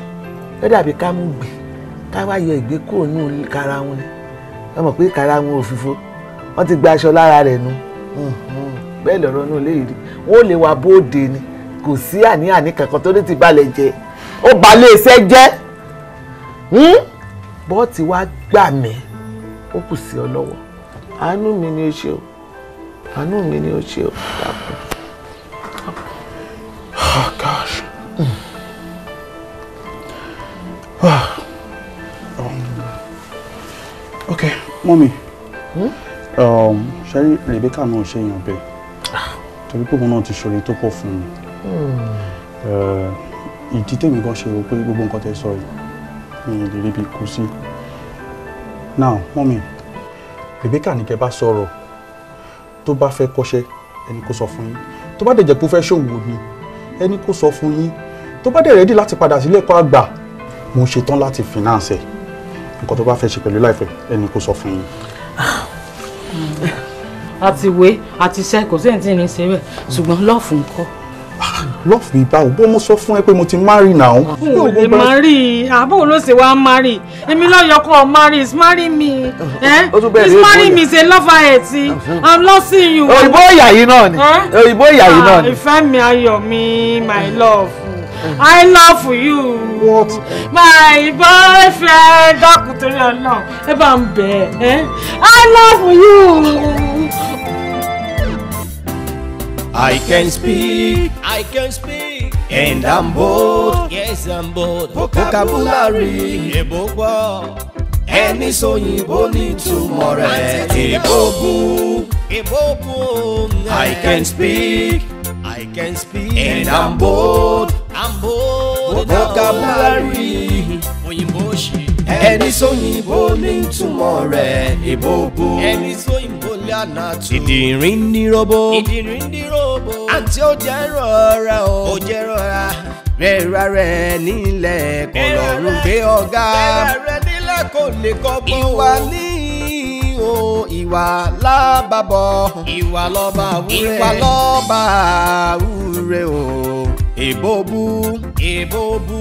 Ó dàbí ká mú gbè, ká wá yọ ìgbé kúrò nínú kara wọn ni. Ẹ mọ̀ pé kara wọn ò fífo. Wọ́n ti gba aṣọ lára rẹ̀ nu. Bẹ́ẹ̀ lọ̀rọ̀ inú ilé yìí rí. Wọ́n ò lè wa bóde ni. Kò sí àní-àní kankan tó ní ti balẹ̀ jẹ́ ó balẹ̀ iṣẹ́ jẹ́ hmm? bọ́ọ̀tì wá gbà mí ó kù sí ọ lọ́wọ́ àánú mi ni ó ṣe o àánú mi ni ó ṣe o dàpọ̀. Oh ah, gosh. Mm. um, okay, mọ́mí hmm? um, ṣe rí Rebecca náà ṣe èèyàn bẹ́ẹ̀ ah. torí pé òun náà ti ṣòro tó pọ̀ fún mi. Hmm. Eh, ìdí tèmi gan ṣe rò pé gbogbo nǹkan tẹ sọ yìí mi ò lè rí ibi kú sí. now mọ́mì Rebecca ní kẹ́ bá sọ̀rọ̀ tó bá fẹ́ kọ́ṣẹ́ ẹni kó sọ fún yín tó bá dẹ̀ jẹ́ pé ó fẹ́ ṣòwò ni ẹni kó sọ fún yín tó bá dẹ̀ rẹ́dí láti padà sílé ẹ̀kọ́ àgbà mo ṣetán láti finance ẹ̀ nǹkan tó bá fẹ́ ṣe pẹ̀lú láìfẹ́ ẹni kó sọ fún yín. àtiwé àtiṣẹ́ kò sí ẹ̀ tí ì ní í ṣe bẹ́ẹ̀ ṣùgbọ́n lọ́ọ̀fù ń kọ́ love mi báwo bó mo sọ fún ẹ pé mo ti marry now. Ah. o lè I àbò ah, ló ṣe wá marry èmi lọ yọ kó marry is marry me ah, Eh? is marry me is a lọ́fà ẹ̀ tí i'm losing you. òyìnbó ìyàyí náà ni eh? òyìnbó ìyàyí náà ni. ìfẹ́ mi ayọ̀ mi my love. I love you. What? My boyfriend, Dr. Ẹ bá ń bẹ̀ ẹ́. Eh? I love you. I can speak. I can speak. And I'm bold. Yes, I'm bold. Vocabulary. Èbó pọ̀. Ẹni sọ̀yìnbó ní ìtumọ̀ rẹ̀. Èbó bu. I can speak. I can speak. And I'm bold. I'm bold. Vocabulary. Òyìnbó ṣe. Ẹni sọ̀yìnbó ní ìtumọ̀ rẹ̀. Èbó Ẹni sọ̀yìnbó kódà nàtú. ìdìrín ní robo. ìdìrín ní robo. àǹtí ó jẹ́ rọra o. ó jẹ́ rọra. rẹ́ra rẹ̀ nílẹ̀ kò lọ́rùn gbé ọ̀gá. rẹ́ra rẹ̀ nílẹ̀ kò lè kọ́gbọ́n o. ìwà ní o ìwà lábàbọ̀. ìwà lọ́ba àwúrẹ́. ìwà lọ́ba àwúrẹ́ o ìbòbú ìbòbú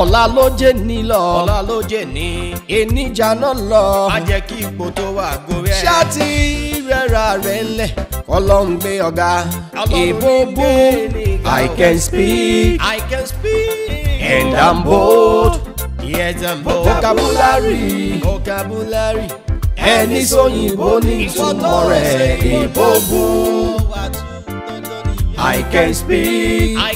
ọ̀la ló jẹ́ ní lọ ọ̀la ló jẹ́ ní ènìjà náà lọ á jẹ́ kí ipò tó wà gorí ẹ̀. ṣáàtì rẹ́ra rẹ̀ ńlẹ̀ ọlọ́run gbé ọ̀gá ìbòbú I can speak I can speak and I'm bold yes I'm bold vocabulary vocabulary ẹni sóyìnbó ní ìtumọ̀ rẹ̀ ìbòbú I can speak. I